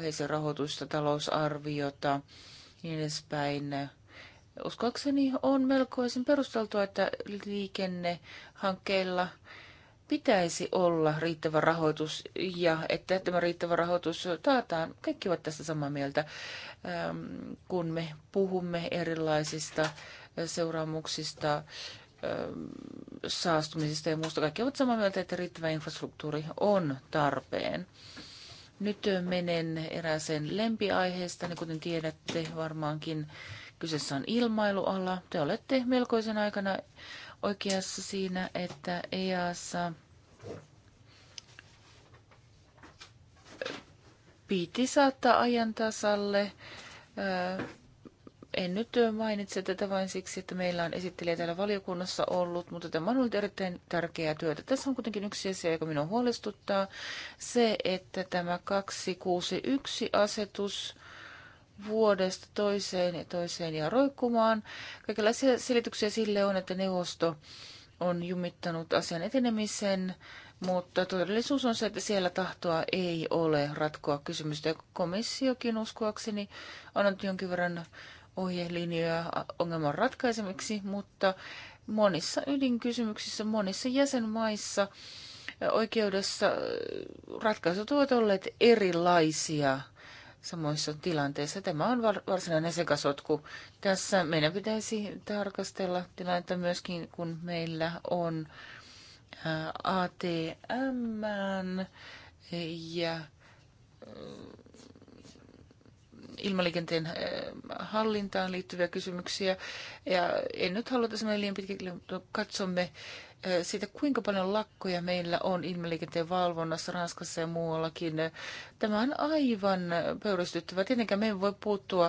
heisen rahoitusta, talousarviota, niin edespäin eh, uskoakseni on melkoisen perusteltua, että liikennehankkeilla pitäisi olla riittävä rahoitus ja että tämä riittävä rahoitus taataan. Kaikki ovat tästä samaa mieltä, kun me puhumme erilaisista seuraamuksista, saastumisesta ja muusta. Kaikki ovat samaa mieltä, että riittävä infrastruktuuri on tarpeen. Nyt menen erääseen lempiaiheesta, niin kuten tiedätte varmaankin Kyseessä on ilmailuala. Te olette melkoisen aikana oikeassa siinä, että EAssa piti saattaa ajan tasalle. En nyt mainitse tätä vain siksi, että meillä on esittelijä täällä valiokunnassa ollut, mutta tämä on ollut erittäin tärkeää työtä. Tässä on kuitenkin yksi asia, joka minua huolestuttaa. Se, että tämä 261-asetus vuodesta toiseen ja toiseen ja roikkumaan. Kaikenlaisia selityksiä sille on, että neuvosto on jumittanut asian etenemisen, mutta todellisuus on se, että siellä tahtoa ei ole ratkoa kysymystä. Ja komissiokin uskoakseni on antanut jonkin verran ohjelinjoja ongelman ratkaisemiksi, mutta monissa ydinkysymyksissä, monissa jäsenmaissa oikeudessa ratkaisut ovat olleet erilaisia samoissa tilanteissa. Tämä on varsinainen sekasotku. Tässä meidän pitäisi tarkastella tilannetta myöskin, kun meillä on äh, ATM ja äh, ilmaliikenteen eh, hallintaan liittyviä kysymyksiä. Ja en nyt halua tässä liian pitkälle, mutta katsomme eh, siitä, kuinka paljon lakkoja meillä on ilmaliikenteen valvonnassa Ranskassa ja muuallakin. Tämä on aivan pöyristyttävä. Tietenkään me ei voi puuttua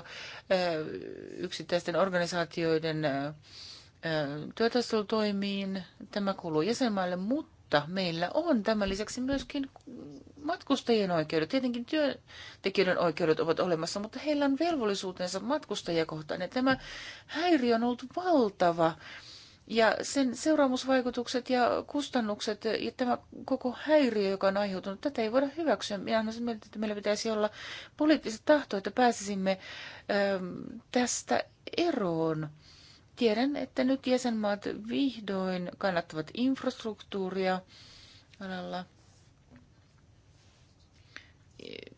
eh, yksittäisten organisaatioiden työtaistelutoimiin. Tämä kuuluu jäsenmaille, mutta meillä on tämän lisäksi myöskin matkustajien oikeudet. Tietenkin työntekijöiden oikeudet ovat olemassa, mutta heillä on velvollisuutensa matkustajia kohtaan. Ja tämä häiriö on ollut valtava. Ja sen seuraamusvaikutukset ja kustannukset ja tämä koko häiriö, joka on aiheutunut, tätä ei voida hyväksyä. Minä on sitä mieltä, että meillä pitäisi olla poliittiset tahto, että pääsisimme äm, tästä eroon. Tiedän, että nyt jäsenmaat vihdoin kannattavat infrastruktuuria alalla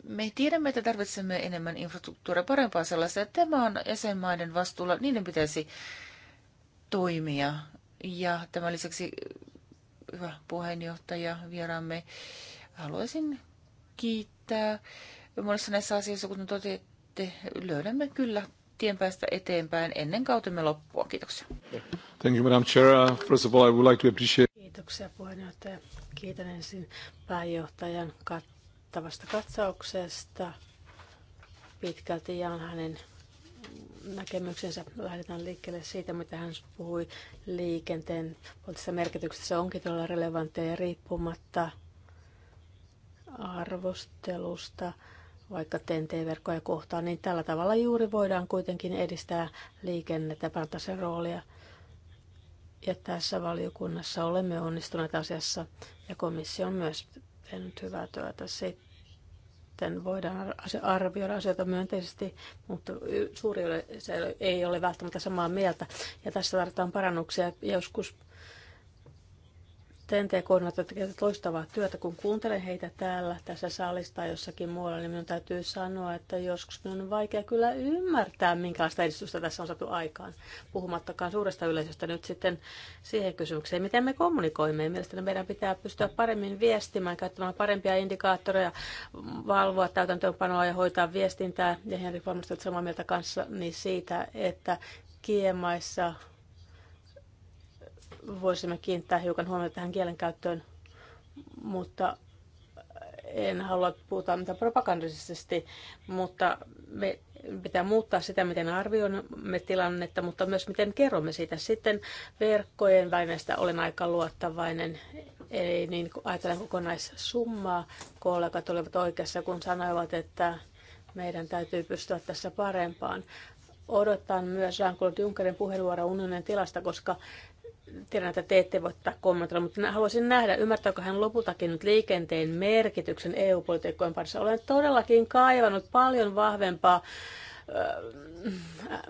me tiedämme, että tarvitsemme enemmän infrastruktuuria, parempaa sellaista, että tämä on jäsenmaiden vastuulla. Niiden pitäisi toimia. Ja tämän lisäksi hyvä puheenjohtaja, vieraamme, haluaisin kiittää. Monissa näissä asioissa, kuten totiitte, löydämme kyllä tien päästä eteenpäin ennen kautemme loppua. Kiitoksia. Thank you, Madam Chair. Uh, first of all, I would like to appreciate... Kiitoksia puheenjohtaja. Kiitän ensin
pääjohtajan kat- kattavasta katsauksesta. Pitkälti jaan hänen näkemyksensä. Lähdetään liikkeelle siitä, mitä hän puhui liikenteen poliittisesta merkityksessä. Se onkin todella relevantteja riippumatta arvostelusta, vaikka TNT-verkkoja kohtaan, niin tällä tavalla juuri voidaan kuitenkin edistää liikennettä, parantaa sen roolia. Ja tässä valiokunnassa olemme onnistuneet asiassa ja on myös tehnyt hyvää työtä. Sitten voidaan arvioida asioita myönteisesti, mutta suuri ei ole välttämättä samaa mieltä. Ja tässä tarvitaan parannuksia. Joskus TNT-koordinaattorit tekevät loistavaa työtä. Kun kuuntelen heitä täällä tässä salissa tai jossakin muualla, niin minun täytyy sanoa, että joskus minun on vaikea kyllä ymmärtää, minkälaista edistystä tässä on saatu aikaan. Puhumattakaan suuresta yleisöstä nyt sitten siihen kysymykseen, miten me kommunikoimme. Mielestäni meidän pitää pystyä paremmin viestimään, käyttämään parempia indikaattoreja, valvoa täytäntöönpanoa ja hoitaa viestintää. Ja Henri varmasti samaa mieltä kanssa niin siitä, että kiemaissa voisimme kiinnittää hiukan huomiota tähän kielenkäyttöön, mutta en halua puhua mitä propagandisesti, mutta me pitää muuttaa sitä, miten arvioimme tilannetta, mutta myös miten kerromme siitä. Sitten verkkojen välineestä olen aika luottavainen, eli niin ajatellen kokonaissummaa. Kollegat olivat oikeassa, kun sanoivat, että meidän täytyy pystyä tässä parempaan. Odotan myös Jean-Claude Junckerin puheenvuoron unionin tilasta, koska tiedän, että te ette voi tätä kommentoida, mutta haluaisin nähdä, ymmärtääkö hän lopultakin nyt liikenteen merkityksen EU-politiikkojen parissa. Olen todellakin kaivannut paljon vahvempaa äh,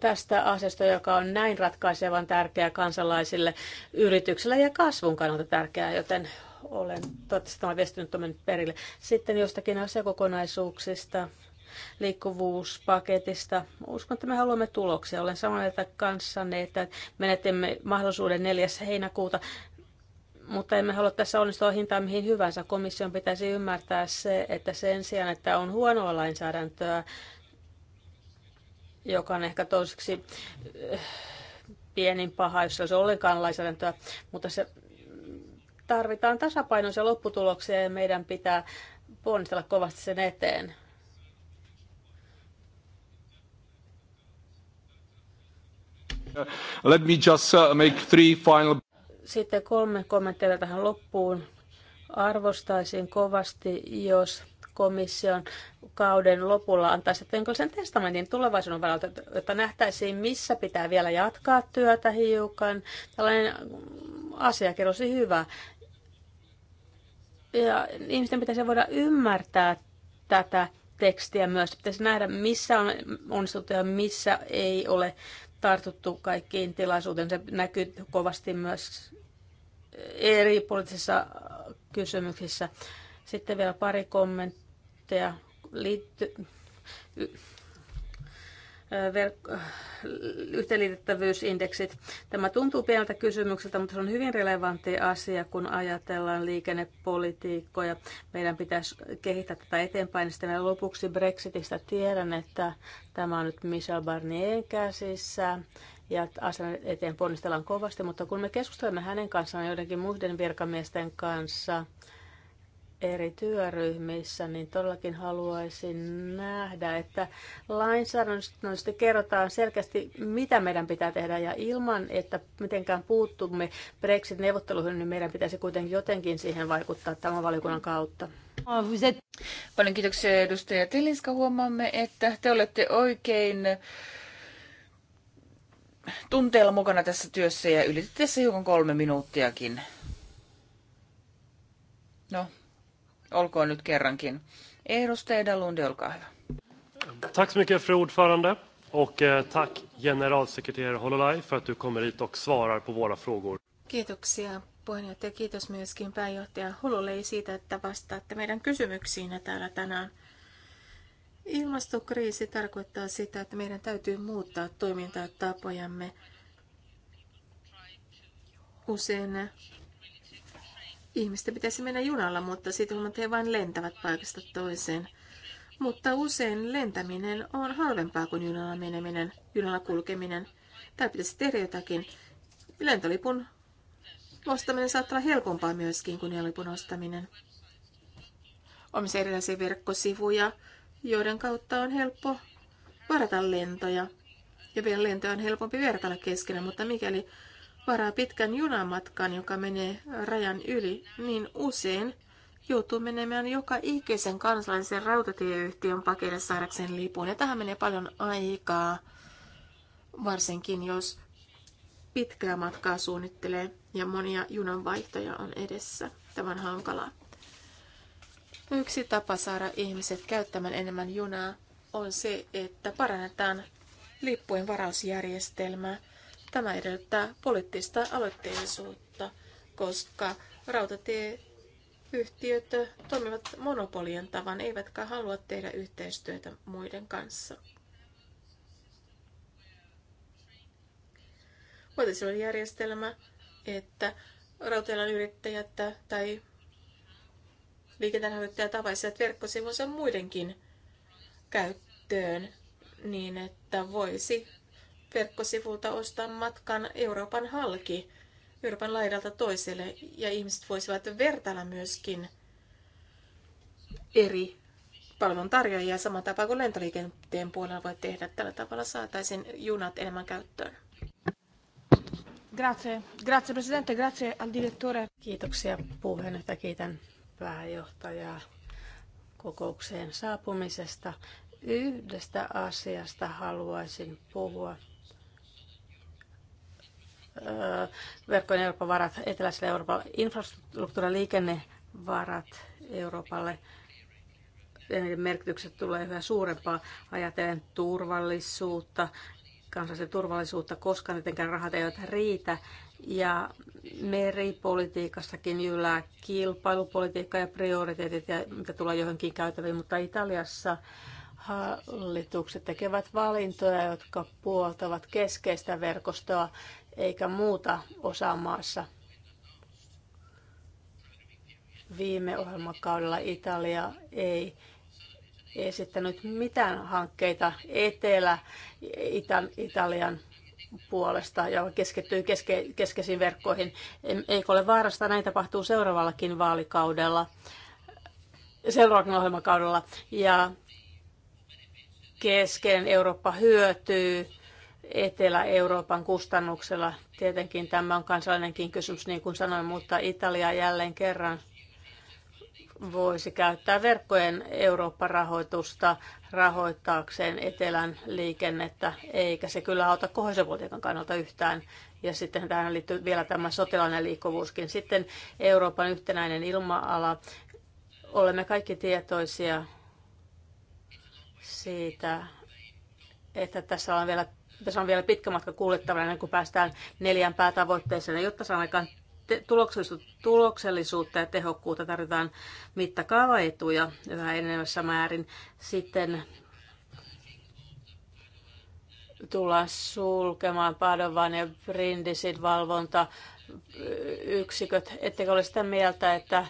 tästä asiasta, joka on näin ratkaisevan tärkeä kansalaisille, yrityksille ja kasvun kannalta tärkeää, joten olen toivottavasti tämä viesti nyt on mennyt perille. Sitten jostakin asiakokonaisuuksista liikkuvuuspaketista. Uskon, että me haluamme tuloksia. Olen samaa mieltä kanssanne, että menetimme mahdollisuuden 4. heinäkuuta mutta emme halua tässä onnistua hintaa mihin hyvänsä. Komission pitäisi ymmärtää se, että sen sijaan, että on huonoa lainsäädäntöä, joka on ehkä toiseksi äh, pienin paha, jos se olisi ollenkaan lainsäädäntöä, mutta se tarvitaan tasapainoisia lopputuloksia ja meidän pitää ponnistella kovasti sen eteen. Let me just uh, make three final... Sitten kolme kommenttia tähän loppuun. Arvostaisin kovasti, jos komission kauden lopulla antaisi sen testamentin tulevaisuuden varalta, jotta nähtäisiin, missä pitää vielä jatkaa työtä hiukan. Tällainen asiakirja olisi hyvä. Ja ihmisten pitäisi voida ymmärtää tätä tekstiä myös. Pitäisi nähdä, missä on onnistuttu ja missä ei ole tartuttu kaikkiin tilaisuuteen. Se näkyy kovasti myös eri poliittisissa kysymyksissä. Sitten vielä pari kommenttia liitty- verk- yhteenliitettävyysindeksit. Tämä tuntuu pieneltä kysymykseltä, mutta se on hyvin relevantti asia, kun ajatellaan liikennepolitiikkoja. Meidän pitäisi kehittää tätä eteenpäin. Sitten vielä lopuksi Brexitistä tiedän, että tämä on nyt Michel Barnier käsissä ja asian eteen ponnistellaan kovasti, mutta kun me keskustelemme hänen kanssaan joidenkin muiden virkamiesten kanssa, eri työryhmissä, niin todellakin haluaisin nähdä, että lainsäädännöstä kerrotaan selkeästi, mitä meidän pitää tehdä, ja ilman, että mitenkään puuttumme Brexit-neuvotteluihin, niin meidän pitäisi kuitenkin jotenkin siihen vaikuttaa tämän
valiokunnan kautta. Paljon kiitoksia edustaja Teliska. Huomaamme, että te olette oikein tunteella mukana tässä työssä ja ylitit tässä hiukan kolme minuuttiakin. No, Olkoon nyt kerrankin. Edustaja Lundi, olkaa hyvä. Tack så mycket, fru ordförande. Och eh, tack generalsekreterare Hololai för att du kommer hit och svarar på våra frågor.
Kiitoksia puheenjohtaja. Kiitos myöskin pääjohtaja Hololai siitä, että vastaatte meidän kysymyksiin täällä tänään. Ilmastokriisi tarkoittaa sitä, että meidän täytyy muuttaa toimintatapojamme. Usein Ihmisten pitäisi mennä junalla, mutta siitä huolimatta he vain lentävät paikasta toiseen. Mutta usein lentäminen on halvempaa kuin junalla meneminen, junalla kulkeminen. Tai pitäisi tehdä jotakin. Lentolipun ostaminen saattaa olla helpompaa myöskin kuin junalipun ostaminen. On myös erilaisia verkkosivuja, joiden kautta on helppo varata lentoja. Ja vielä lentoja on helpompi vertailla keskenään, mutta mikäli varaa pitkän junamatkan, joka menee rajan yli, niin usein joutuu menemään joka ikisen kansallisen rautatieyhtiön pakeille saadakseen lipun. Ja tähän menee paljon aikaa, varsinkin jos pitkää matkaa suunnittelee ja monia junanvaihtoja on edessä. Tämä on hankalaa. Yksi tapa saada ihmiset käyttämään enemmän junaa on se, että parannetaan lippujen varausjärjestelmää. Tämä edellyttää poliittista aloitteellisuutta, koska rautatieyhtiöt toimivat monopolien tavan, eivätkä halua tehdä yhteistyötä muiden kanssa. Voitaisiin olla järjestelmä, että rautatialan yrittäjät tai liikenteenharjoittaja tavaisivat verkkosivunsa muidenkin käyttöön niin, että voisi verkkosivulta ostaa matkan Euroopan halki, Euroopan laidalta toiselle, ja ihmiset voisivat vertailla myöskin eri palveluntarjoajia sama tapa kuin lentoliikenteen puolella voi tehdä. Tällä tavalla saataisiin junat enemmän käyttöön.
Grazie. Grazie Presidente, grazie al direttore. Kiitoksia puheenjohtaja, kiitän pääjohtajaa kokoukseen saapumisesta. Yhdestä asiasta haluaisin puhua verkkojen Euroopan varat, eteläiselle Euroopan infrastruktuurin liikennevarat Euroopalle Ja merkitykset tulee yhä suurempaa ajatellen turvallisuutta, kansallisen turvallisuutta, koska niidenkään rahat eivät riitä. Ja meripolitiikastakin jyllää kilpailupolitiikka ja prioriteetit, ja mitä tulee johonkin käytäviin, mutta Italiassa hallitukset tekevät valintoja, jotka puoltavat keskeistä verkostoa eikä muuta osaa maassa. Viime ohjelmakaudella Italia ei esittänyt mitään hankkeita Etelä-Italian puolesta ja keskittyy keske, keskeisiin verkkoihin. Eikö ole vaarasta, näin tapahtuu seuraavallakin vaalikaudella, seuraavallakin ohjelmakaudella. Ja kesken Eurooppa hyötyy Etelä-Euroopan kustannuksella. Tietenkin tämä on kansallinenkin kysymys, niin kuin sanoin, mutta Italia jälleen kerran voisi käyttää verkkojen Eurooppa-rahoitusta rahoittaakseen etelän liikennettä, eikä se kyllä auta kohesiopolitiikan kannalta yhtään. Ja sitten tähän liittyy vielä tämä sotilainen liikkuvuuskin. Sitten Euroopan yhtenäinen ilma-ala. Olemme kaikki tietoisia siitä, että tässä on vielä tässä on vielä pitkä matka kuljettavana ennen kuin päästään neljän päätavoitteeseen. Jotta saan aikaan tuloksellisuutta ja tehokkuutta, tarvitaan mittakaavaetuja yhä enemmässä määrin. Sitten tullaan sulkemaan Padovan ja Brindisin valvonta yksiköt. Ettekö ole sitä mieltä, että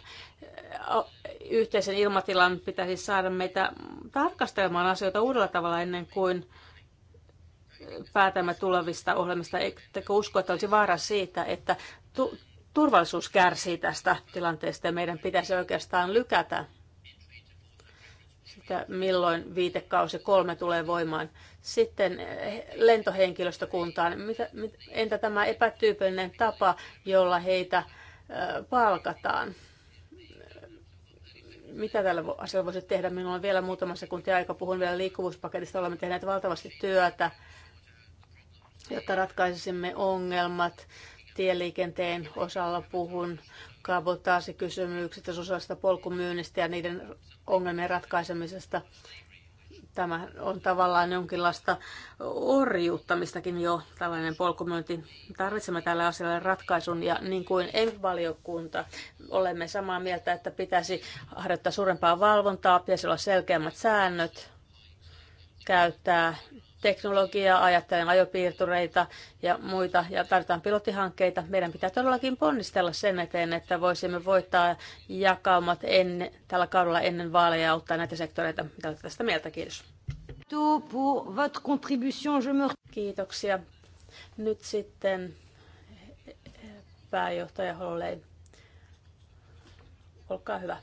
yhteisen ilmatilan pitäisi saada meitä tarkastelemaan asioita uudella tavalla ennen kuin päätämme tulevista ohjelmista. Ettekö usko, että olisi vaara siitä, että tu- turvallisuus kärsii tästä tilanteesta ja meidän pitäisi oikeastaan lykätä sitä, milloin viitekausi kolme tulee voimaan. Sitten eh, lentohenkilöstökuntaan. Mitä, mit, entä tämä epätyypillinen tapa, jolla heitä eh, palkataan? Mitä tällä asialla voisi tehdä? Minulla on vielä muutama sekunti aika. Puhun vielä liikkuvuuspaketista. Olemme tehneet valtavasti työtä jotta ratkaisisimme ongelmat tieliikenteen osalla puhun kabotaasikysymyksistä, sosiaalista polkumyynnistä ja niiden ongelmien ratkaisemisesta. Tämä on tavallaan jonkinlaista orjuuttamistakin jo, tällainen polkumyynti. Tarvitsemme tällä asialle ratkaisun ja niin kuin en valiokunta olemme samaa mieltä, että pitäisi harjoittaa suurempaa valvontaa, pitäisi olla selkeämmät säännöt, käyttää teknologiaa, ajattelen ajopiirtureita ja muita, ja tarvitaan pilottihankkeita. Meidän pitää todellakin ponnistella sen eteen, että voisimme voittaa jakaumat ennen, tällä kaudella ennen vaaleja ja auttaa näitä sektoreita. Mitä olette tästä mieltä? Kiitos. Kiitoksia. Nyt sitten pääjohtaja Hollein. Olkaa hyvä.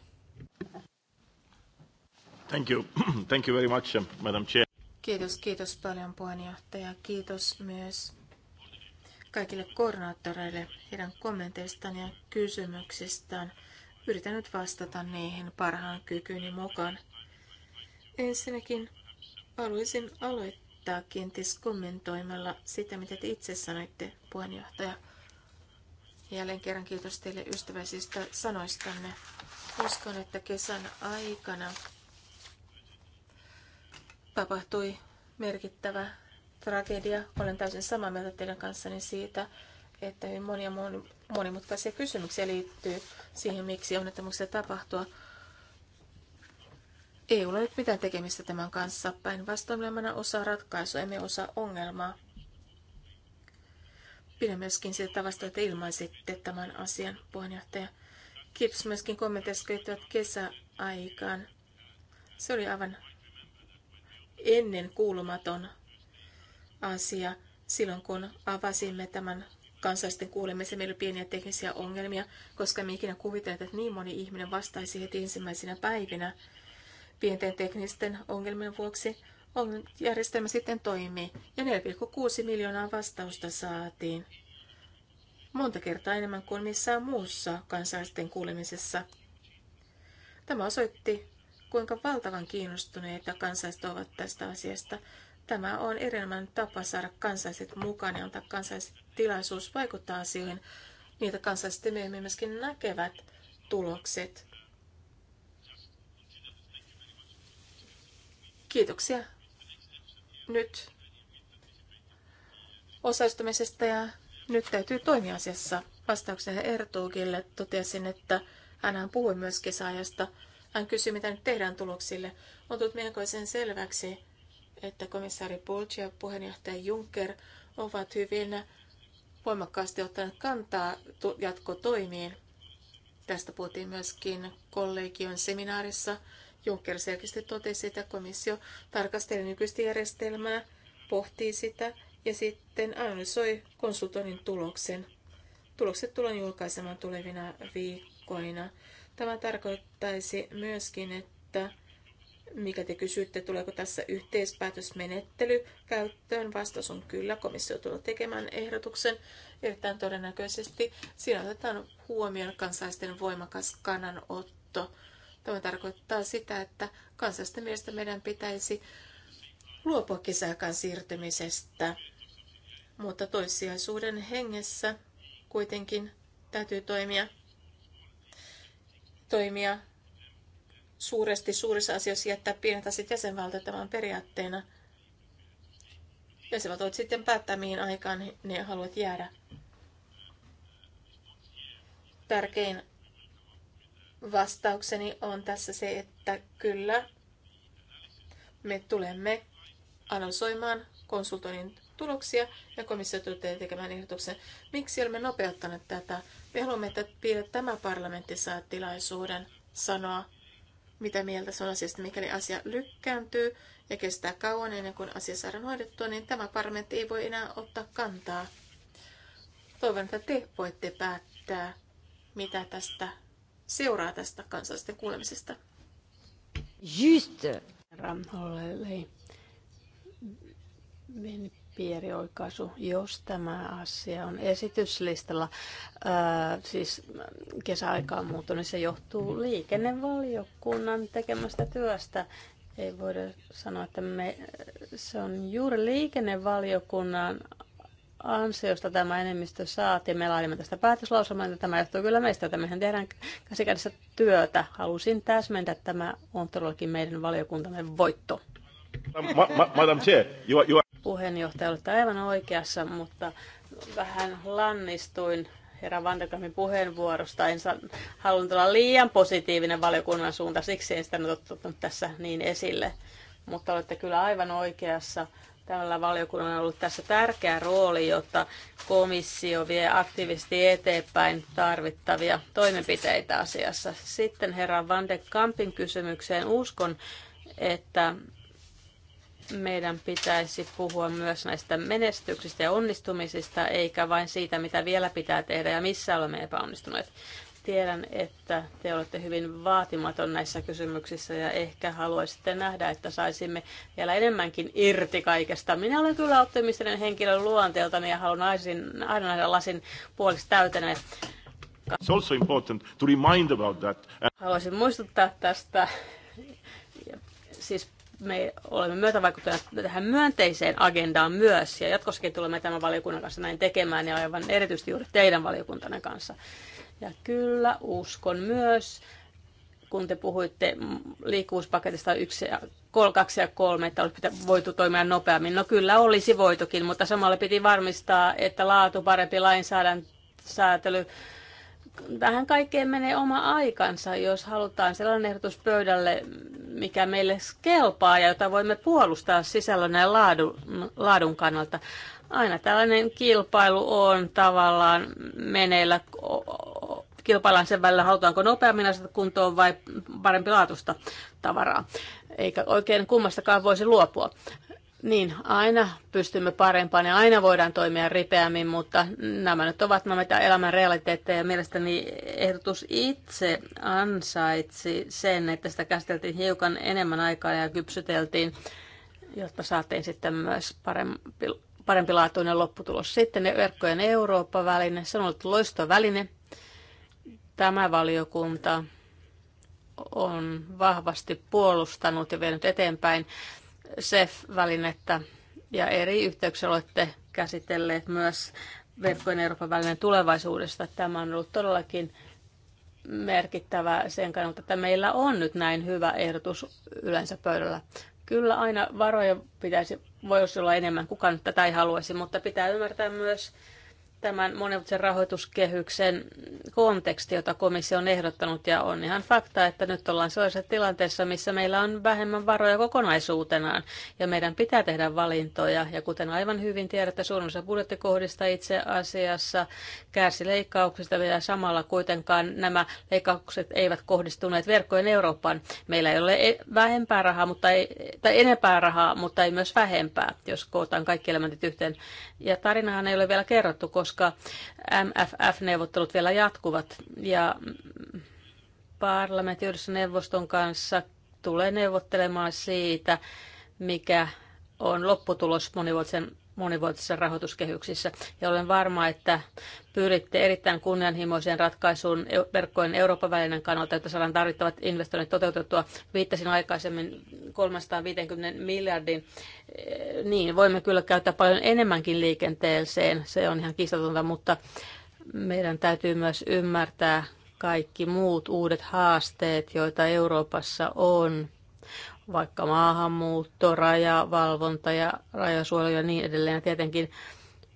Thank you. Thank you very much, uh, Madam Chair.
Kiitos, kiitos paljon puheenjohtaja. Kiitos myös kaikille koordinaattoreille heidän kommenteistaan ja kysymyksistään. Yritän nyt vastata niihin parhaan kykyni mukaan. Ensinnäkin haluaisin aloittaa kenties kommentoimalla sitä, mitä te itse sanoitte, puheenjohtaja. Jälleen kerran kiitos teille ystäväisistä sanoistanne. Uskon, että kesän aikana tapahtui merkittävä tragedia. Olen täysin samaa mieltä teidän kanssani siitä, että hyvin monia monimutkaisia kysymyksiä liittyy siihen, miksi onnettomuuksia tapahtua. Ei ole nyt mitään tekemistä tämän kanssa. Päinvastoin olemme osa ratkaisua, emme osa ongelmaa. Pidän myöskin sitä tavasta, että ilmaisitte tämän asian, puheenjohtaja. Kiitos myöskin kommenteista, kesäaikaan. Se oli aivan ennen kuulumaton asia. Silloin kun avasimme tämän kansallisten kuulemisen, meillä oli pieniä teknisiä ongelmia, koska me ikinä kuvitelleet, että niin moni ihminen vastaisi heti ensimmäisinä päivinä pienten teknisten ongelmien vuoksi. Järjestelmä sitten toimii ja 4,6 miljoonaa vastausta saatiin. Monta kertaa enemmän kuin missään muussa kansallisten kuulemisessa. Tämä osoitti kuinka valtavan kiinnostuneita kansalaiset ovat tästä asiasta. Tämä on erinomainen tapa saada kansalaiset mukaan ja antaa kansalaiset tilaisuus vaikuttaa asioihin. Niitä kansalaiset myöhemmin myöskin näkevät tulokset. Kiitoksia nyt osallistumisesta ja nyt täytyy toimia asiassa. Vastauksena Ertuukille totesin, että hän puhui myös kesäajasta hän kysyi, mitä nyt tehdään tuloksille. On tullut melkoisen selväksi, että komissaari Bulch ja puheenjohtaja Juncker ovat hyvin voimakkaasti ottaneet kantaa jatkotoimiin. Tästä puhuttiin myöskin kollegion seminaarissa. Juncker selkeästi totesi, että komissio tarkastelee nykyistä järjestelmää, pohtii sitä ja sitten analysoi konsultoinnin tuloksen. Tulokset tullaan julkaisemaan tulevina viikkoina. Tämä tarkoittaisi myöskin, että mikä te kysytte, tuleeko tässä yhteispäätösmenettely käyttöön? Vastaus on kyllä. Komissio tulee tekemään ehdotuksen erittäin todennäköisesti. Siinä otetaan huomioon kansalaisten voimakas kannanotto. Tämä tarkoittaa sitä, että kansallisten mielestä meidän pitäisi luopua kesäaikaan siirtymisestä. Mutta toissijaisuuden hengessä kuitenkin täytyy toimia – toimia suuresti suurissa asioissa jättää pienet asiat jäsenvaltio tämän periaatteena. voit sitten päättää, mihin aikaan ne haluat jäädä. Tärkein vastaukseni on tässä se, että kyllä me tulemme analysoimaan konsultoinnin tuloksia ja komissio tulee tekemään ehdotuksen. Miksi olemme nopeuttaneet tätä? Me haluamme, että vielä tämä parlamentti saa tilaisuuden sanoa, mitä mieltä se on asiasta. Mikäli asia lykkääntyy ja kestää kauan ennen kuin asia saadaan hoidettua, niin tämä parlamentti ei voi enää ottaa kantaa. Toivon, että te voitte päättää, mitä tästä seuraa tästä kansallisten kuulemisesta.
Just. Herra eli pieni oikaisu, jos tämä asia on esityslistalla, ää, siis kesäaikaan muuttu, niin se johtuu liikennevaliokunnan tekemästä työstä. Ei voida sanoa, että me, se on juuri liikennevaliokunnan ansiosta tämä enemmistö saatiin. Me laadimme tästä päätöslausumaa, että tämä johtuu kyllä meistä, että mehän tehdään käsikädessä työtä. Halusin täsmentää, että tämä on todellakin meidän valiokuntamme voitto.
Madam Chair, you are, you
puheenjohtaja olette aivan oikeassa, mutta vähän lannistuin herra Vandekamin puheenvuorosta. En saa, halunnut olla liian positiivinen valiokunnan suunta, siksi en sitä nyt ottanut tässä niin esille. Mutta olette kyllä aivan oikeassa. Tällä valiokunnalla on ollut tässä tärkeä rooli, jotta komissio vie aktiivisesti eteenpäin tarvittavia toimenpiteitä asiassa. Sitten herra Van de Kampin kysymykseen uskon, että meidän pitäisi puhua myös näistä menestyksistä ja onnistumisista, eikä vain siitä, mitä vielä pitää tehdä ja missä olemme epäonnistuneet. Tiedän, että te olette hyvin vaatimaton näissä kysymyksissä ja ehkä haluaisitte nähdä, että saisimme vielä enemmänkin irti kaikesta. Minä olen kyllä optimistinen henkilö luonteeltani ja haluan aina nähdä lasin puoliksi täytäneen.
It's also important to remind about that.
Haluaisin muistuttaa tästä. Siis me olemme myötävaikuttaneet tähän myönteiseen agendaan myös, ja jatkossakin tulemme tämän valiokunnan kanssa näin tekemään, ja aivan erityisesti juuri teidän valiokuntanne kanssa. Ja kyllä, uskon myös, kun te puhuitte liikkuvuuspaketista yksi ja kol, kaksi ja kolme, että olisi pitä, voitu toimia nopeammin. No kyllä olisi voitukin, mutta samalla piti varmistaa, että laatu, parempi lainsäädäntö, säätely, tähän kaikkeen menee oma aikansa, jos halutaan sellainen ehdotus pöydälle, mikä meille kelpaa ja jota voimme puolustaa sisällön ja laadun, laadun kannalta. Aina tällainen kilpailu on tavallaan meneillä, kilpaillaan sen välillä, halutaanko nopeammin asiat kuntoon vai parempi laatusta tavaraa. Eikä oikein kummastakaan voisi luopua. Niin, aina pystymme parempaan ja aina voidaan toimia ripeämmin, mutta nämä nyt ovat nämä elämän realiteetteja ja mielestäni ehdotus itse ansaitsi sen, että sitä käsiteltiin hiukan enemmän aikaa ja kypsyteltiin, jotta saatiin sitten myös parempi, parempi laatuinen lopputulos. Sitten verkkojen Eurooppa-väline, se on ollut loistoväline. Tämä valiokunta on vahvasti puolustanut ja vienyt eteenpäin SEF-välinettä ja eri yhteyksillä olette käsitelleet myös verkkojen Euroopan välinen tulevaisuudesta. Tämä on ollut todellakin merkittävä sen kannalta, että meillä on nyt näin hyvä ehdotus yleensä pöydällä. Kyllä aina varoja pitäisi, voisi olla enemmän, kukaan tätä ei haluaisi, mutta pitää ymmärtää myös tämän monivuotisen rahoituskehyksen konteksti, jota komissio on ehdottanut, ja on ihan fakta, että nyt ollaan sellaisessa tilanteessa, missä meillä on vähemmän varoja kokonaisuutenaan, ja meidän pitää tehdä valintoja, ja kuten aivan hyvin tiedätte, suurin osa budjettikohdista itse asiassa kärsi leikkauksista, ja samalla kuitenkaan nämä leikkaukset eivät kohdistuneet verkkojen Eurooppaan. Meillä ei ole e- vähempää rahaa, mutta ei, tai enempää rahaa, mutta ei myös vähempää, jos kootaan kaikki elementit yhteen. Ja tarinahan ei ole vielä kerrottu, koska koska MFF-neuvottelut vielä jatkuvat ja parlamentti yhdessä neuvoston kanssa tulee neuvottelemaan siitä, mikä on lopputulos monivuotisen monivuotisissa rahoituskehyksissä. Ja olen varma, että pyritte erittäin kunnianhimoiseen ratkaisuun verkkojen Euroopan välinen kannalta, että saadaan tarvittavat investoinnit toteutettua. Viittasin aikaisemmin 350 miljardin. Niin, voimme kyllä käyttää paljon enemmänkin liikenteeseen, se on ihan kiistatonta, mutta meidän täytyy myös ymmärtää kaikki muut uudet haasteet, joita Euroopassa on vaikka maahanmuutto, rajavalvonta ja rajasuojelu ja niin edelleen. Tietenkin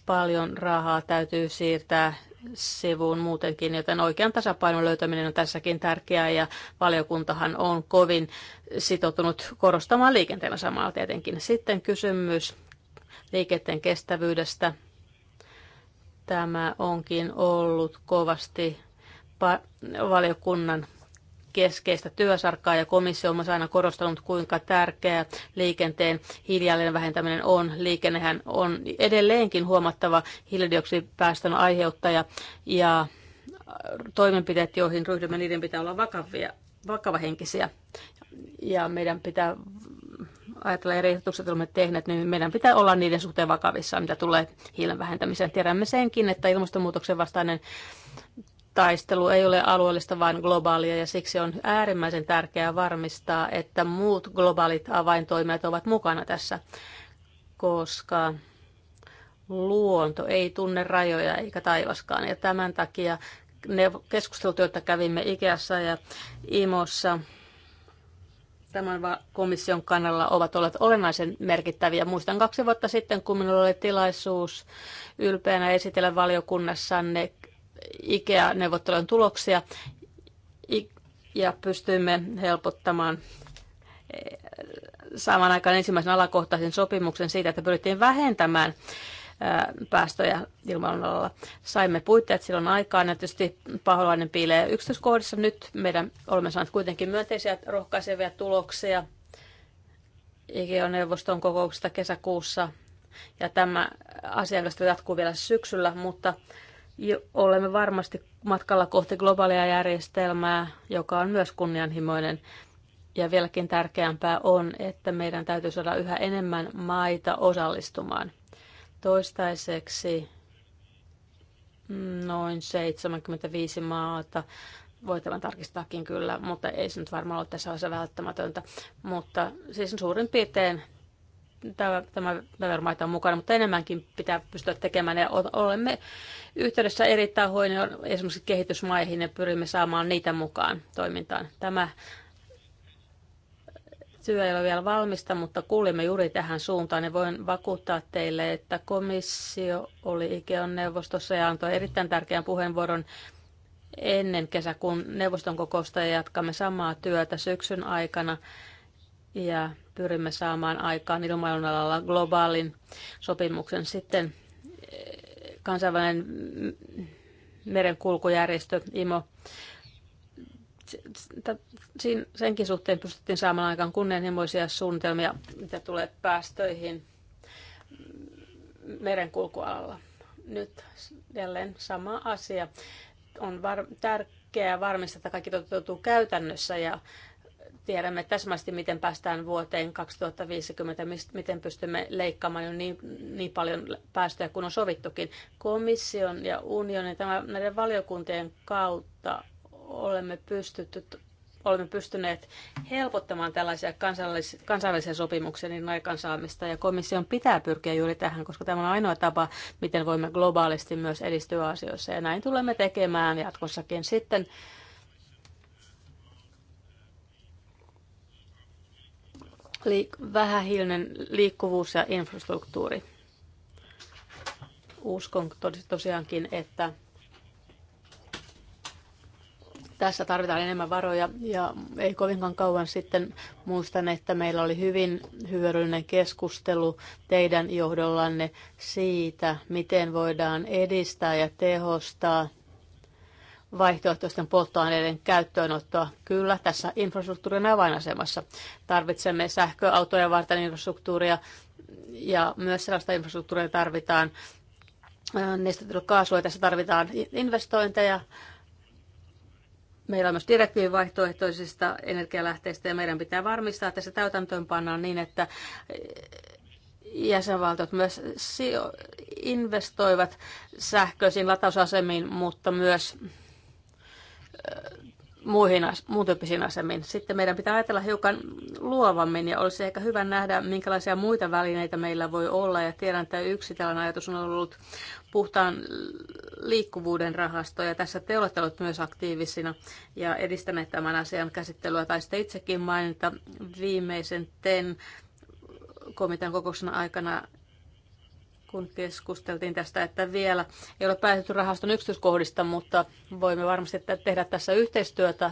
paljon rahaa täytyy siirtää sivuun muutenkin, joten oikean tasapainon löytäminen on tässäkin tärkeää ja valiokuntahan on kovin sitoutunut korostamaan liikenteellä samalla tietenkin. Sitten kysymys liikenteen kestävyydestä. Tämä onkin ollut kovasti valiokunnan keskeistä työsarkaa ja komissio on myös aina korostanut, kuinka tärkeää liikenteen hiilijalanjäljen vähentäminen on. Liikennehän on edelleenkin huomattava hiilidioksidipäästön aiheuttaja ja toimenpiteet, joihin ryhdymme, niiden pitää olla vakavia, vakavahenkisiä. Ja meidän pitää ajatella eri ehdotukset, olemme tehneet, niin meidän pitää olla niiden suhteen vakavissa, mitä tulee hiilen vähentämiseen. Tiedämme senkin, että ilmastonmuutoksen vastainen taistelu ei ole alueellista, vaan globaalia, ja siksi on äärimmäisen tärkeää varmistaa, että muut globaalit avaintoimijat ovat mukana tässä, koska luonto ei tunne rajoja eikä taivaskaan, ja tämän takia ne keskustelut, joita kävimme Ikeassa ja Imossa, tämän komission kannalla ovat olleet olennaisen merkittäviä. Muistan kaksi vuotta sitten, kun minulla oli tilaisuus ylpeänä esitellä valiokunnassanne IKEA-neuvottelujen tuloksia ja pystymme helpottamaan saamaan aikaan ensimmäisen alakohtaisen sopimuksen siitä, että pyrittiin vähentämään päästöjä ilman alalla. Saimme puitteet silloin aikaan ja tietysti paholainen piilee yksityiskohdissa. Nyt meidän olemme saaneet kuitenkin myönteisiä rohkaisevia tuloksia ikea neuvoston kokouksesta kesäkuussa. Ja tämä asian jatkuu vielä syksyllä, mutta olemme varmasti matkalla kohti globaalia järjestelmää, joka on myös kunnianhimoinen. Ja vieläkin tärkeämpää on, että meidän täytyy saada yhä enemmän maita osallistumaan. Toistaiseksi noin 75 maata. Voi tämän tarkistaakin kyllä, mutta ei se nyt varmaan ole tässä osa välttämätöntä. Mutta siis suurin piirtein tämä, tämä, tämä on mukana, mutta enemmänkin pitää pystyä tekemään. Ja olemme yhteydessä eri tahoihin, esimerkiksi kehitysmaihin, ja pyrimme saamaan niitä mukaan toimintaan. Tämä työ ei ole vielä valmista, mutta kuulimme juuri tähän suuntaan. Ja voin vakuuttaa teille, että komissio oli Ikeon neuvostossa ja antoi erittäin tärkeän puheenvuoron ennen kesäkuun neuvoston kokousta ja jatkamme samaa työtä syksyn aikana. Ja pyrimme saamaan aikaan ilmailun alalla globaalin sopimuksen. Sitten eh, kansainvälinen merenkulkujärjestö IMO senkin suhteen pystyttiin saamaan aikaan kunnianhimoisia suunnitelmia, mitä tulee päästöihin merenkulkualalla. Nyt jälleen sama asia. On var- tärkeää varmistaa, että kaikki toteutuu käytännössä ja tiedämme täsmästi, miten päästään vuoteen 2050, miten pystymme leikkaamaan jo niin, niin paljon päästöjä kuin on sovittukin. Komission ja unionin tämän, näiden valiokuntien kautta olemme, pystytty, olemme pystyneet helpottamaan tällaisia kansallis, kansainvälisiä sopimuksia niin aikaansaamista, ja komission pitää pyrkiä juuri tähän, koska tämä on ainoa tapa, miten voimme globaalisti myös edistyä asioissa, ja näin tulemme tekemään jatkossakin sitten liik- vähähiilinen liikkuvuus ja infrastruktuuri. Uskon tos- tosiaankin, että tässä tarvitaan enemmän varoja ja ei kovinkaan kauan sitten muistan, että meillä oli hyvin hyödyllinen keskustelu teidän johdollanne siitä, miten voidaan edistää ja tehostaa vaihtoehtoisten polttoaineiden käyttöönottoa. Kyllä, tässä infrastruktuurin avainasemassa tarvitsemme sähköautoja varten infrastruktuuria ja myös sellaista infrastruktuuria tarvitaan. Äh, kaasua tässä tarvitaan investointeja. Meillä on myös direktiivin vaihtoehtoisista energialähteistä ja meidän pitää varmistaa, että se täytäntöön pannaan niin, että äh, jäsenvaltiot myös investoivat sähköisiin latausasemiin, mutta myös muihin, muun tyyppisiin asemiin. Sitten meidän pitää ajatella hiukan luovammin ja olisi ehkä hyvä nähdä, minkälaisia muita välineitä meillä voi olla. Ja tiedän, että yksi tällainen ajatus on ollut puhtaan liikkuvuuden rahasto ja tässä te olette olleet myös aktiivisina ja edistäneet tämän asian käsittelyä. sitten itsekin mainita viimeisen TEN komitean kokouksen aikana kun keskusteltiin tästä, että vielä ei ole päätetty rahaston yksityiskohdista, mutta voimme varmasti tehdä tässä yhteistyötä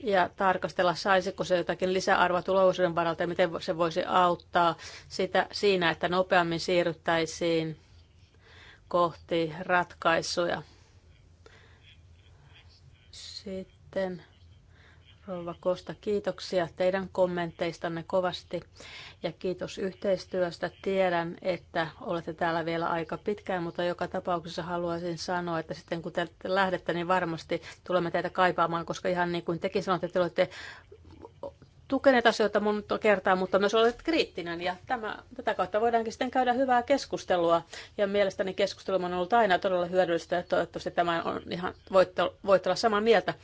ja tarkastella, saisiko se jotakin lisäarvoa tulevaisuuden varalta ja miten se voisi auttaa sitä, siinä, että nopeammin siirryttäisiin kohti ratkaisuja. Sitten Rouva Kosta, kiitoksia teidän kommenteistanne kovasti ja kiitos yhteistyöstä. Tiedän, että olette täällä vielä aika pitkään, mutta joka tapauksessa haluaisin sanoa, että sitten kun te lähdette, niin varmasti tulemme teitä kaipaamaan, koska ihan niin kuin tekin sanoitte, te olette tukeneet asioita monta kertaa, mutta myös olet kriittinen ja tämä, tätä kautta voidaankin sitten käydä hyvää keskustelua. Ja mielestäni keskustelu on ollut aina todella hyödyllistä ja toivottavasti tämä on ihan, voitte, voitte olla samaa mieltä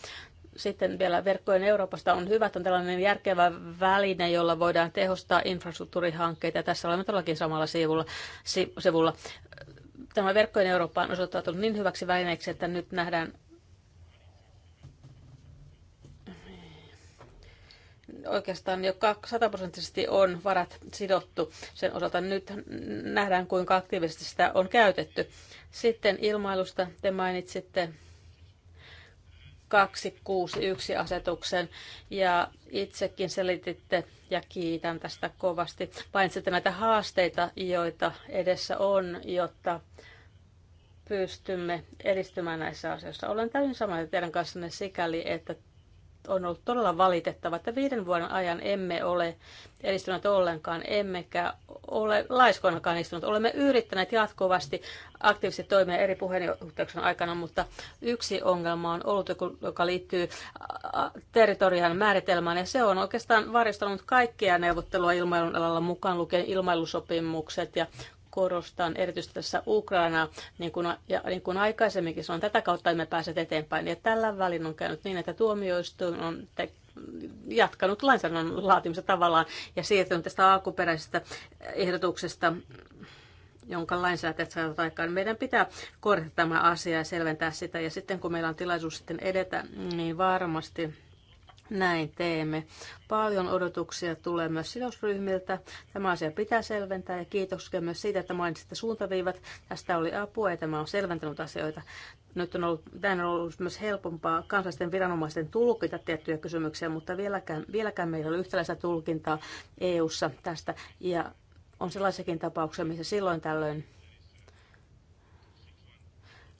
sitten vielä verkkojen Euroopasta on hyvä, että on tällainen järkevä väline, jolla voidaan tehostaa infrastruktuurihankkeita. Tässä olemme todellakin samalla sivulla. sivulla. Tämä verkkojen Eurooppa on osoittautunut niin hyväksi välineeksi, että nyt nähdään oikeastaan jo 100 prosenttisesti on varat sidottu sen osalta. Nyt nähdään, kuinka aktiivisesti sitä on käytetty. Sitten ilmailusta te mainitsitte 261 asetuksen ja itsekin selititte ja kiitän tästä kovasti. Painitsette näitä haasteita, joita edessä on, jotta pystymme edistymään näissä asioissa. Olen täysin samaa teidän kanssanne sikäli, että on ollut todella valitettava, että viiden vuoden ajan emme ole edistyneet ollenkaan, emmekä ole laiskoinakaan istuneet. Olemme yrittäneet jatkuvasti aktiivisesti toimia eri puheenjohtajaksen aikana, mutta yksi ongelma on ollut, joka liittyy territorian määritelmään, ja se on oikeastaan varjostanut kaikkia neuvottelua ilmailun alalla mukaan lukien ilmailusopimukset ja korostan erityisesti tässä Ukraina, niin kuin, ja niin kuin aikaisemminkin on tätä kautta emme pääse eteenpäin. Ja tällä välin on käynyt niin, että tuomioistuin on te- jatkanut lainsäädännön laatimista tavallaan ja siirtynyt tästä alkuperäisestä ehdotuksesta jonka lainsäätäjät saavat aikaan. Meidän pitää korjata tämä asia ja selventää sitä. Ja sitten kun meillä on tilaisuus sitten edetä, niin varmasti näin teemme. Paljon odotuksia tulee myös sidosryhmiltä. Tämä asia pitää selventää ja kiitoksia myös siitä, että mainitsitte suuntaviivat. Tästä oli apua ja tämä on selventänyt asioita. Nyt on ollut, tämä on ollut myös helpompaa kansallisten viranomaisten tulkita tiettyjä kysymyksiä, mutta vieläkään, vieläkään meillä ei ole yhtäläistä tulkintaa EU-ssa tästä. Ja on sellaisiakin tapauksia, missä silloin tällöin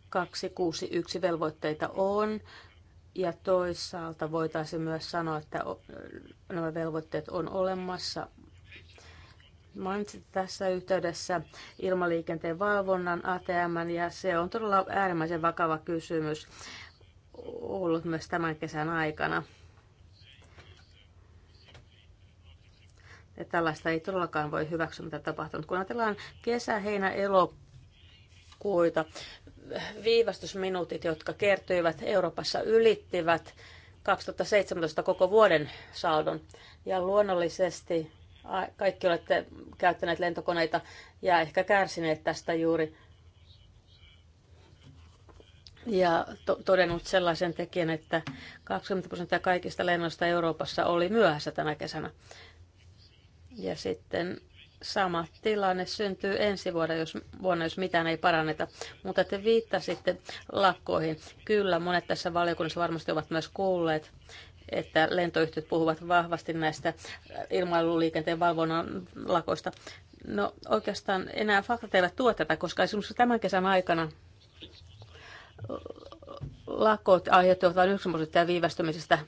261 velvoitteita on ja toisaalta voitaisiin myös sanoa, että nämä velvoitteet on olemassa. Mainitsit tässä yhteydessä ilmaliikenteen valvonnan ATM, ja se on todella äärimmäisen vakava kysymys ollut myös tämän kesän aikana. Ja tällaista ei todellakaan voi hyväksyä, mitä tapahtunut. Kun ajatellaan kesä, heinä, elokuuta, viivästysminuutit, jotka kertyivät Euroopassa, ylittivät 2017 koko vuoden saldon. Ja luonnollisesti kaikki olette käyttäneet lentokoneita ja ehkä kärsineet tästä juuri. Ja to- todennut sellaisen tekijän, että 20 prosenttia kaikista lennoista Euroopassa oli myöhässä tänä kesänä. Ja sitten sama tilanne syntyy ensi vuonna, jos, vuonna, jos mitään ei paranneta. Mutta te viittasitte lakkoihin. Kyllä, monet tässä valiokunnassa varmasti ovat myös kuulleet, että lentoyhtiöt puhuvat vahvasti näistä ilmailuliikenteen valvonnan lakoista. No oikeastaan enää faktat eivät tuo tätä, koska esimerkiksi tämän kesän aikana lakot aiheuttavat vain 9 viivästymisestä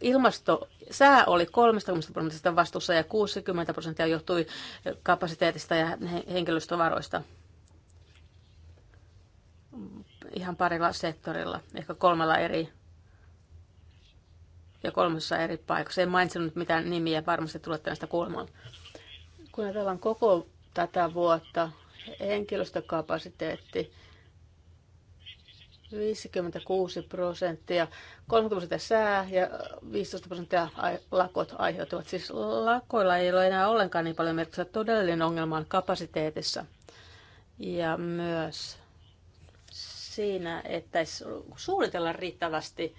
ilmasto, sää oli 30 prosentista vastuussa ja 60 prosenttia johtui kapasiteetista ja henkilöstövaroista ihan parilla sektorilla, ehkä kolmella eri ja kolmessa eri paikassa. En mainitsenut mitään nimiä, varmasti tulette näistä kuulemaan. Kun ajatellaan koko tätä vuotta, henkilöstökapasiteetti 56 prosenttia, 30 prosenttia sää ja 15 prosenttia lakot aiheutuvat. Siis lakoilla ei ole enää ollenkaan niin paljon merkitystä. Todellinen ongelma on kapasiteetissa ja myös siinä, että suunnitella riittävästi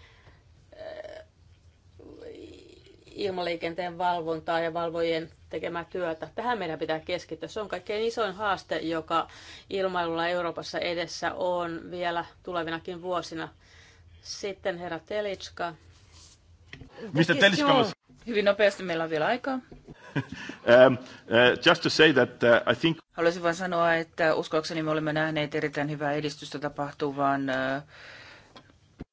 eh, ilmaliikenteen valvontaa ja valvojien tekemää työtä. Tähän meidän pitää keskittyä. Se on kaikkein isoin haaste, joka ilmailulla Euroopassa edessä on vielä tulevinakin vuosina. Sitten herra Telitska. Mr. Telitska
Hyvin nopeasti meillä on vielä aikaa. um, uh, just to say that uh, I think... Haluaisin vain sanoa, että uskoakseni me olemme nähneet erittäin hyvää edistystä tapahtuvan uh,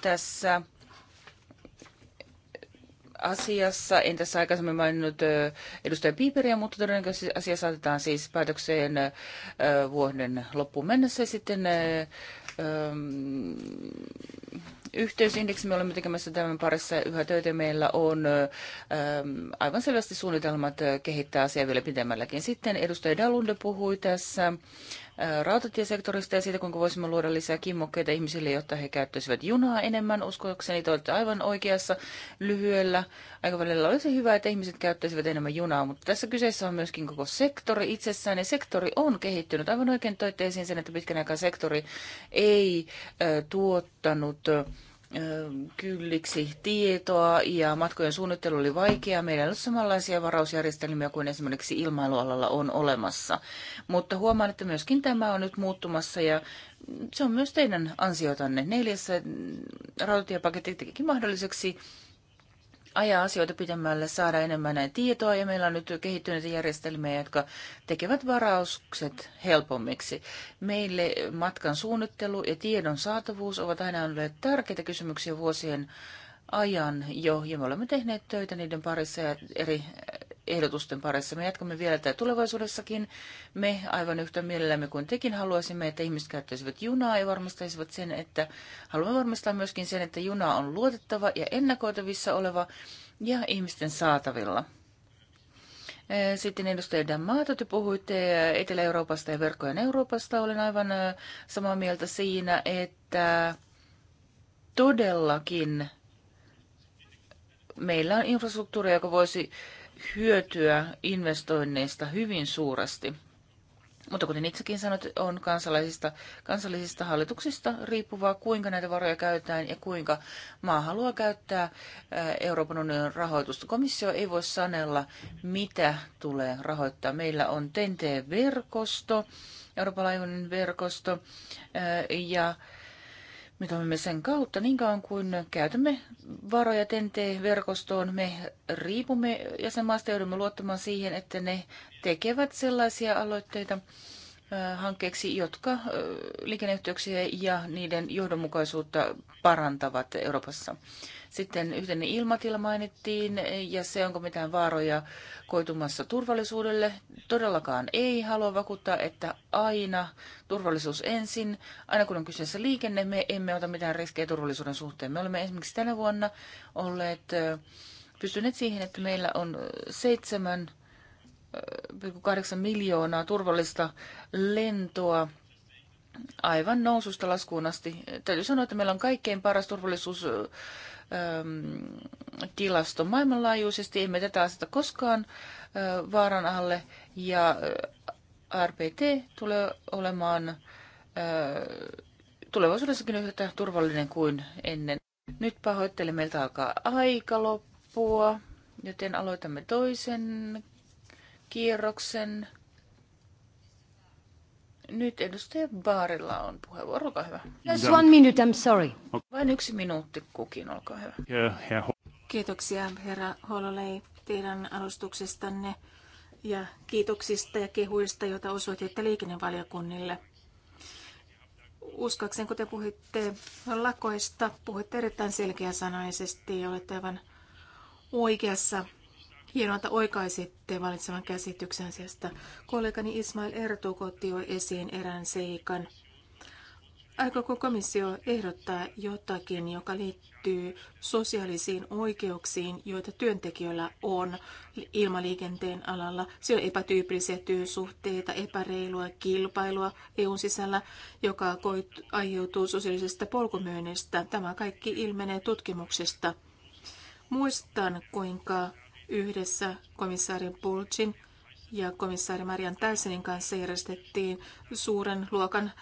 tässä asiassa. En tässä aikaisemmin maininnut edustaja Piiperiä, mutta todennäköisesti asia saatetaan siis päätökseen vuoden loppuun mennessä. Sitten yhteysindeksi me olemme tekemässä tämän parissa yhä töitä. Meillä on aivan selvästi suunnitelmat kehittää asiaa vielä pidemmälläkin. Sitten edustaja Dalunde puhui tässä rautatiesektorista ja siitä, kuinka voisimme luoda lisää kimmokkeita ihmisille, jotta he käyttäisivät junaa enemmän. Uskoakseni te olette aivan oikeassa lyhyellä aikavälillä. Olisi hyvä, että ihmiset käyttäisivät enemmän junaa, mutta tässä kyseessä on myöskin koko sektori itsessään, ja sektori on kehittynyt. Aivan oikein toitte esiin sen, että pitkän aikaa sektori ei tuottanut kylliksi tietoa ja matkojen suunnittelu oli vaikeaa. Meillä ei ole samanlaisia varausjärjestelmiä kuin esimerkiksi ilmailualalla on olemassa. Mutta huomaan, että myöskin tämä on nyt muuttumassa ja se on myös teidän ansiotanne. Neljässä rautatiepaketti tekikin mahdolliseksi ajaa asioita pidemmälle, saada enemmän tietoa ja meillä on nyt kehittyneitä järjestelmiä, jotka tekevät varaukset helpommiksi. Meille matkan suunnittelu ja tiedon saatavuus ovat aina olleet tärkeitä kysymyksiä vuosien ajan jo, ja me olemme tehneet töitä niiden parissa ja eri ehdotusten parissa. Me jatkamme vielä tätä tulevaisuudessakin. Me aivan yhtä mielellämme kuin tekin haluaisimme, että ihmiset käyttäisivät junaa ja varmistaisivat sen, että haluamme varmistaa myöskin sen, että juna on luotettava ja ennakoitavissa oleva ja ihmisten saatavilla. Sitten edustaja Damato, te puhuitte Etelä-Euroopasta ja verkkojen Euroopasta. Olen aivan samaa mieltä siinä, että todellakin meillä on infrastruktuuri, joka voisi hyötyä investoinneista hyvin suuresti. Mutta kuten itsekin sanoit, on kansallisista, kansallisista hallituksista riippuvaa, kuinka näitä varoja käytetään ja kuinka maa haluaa käyttää Euroopan unionin rahoitusta. Komissio ei voi sanella, mitä tulee rahoittaa. Meillä on TNT-verkosto, Euroopan laajuinen verkosto ja me toimimme sen kautta niin kauan kuin käytämme varoja TNT-verkostoon. Me riipumme jäsenmaasta, joudumme luottamaan siihen, että ne tekevät sellaisia aloitteita, hankkeeksi, jotka liikenneyhteyksiä ja niiden johdonmukaisuutta parantavat Euroopassa. Sitten yhden ilmatila mainittiin ja se, onko mitään vaaroja koitumassa turvallisuudelle. Todellakaan ei halua vakuuttaa, että aina turvallisuus ensin. Aina kun on kyseessä liikenne, me emme ota mitään riskejä turvallisuuden suhteen. Me olemme esimerkiksi tänä vuonna olleet pystyneet siihen, että meillä on seitsemän 3,8 miljoonaa turvallista lentoa aivan noususta laskuun asti. Täytyy sanoa, että meillä on kaikkein paras turvallisuus ähm, tilasto maailmanlaajuisesti. Emme tätä aseta koskaan äh, vaaran alle ja äh, RPT tulee olemaan äh, tulevaisuudessakin yhtä turvallinen kuin ennen. Nyt pahoittelen, meiltä alkaa aika loppua, joten aloitamme toisen kierroksen. Nyt edustaja Baarilla on puheenvuoro, olkaa hyvä. Just one
minute,
I'm sorry.
Vain yksi minuutti kukin, olkaa
hyvä. Kiitoksia herra Hololei teidän alustuksestanne ja kiitoksista ja kehuista, joita osoititte liikennevaliokunnille. Uskakseen, kun te puhuitte lakoista, puhuitte erittäin selkeäsanaisesti ja olette aivan oikeassa Hienoa, että oikaisitte valitsevan käsityksen sieltä. Kollegani Ismail Ertug otti jo esiin erään seikan. Aikooko komissio ehdottaa jotakin, joka liittyy sosiaalisiin oikeuksiin, joita työntekijöillä on ilmaliikenteen alalla? Siellä on epätyypillisiä työsuhteita, epäreilua kilpailua EUn sisällä, joka aiheutuu sosiaalisesta polkumyynnistä. Tämä kaikki ilmenee tutkimuksesta. Muistan, kuinka Yhdessä komissaari Bulcin ja komissaari Marian Täysenin kanssa järjestettiin suuren luokan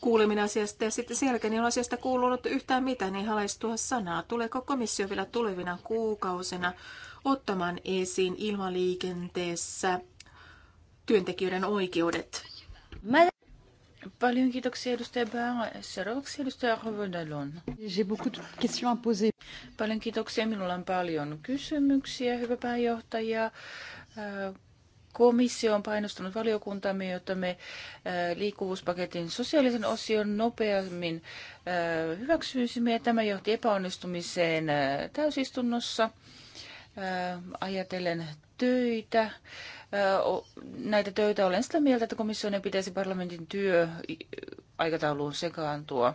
kuuleminen asiasta ja sitten sen jälkeen ei ole asiasta kuulunut yhtään mitään, niin halaistua sanaa. Tuleeko komissio vielä tulevina kuukausina ottamaan esiin
ilmaliikenteessä työntekijöiden oikeudet? Mä... Paljon kiitoksia edustaja Bär. Seuraavaksi edustaja Rovodalon. Paljon kiitoksia. Minulla on paljon kysymyksiä, hyvä pääjohtaja. Komissio on painostanut valiokuntamme, jotta me liikkuvuuspaketin sosiaalisen osion nopeammin hyväksyisimme. tämä johti epäonnistumiseen täysistunnossa ajatellen töitä. Näitä töitä olen sitä mieltä, että komission pitäisi parlamentin työ aikatauluun sekaantua.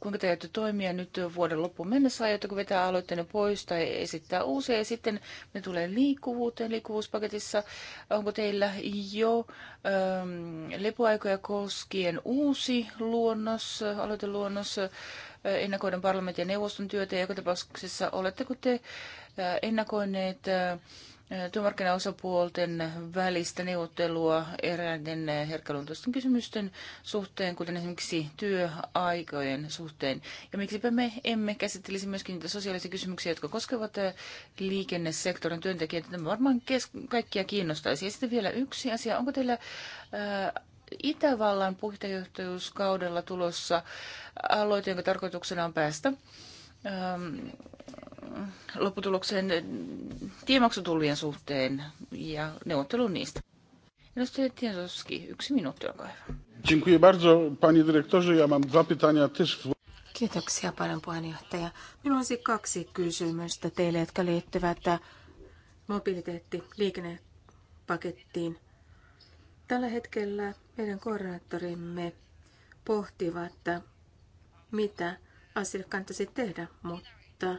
Kuinka te ajatte toimia nyt vuoden loppuun mennessä? Aiotteko vetää aloitteen pois tai esittää uusia? Ja sitten ne tulee liikkuvuuteen liikkuvuuspaketissa. Onko teillä jo ähm, lepoaikoja koskien uusi luonnos, aloiteluonnos? ennakoiden parlamentin ja neuvoston työtä, ja joka tapauksessa oletteko te ennakoineet työmarkkinaosapuolten välistä neuvottelua eräiden herkkäluontoisten kysymysten suhteen, kuten esimerkiksi työaikojen suhteen. Ja miksipä me emme käsittelisi myöskin niitä sosiaalisia kysymyksiä, jotka koskevat eh, liikennesektorin työntekijöitä. Tämä varmaan kes- kaikkia kiinnostaisi. Ja sitten vielä yksi asia. Onko teillä ää, eh, Itävallan puheenjohtajuuskaudella tulossa aloite, jonka tarkoituksena on päästä Ähm, lopputulokseen tiemaksutullien suhteen ja neuvottelun niistä. Edustaja Tiesowski, yksi minuutti, olkaa hyvä. Dziękuję bardzo, panie dyrektorze. Ja mam dwa pytania też. Kiitoksia paljon, puheenjohtaja.
Minulla olisi kaksi kysymystä teille, jotka liittyvät äh, mobiliteetti-liikennepakettiin. Tällä hetkellä meidän koordinaattorimme pohtivat, äh, mitä asialle kannattaisi tehdä, mutta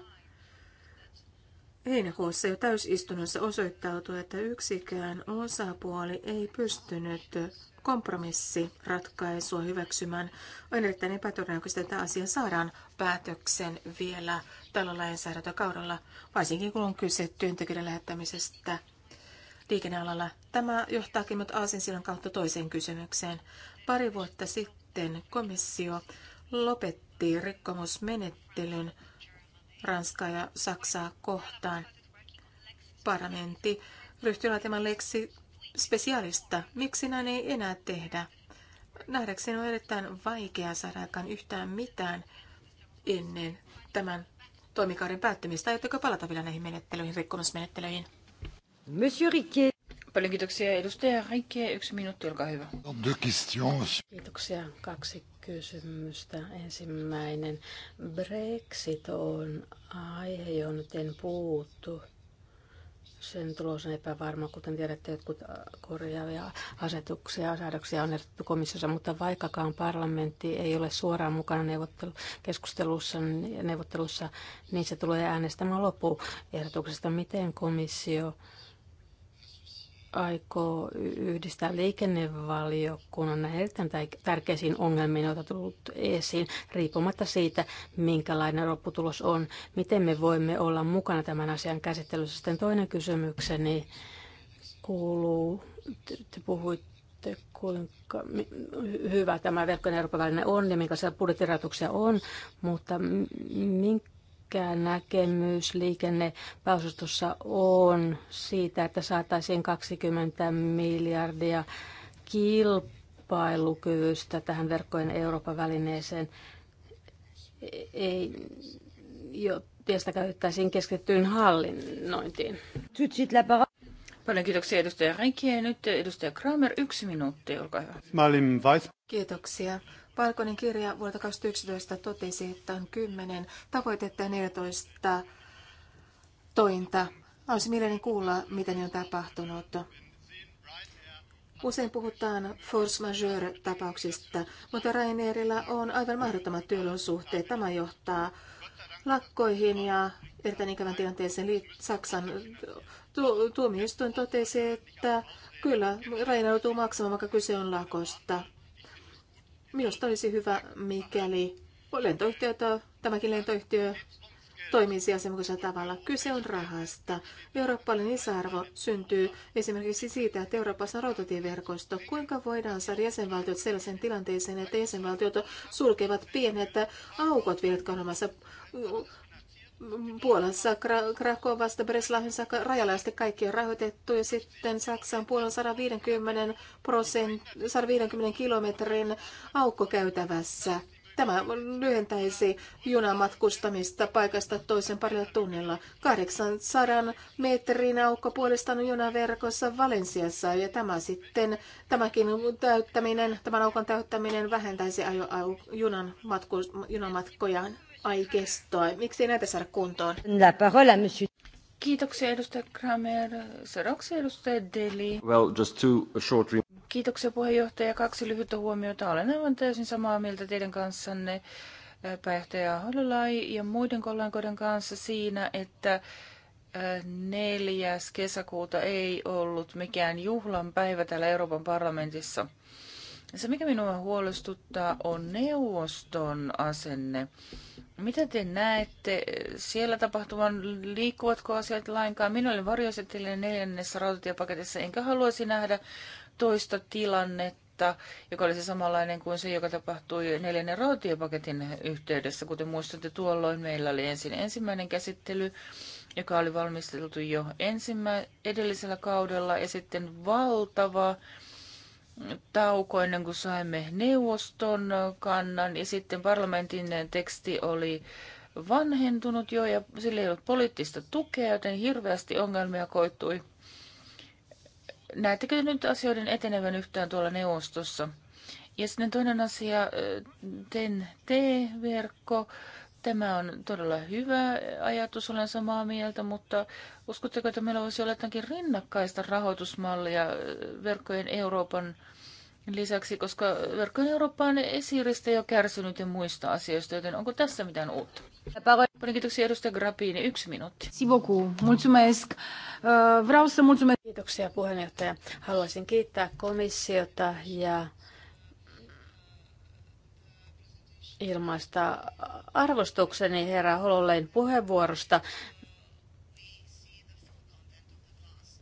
heinäkuussa jo täysistunnossa osoittautui, että yksikään osapuoli ei pystynyt kompromissiratkaisua hyväksymään. On erittäin epätodennäköistä, että asia saadaan päätöksen vielä tällä lainsäädäntökaudella, varsinkin kun on kyse työntekijän lähettämisestä liikennealalla. Tämä johtaakin nyt Aasinsillan kautta toiseen kysymykseen. Pari vuotta sitten komissio lopetti aloitti rikkomusmenettelyn Ranskaa ja Saksaa kohtaan. Parlamentti ryhtyi laatimaan leksi spesiaalista. Miksi näin ei enää tehdä? Nähdäkseni on erittäin vaikea saada aikaan yhtään mitään ennen tämän toimikauden päättymistä. Aiotteko palata vielä näihin menettelyihin, rikkomusmenettelyihin? Monsieur Riquet. Paljon kiitoksia. Edustaja Rikke, yksi minuutti, olkaa hyvä.
Kiitoksia. Kaksi kysymystä. Ensimmäinen. Brexit on aihe, johon nyt en puuttu. Sen tulos on epävarma, kuten tiedätte, jotkut äh, korjaavia asetuksia ja säädöksiä on erittäin komissiossa, mutta vaikkakaan parlamentti ei ole suoraan mukana neuvottelukeskustelussa neuvottelussa, niin se tulee äänestämään loppuehdotuksesta, miten komissio aikoo yhdistää liikennevaliokunnan näihin erittäin tärkeisiin ongelmiin, joita on tullut esiin, riippumatta siitä, minkälainen lopputulos on. Miten me voimme olla mukana tämän asian käsittelyssä? Sitten toinen kysymykseni kuuluu, te puhuitte, kuinka hyvä tämä verkkojen Euroopan on ja minkälaisia budjettirajoituksia on, mutta minkä mikä näkemys liikennepääosastossa on siitä, että saataisiin 20 miljardia kilpailukyvystä tähän verkkojen Euroopan välineeseen? Ei, jo, tiestä käytettäisiin keskittyyn hallinnointiin.
Paljon kiitoksia edustaja Renki nyt edustaja Kramer. Yksi minuutti, olkaa hyvä. Kiitoksia. Valkoinen kirja vuodelta 2011 totesi, että on 10 tavoitetta ja 14 tointa. Olisi mieleni kuulla, miten ne on tapahtunut. Usein puhutaan force majeure-tapauksista, mutta Rainerilla on aivan mahdottomat työolosuhteet. Tämä johtaa lakkoihin ja erittäin ikävän tilanteeseen Saksan tu- tuomioistuin totesi, että kyllä Rainer joutuu maksamaan, vaikka kyse on lakosta. Minusta olisi hyvä, mikäli lentoyhtiö, tämäkin lentoyhtiö toimisi asianmukaisella tavalla. Kyse on rahasta. Eurooppalainen lisäarvo syntyy esimerkiksi siitä, että Euroopassa on rautatieverkosto. Kuinka voidaan saada jäsenvaltiot sellaisen tilanteeseen, että jäsenvaltiot sulkevat pienet aukot, jotka on omassa Kra- Krakovasta, Breslahin saakka asti kaikki on rahoitettu ja sitten Saksan puolella 150, 150 kilometrin aukkokäytävässä. Tämä lyhentäisi junamatkustamista paikasta toisen parilla tunnilla. 800 metrin aukko puolestaan on junaverkossa Valensiassa ja tämä sitten, tämäkin täyttäminen, tämän aukon täyttäminen vähentäisi ajo, junan, matku, junan matkojaan kestoa. Miksi
ei näitä saada kuntoon? La parole monsieur. Kiitoksia edustaja Kramer. Seuraavaksi edustaja Deli.
Well, just two short
Kiitoksia puheenjohtaja. Kaksi lyhyttä huomiota. Olen aivan täysin samaa mieltä teidän kanssanne eh, pääjohtaja Hololai ja muiden kollegoiden kanssa siinä, että 4. Eh, kesäkuuta ei ollut mikään juhlan päivä täällä Euroopan parlamentissa. Se, mikä minua huolestuttaa, on neuvoston asenne. Mitä te näette siellä tapahtuvan? Liikkuvatko asiat lainkaan? Minä olen varjoisettelijän neljännessä rautatiepaketissa, enkä haluaisi nähdä toista tilannetta, joka olisi samanlainen kuin se, joka tapahtui neljännen rautatiepaketin yhteydessä. Kuten muistatte, tuolloin meillä oli ensin ensimmäinen käsittely, joka oli valmisteltu jo ensimmä- edellisellä kaudella, ja sitten valtava tauko ennen kuin saimme neuvoston kannan ja sitten parlamentin teksti oli vanhentunut jo ja sillä ei ollut poliittista tukea, joten hirveästi ongelmia koitui. Näettekö nyt asioiden etenevän yhtään tuolla neuvostossa? Ja sitten toinen asia, TEN T-verkko. Tämä on todella hyvä ajatus, olen samaa mieltä, mutta uskotteko, että meillä voisi olla jotakin rinnakkaista rahoitusmallia verkkojen Euroopan lisäksi, koska verkkojen Eurooppa on esiiristä jo kärsinyt ja muista asioista, joten onko tässä mitään uutta? Paljon kiitoksia edustaja Grappini. Yksi minuutti.
Sivoku, mulțumesc. Vreau să mulțumesc.
Kiitoksia puheenjohtaja. Haluaisin kiittää komissiota ja ilmaista arvostukseni herra Hololein puheenvuorosta.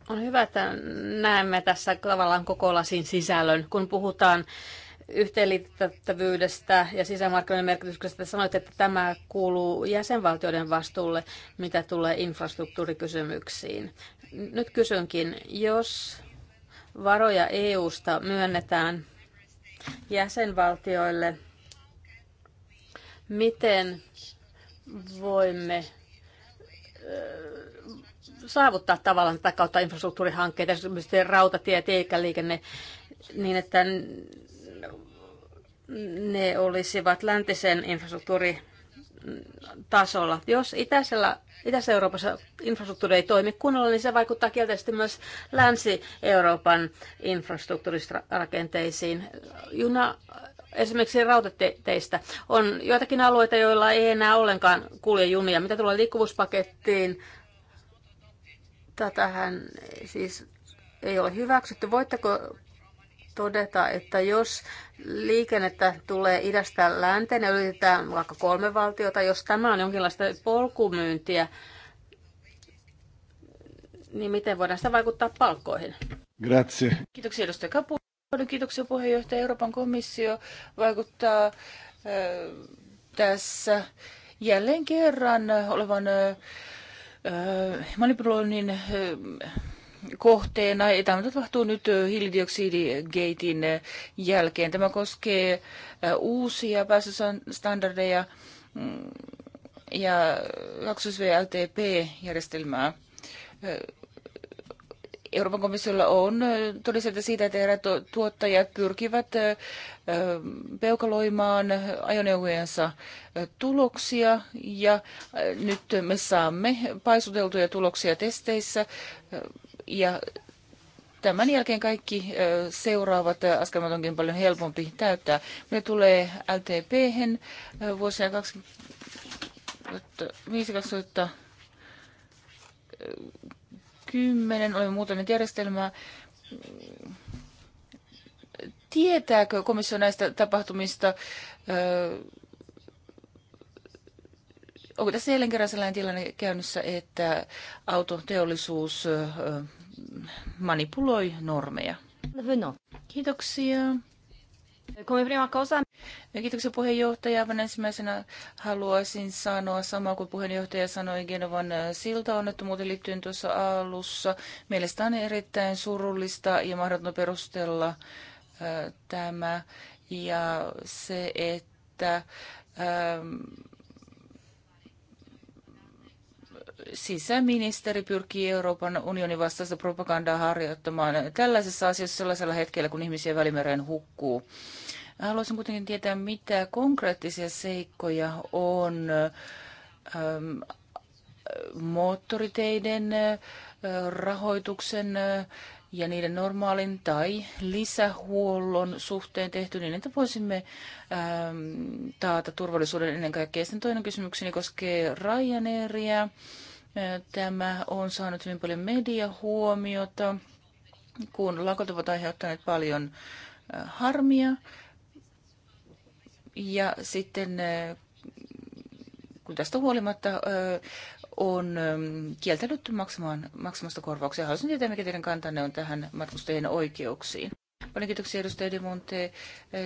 On hyvä, että näemme tässä tavallaan koko lasin sisällön. Kun puhutaan yhteenliittävyydestä ja sisämarkkinoiden merkityksestä, sanoit, että tämä kuuluu jäsenvaltioiden vastuulle, mitä tulee infrastruktuurikysymyksiin. Nyt kysynkin, jos varoja EUsta myönnetään jäsenvaltioille – miten voimme saavuttaa tavallaan tätä kautta infrastruktuurihankkeita, esimerkiksi rautatiet, liikenne, niin että ne olisivat läntisen infrastruktuuri tasolla. Jos itäisellä, itäisessä Euroopassa infrastruktuuri ei toimi kunnolla, niin se vaikuttaa kielteisesti myös Länsi-Euroopan infrastruktuurirakenteisiin. Juna, esimerkiksi rautateistä. On joitakin alueita, joilla ei enää ollenkaan kulje junia. Mitä tulee liikkuvuuspakettiin, tätähän siis ei ole hyväksytty. Voitteko todeta, että jos liikennettä tulee idästä länteen ja ylitetään vaikka kolme valtiota, jos tämä on jonkinlaista polkumyyntiä, niin miten voidaan sitä vaikuttaa
palkkoihin? Grazie. Kiitoksia edustaja Kapu. Paljon kiitoksia puheenjohtaja. Euroopan komissio vaikuttaa tässä jälleen kerran olevan manipuloinnin kohteena. Tämä tapahtuu nyt hiilidioksidigeitin jälkeen. Tämä koskee uusia päästöstandardeja mm, ja 2VLTP-järjestelmää. Euroopan komissiolla on todisteita siitä, että eräät tuottajat pyrkivät peukaloimaan ajoneuvojensa tuloksia ja nyt me saamme paisuteltuja tuloksia testeissä ja tämän jälkeen kaikki seuraavat askelmat onkin paljon helpompi täyttää. Ne tulee ltp vuosina 2005 2000 2010 olemme muuttaneet järjestelmää. Tietääkö komissio näistä tapahtumista? Onko tässä jälleen kerran sellainen tilanne käynnissä, että autoteollisuus manipuloi normeja? No. Kiitoksia. Come prima cosa... Kiitoksia puheenjohtaja. Aivan ensimmäisenä haluaisin sanoa samaa kuin puheenjohtaja sanoi Genovan äh, onnettomuuteen liittyen tuossa alussa. Mielestäni on erittäin surullista ja mahdoton perustella äh, tämä ja se, että ähm, sisäministeri pyrkii Euroopan unionin vastaista propagandaa harjoittamaan tällaisessa asiassa sellaisella hetkellä, kun ihmisiä välimereen hukkuu. Haluaisin kuitenkin tietää, mitä konkreettisia seikkoja on ähm, moottoriteiden äh, rahoituksen äh, ja niiden normaalin tai lisähuollon suhteen tehty niin, että voisimme ähm, taata turvallisuuden ennen kaikkea. Sitten toinen kysymykseni koskee Ryanairia. Äh, tämä on saanut hyvin paljon mediahuomiota, kun lakot ovat aiheuttaneet paljon harmia. Ja sitten kun tästä huolimatta on kieltänyt maksamaan, maksamasta korvauksia. Haluaisin tietää, mikä teidän kantanne on tähän matkustajien oikeuksiin. Paljon kiitoksia edustaja Edimonte.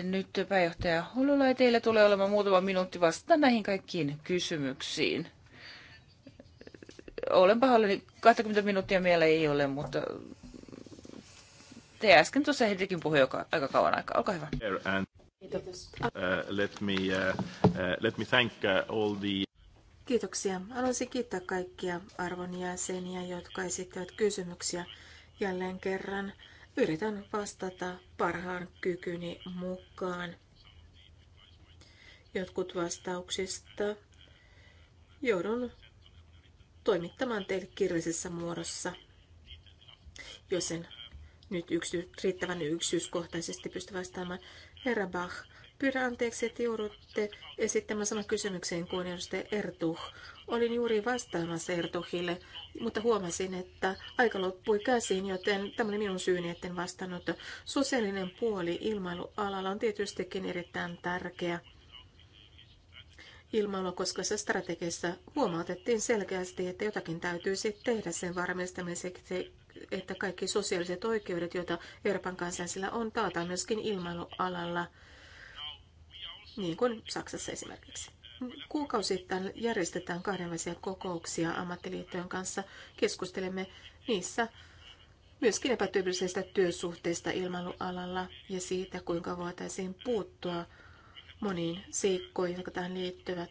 Nyt pääjohtaja Hollola ja teillä tulee olemaan muutama minuutti vastata näihin kaikkiin kysymyksiin. Olen pahoillani, 20 minuuttia meillä ei ole, mutta te äsken tuossa heitäkin puhui aika kauan aikaa. Olkaa hyvä. Uh, let me, uh, uh, let me thank all the...
Kiitoksia. Haluaisin kiittää kaikkia arvon jäseniä, jotka esittävät kysymyksiä jälleen kerran. Yritän vastata parhaan kykyni mukaan. Jotkut vastauksista joudun toimittamaan teille kirjallisessa muodossa, jos en nyt yksity, riittävän yksityiskohtaisesti pysty vastaamaan. Herra Bach, pyydän anteeksi, että joudutte esittämään saman kysymykseen kuin edustaja Ertuh. Olin juuri vastaamassa Ertuhille, mutta huomasin, että aika loppui käsiin, joten tämä oli minun syyni, etten vastannut. Sosiaalinen puoli ilmailualalla on tietystikin erittäin tärkeä. Ilmailua koskevassa strategiassa huomautettiin selkeästi, että jotakin täytyisi tehdä sen varmistamiseksi, että kaikki sosiaaliset oikeudet, joita Euroopan kansalaisilla on, taataan myöskin ilmailualalla, niin kuin Saksassa esimerkiksi. Kuukausittain järjestetään kahdenvälisiä kokouksia ammattiliittojen kanssa. Keskustelemme niissä myöskin epätyypillisistä työsuhteista ilmailualalla ja siitä, kuinka voitaisiin puuttua moniin seikkoihin, jotka tähän liittyvät.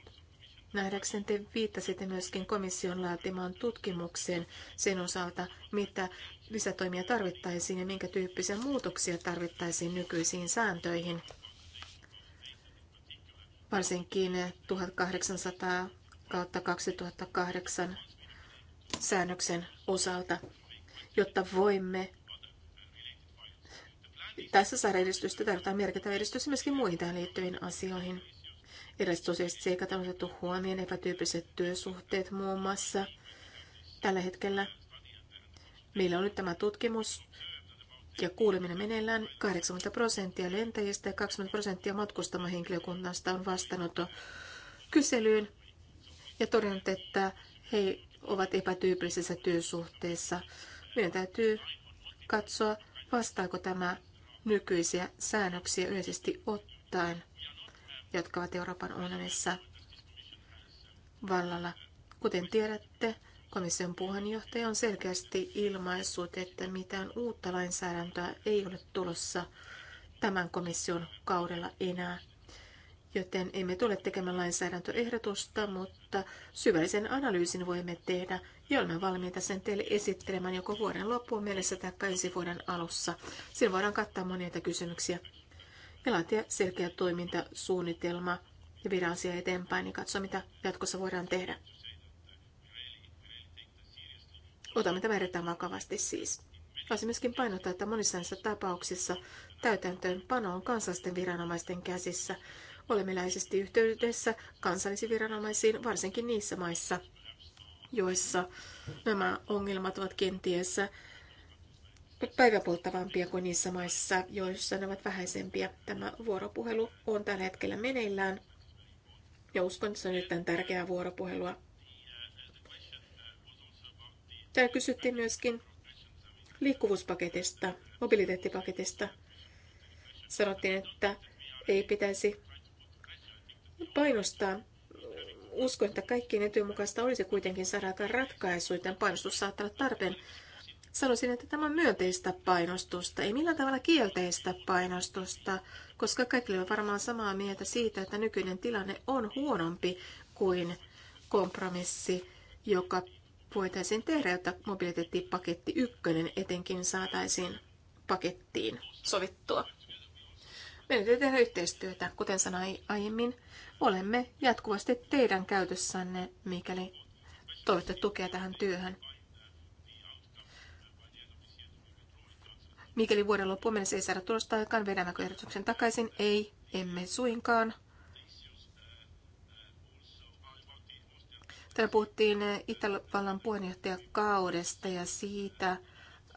Nähdäkseni te viittasitte myöskin komission laatimaan tutkimukseen sen osalta, mitä lisätoimia tarvittaisiin ja minkä tyyppisiä muutoksia tarvittaisiin nykyisiin sääntöihin. Varsinkin 1800 kautta 2008 säännöksen osalta, jotta voimme tässä saada edistystä, tarvitaan merkittävä edistys myöskin muihin tähän liittyviin asioihin. Erilaiset sosiaaliset seikat on otettu huomioon, epätyypilliset työsuhteet muun muassa. Tällä hetkellä meillä on nyt tämä tutkimus ja kuuleminen meneillään. 80 prosenttia lentäjistä ja 20 prosenttia matkustamahenkilökunnasta on vastannut kyselyyn ja todennut, että he ovat epätyypillisessä työsuhteessa. Meidän täytyy katsoa, vastaako tämä nykyisiä säännöksiä yleisesti ottaen jotka ovat Euroopan unionissa vallalla. Kuten tiedätte, komission puheenjohtaja on selkeästi ilmaissut, että mitään uutta lainsäädäntöä ei ole tulossa tämän komission kaudella enää. Joten emme tule tekemään lainsäädäntöehdotusta, mutta syvällisen analyysin voimme tehdä ja olemme valmiita sen teille esittelemään joko vuoden loppuun mennessä tai ensi vuoden alussa. Siinä voidaan kattaa monia kysymyksiä ja laatia selkeä toimintasuunnitelma ja viedä asia eteenpäin, niin katso mitä jatkossa voidaan tehdä. Otamme tämä erittäin vakavasti siis. Haluaisin myöskin painottaa, että monissa näissä tapauksissa täytäntöönpano on kansallisten viranomaisten käsissä. Olemme läheisesti yhteydessä kansallisiin viranomaisiin, varsinkin niissä maissa, joissa nämä ongelmat ovat kenties päiväpolttavampia kuin niissä maissa, joissa ne ovat vähäisempiä. Tämä vuoropuhelu on tällä hetkellä meneillään ja uskon, että se on erittäin tärkeää vuoropuhelua. Täällä kysyttiin myöskin liikkuvuuspaketista, mobiliteettipaketista. Sanottiin, että ei pitäisi painostaa. Uskon, että kaikkien etujen mukaista olisi kuitenkin saada aikaan ratkaisu, painostus saattaa olla tarpeen. Sanoisin, että tämä on myönteistä painostusta, ei millään tavalla kielteistä painostusta, koska kaikki on varmaan samaa mieltä siitä, että nykyinen tilanne on huonompi kuin kompromissi, joka voitaisiin tehdä, jotta mobiliteettipaketti ykkönen etenkin saataisiin pakettiin sovittua. Me nyt tehdä yhteistyötä, kuten sanoin aiemmin. Olemme jatkuvasti teidän käytössänne, mikäli toivotte tukea tähän työhön. Mikäli vuoden loppuun mennessä ei saada tulosta aikaan, vedämmekö ehdotuksen takaisin? Ei, emme suinkaan. Täällä puhuttiin Itävallan puheenjohtajakaudesta ja siitä,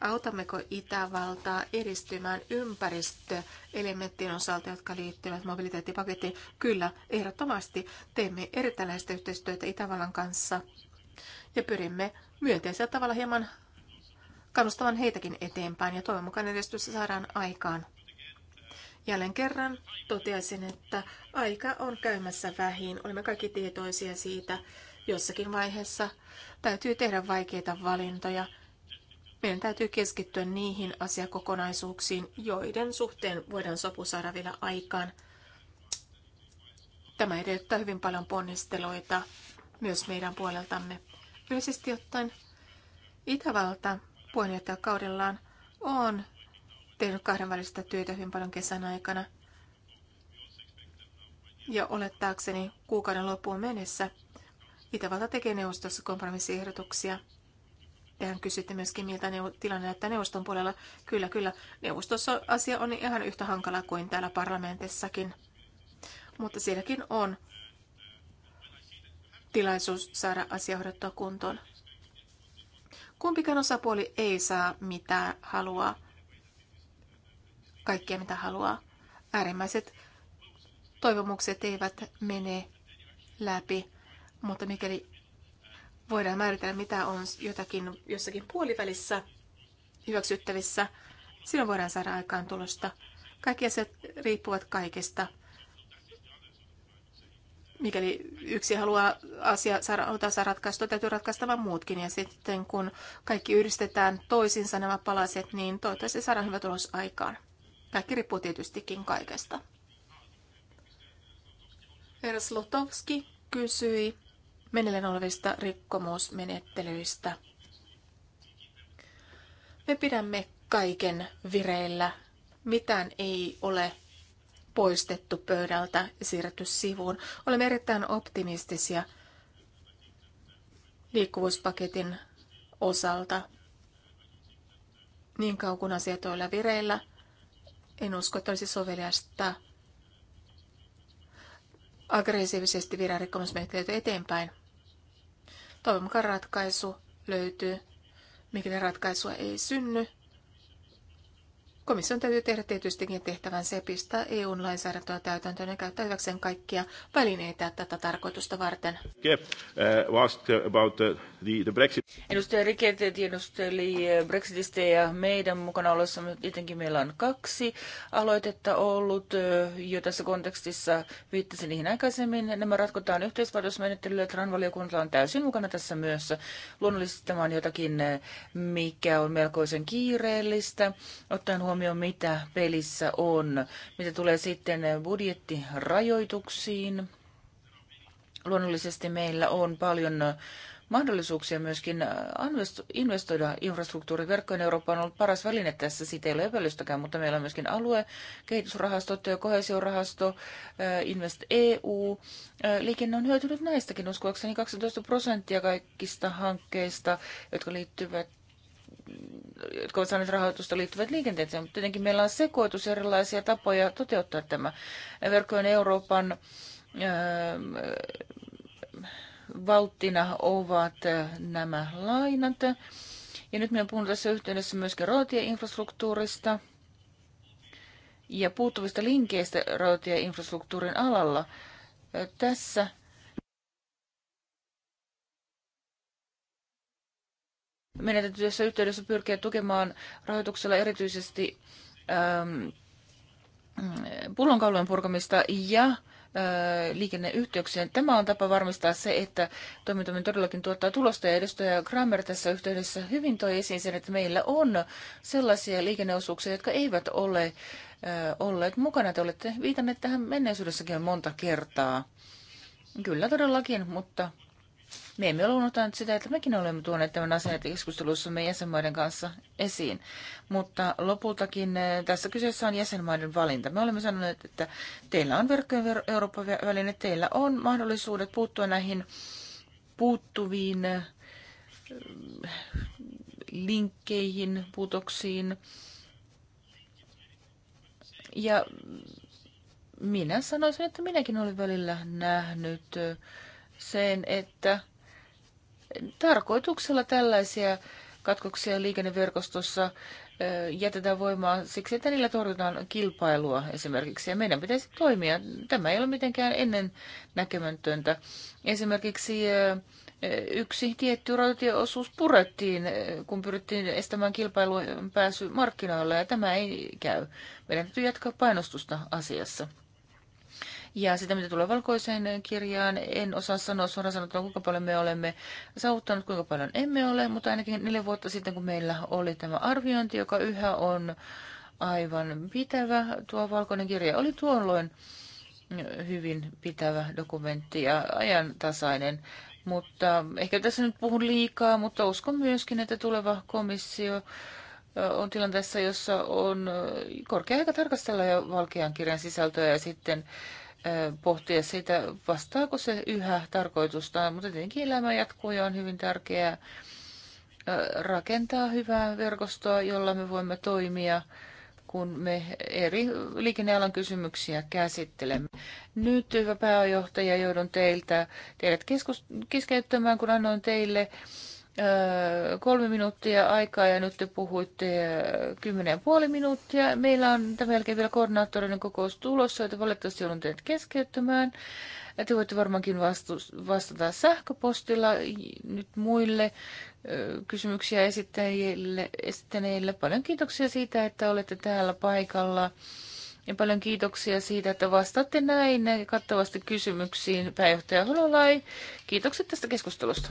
autammeko Itävaltaa edistymään ympäristöelementtien osalta, jotka liittyvät mobiliteettipakettiin. Kyllä, ehdottomasti teemme erittäin yhteistyötä Itävallan kanssa ja pyrimme myönteisellä tavalla hieman kannustavan heitäkin eteenpäin ja toivon mukaan edistystä saadaan aikaan. Jälleen kerran toteaisin, että aika on käymässä vähin. Olemme kaikki tietoisia siitä. Jossakin vaiheessa täytyy tehdä vaikeita valintoja. Meidän täytyy keskittyä niihin asiakokonaisuuksiin, joiden suhteen voidaan sopu saada vielä aikaan. Tämä edellyttää hyvin paljon ponnisteluita myös meidän puoleltamme. Yleisesti ottaen Itävalta puheenjohtajakaudellaan on tehnyt kahdenvälistä työtä hyvin paljon kesän aikana. Ja olettaakseni kuukauden loppuun mennessä Itävalta tekee neuvostossa kompromissiehdotuksia. Tehän kysytte myöskin, miltä tilanne näyttää neuvoston puolella. Kyllä, kyllä. Neuvostossa asia on ihan yhtä hankala kuin täällä parlamentissakin. Mutta sielläkin on tilaisuus saada asia hoidettua kuntoon. Kumpikaan osapuoli ei saa mitä haluaa, kaikkea mitä haluaa. Äärimmäiset toivomukset eivät mene läpi, mutta mikäli voidaan määritellä, mitä on jotakin jossakin puolivälissä hyväksyttävissä, silloin voidaan saada aikaan tulosta. Kaikki asiat riippuvat kaikesta mikäli yksi haluaa asia saada, saada ratkaistua, täytyy ratkaista vain muutkin. Ja sitten kun kaikki yhdistetään toisinsa, nämä palaset, niin toivottavasti saadaan hyvä tulos aikaan. Kaikki riippuu tietystikin kaikesta. Eräs Lotovski kysyi meneillään olevista rikkomusmenettelyistä. Me pidämme kaiken vireillä. Mitään ei ole poistettu pöydältä ja siirretty sivuun. Olemme erittäin optimistisia liikkuvuuspaketin osalta. Niin kauan kun asiat ovat vireillä, en usko, että olisi soveliasta aggressiivisesti viranrikkomusmenettelyitä eteenpäin. Toivon mukaan ratkaisu löytyy. Mikäli ratkaisua ei synny, Komission täytyy tehdä tietystikin tehtävän ja pistää EUn lainsäädäntöä täytäntöön ja
käyttää hyväkseen kaikkia välineitä tätä tarkoitusta varten. Uh, Edustaja Rikert tiedusteli eh, Brexitistä ja meidän mukana ollessamme tietenkin meillä on kaksi aloitetta ollut eh, jo tässä kontekstissa. Viittasin niihin aikaisemmin. Nämä ratkotaan yhteisvaikutusmenettelyllä. Tran-valiokunta on täysin mukana tässä myös. Luonnollisesti tämä on jotakin, eh, mikä on melkoisen kiireellistä. Ottaen huomioon huomioon, mitä pelissä on. Mitä tulee sitten budjettirajoituksiin, luonnollisesti meillä on paljon mahdollisuuksia myöskin investoida infrastruktuuriverkkoon. Eurooppa on ollut paras väline tässä, siitä ei ole epäilystäkään, mutta meillä on myöskin alue, kehitysrahastot ja kohesiorahasto, Invest EU. Liikenne on hyötynyt näistäkin, uskoakseni 12 prosenttia kaikista hankkeista, jotka liittyvät jotka ovat saaneet rahoitusta liittyvät liikenteeseen, mutta tietenkin meillä on sekoitus erilaisia tapoja toteuttaa tämä. Verkkojen Euroopan öö, valttina ovat öö, nämä lainat. Ja nyt on puhunut tässä yhteydessä myöskin rautatieinfrastruktuurista ja puuttuvista linkeistä rautatieinfrastruktuurin alalla. Öö, tässä meidän yhteydessä pyrkiä tukemaan rahoituksella erityisesti ähm, mm, pullonkaulujen purkamista ja äh, liikenneyhteyksien. Tämä on tapa varmistaa se, että toimintamme todellakin tuottaa tulosta. Ja edustaja Kramer tässä yhteydessä hyvin toi esiin sen, että meillä on sellaisia liikenneosuuksia, jotka eivät ole äh, olleet mukana. Te olette viitanneet tähän menneisyydessäkin monta kertaa. Kyllä todellakin, mutta me emme ole unohtaneet sitä, että mekin olemme tuoneet tämän asian meidän jäsenmaiden kanssa esiin. Mutta lopultakin eh, tässä kyseessä on jäsenmaiden valinta. Me olemme sanoneet, että teillä on verkkojen Euroopan väline, teillä on mahdollisuudet puuttua näihin puuttuviin eh, linkkeihin, putoksiin. Ja minä sanoisin, että minäkin olen välillä nähnyt eh, sen, että tarkoituksella tällaisia katkoksia liikenneverkostossa jätetään voimaan siksi, että niillä torjutaan kilpailua esimerkiksi. Ja meidän pitäisi toimia. Tämä ei ole mitenkään ennen näkemäntöntä. Esimerkiksi yksi tietty rautatieosuus purettiin, kun pyrittiin estämään kilpailun pääsy markkinoille, ja tämä ei käy. Meidän täytyy jatkaa painostusta asiassa. Ja sitä, mitä tulee valkoiseen kirjaan, en osaa sanoa suoraan sanottuna, kuinka paljon me olemme saavuttaneet, kuinka paljon emme ole, mutta ainakin neljä vuotta sitten, kun meillä oli tämä arviointi, joka yhä on aivan pitävä, tuo valkoinen kirja oli tuolloin hyvin pitävä dokumentti ja ajantasainen. Mutta ehkä tässä nyt puhun liikaa, mutta uskon myöskin, että tuleva komissio on tilanteessa, jossa on korkea aika tarkastella jo valkean kirjan sisältöä ja sitten pohtia sitä, vastaako se yhä tarkoitustaan, mutta tietenkin elämä jatkuu ja on hyvin tärkeää rakentaa hyvää verkostoa, jolla me voimme toimia, kun me eri liikennealan kysymyksiä käsittelemme. Nyt, hyvä pääjohtaja, joudun teiltä, teidät keskus, keskeyttämään, kun annoin teille kolme minuuttia aikaa ja nyt te puhuitte kymmenen ja puoli minuuttia. Meillä on tämän jälkeen vielä koordinaattorinen kokous tulossa, että valitettavasti joudun teidät keskeyttämään. Te voitte varmaankin vastata sähköpostilla nyt muille kysymyksiä esittäneille. Paljon kiitoksia siitä, että olette täällä paikalla. Ja paljon kiitoksia siitä, että vastaatte näin kattavasti kysymyksiin. Pääjohtaja Hololai, kiitokset tästä keskustelusta.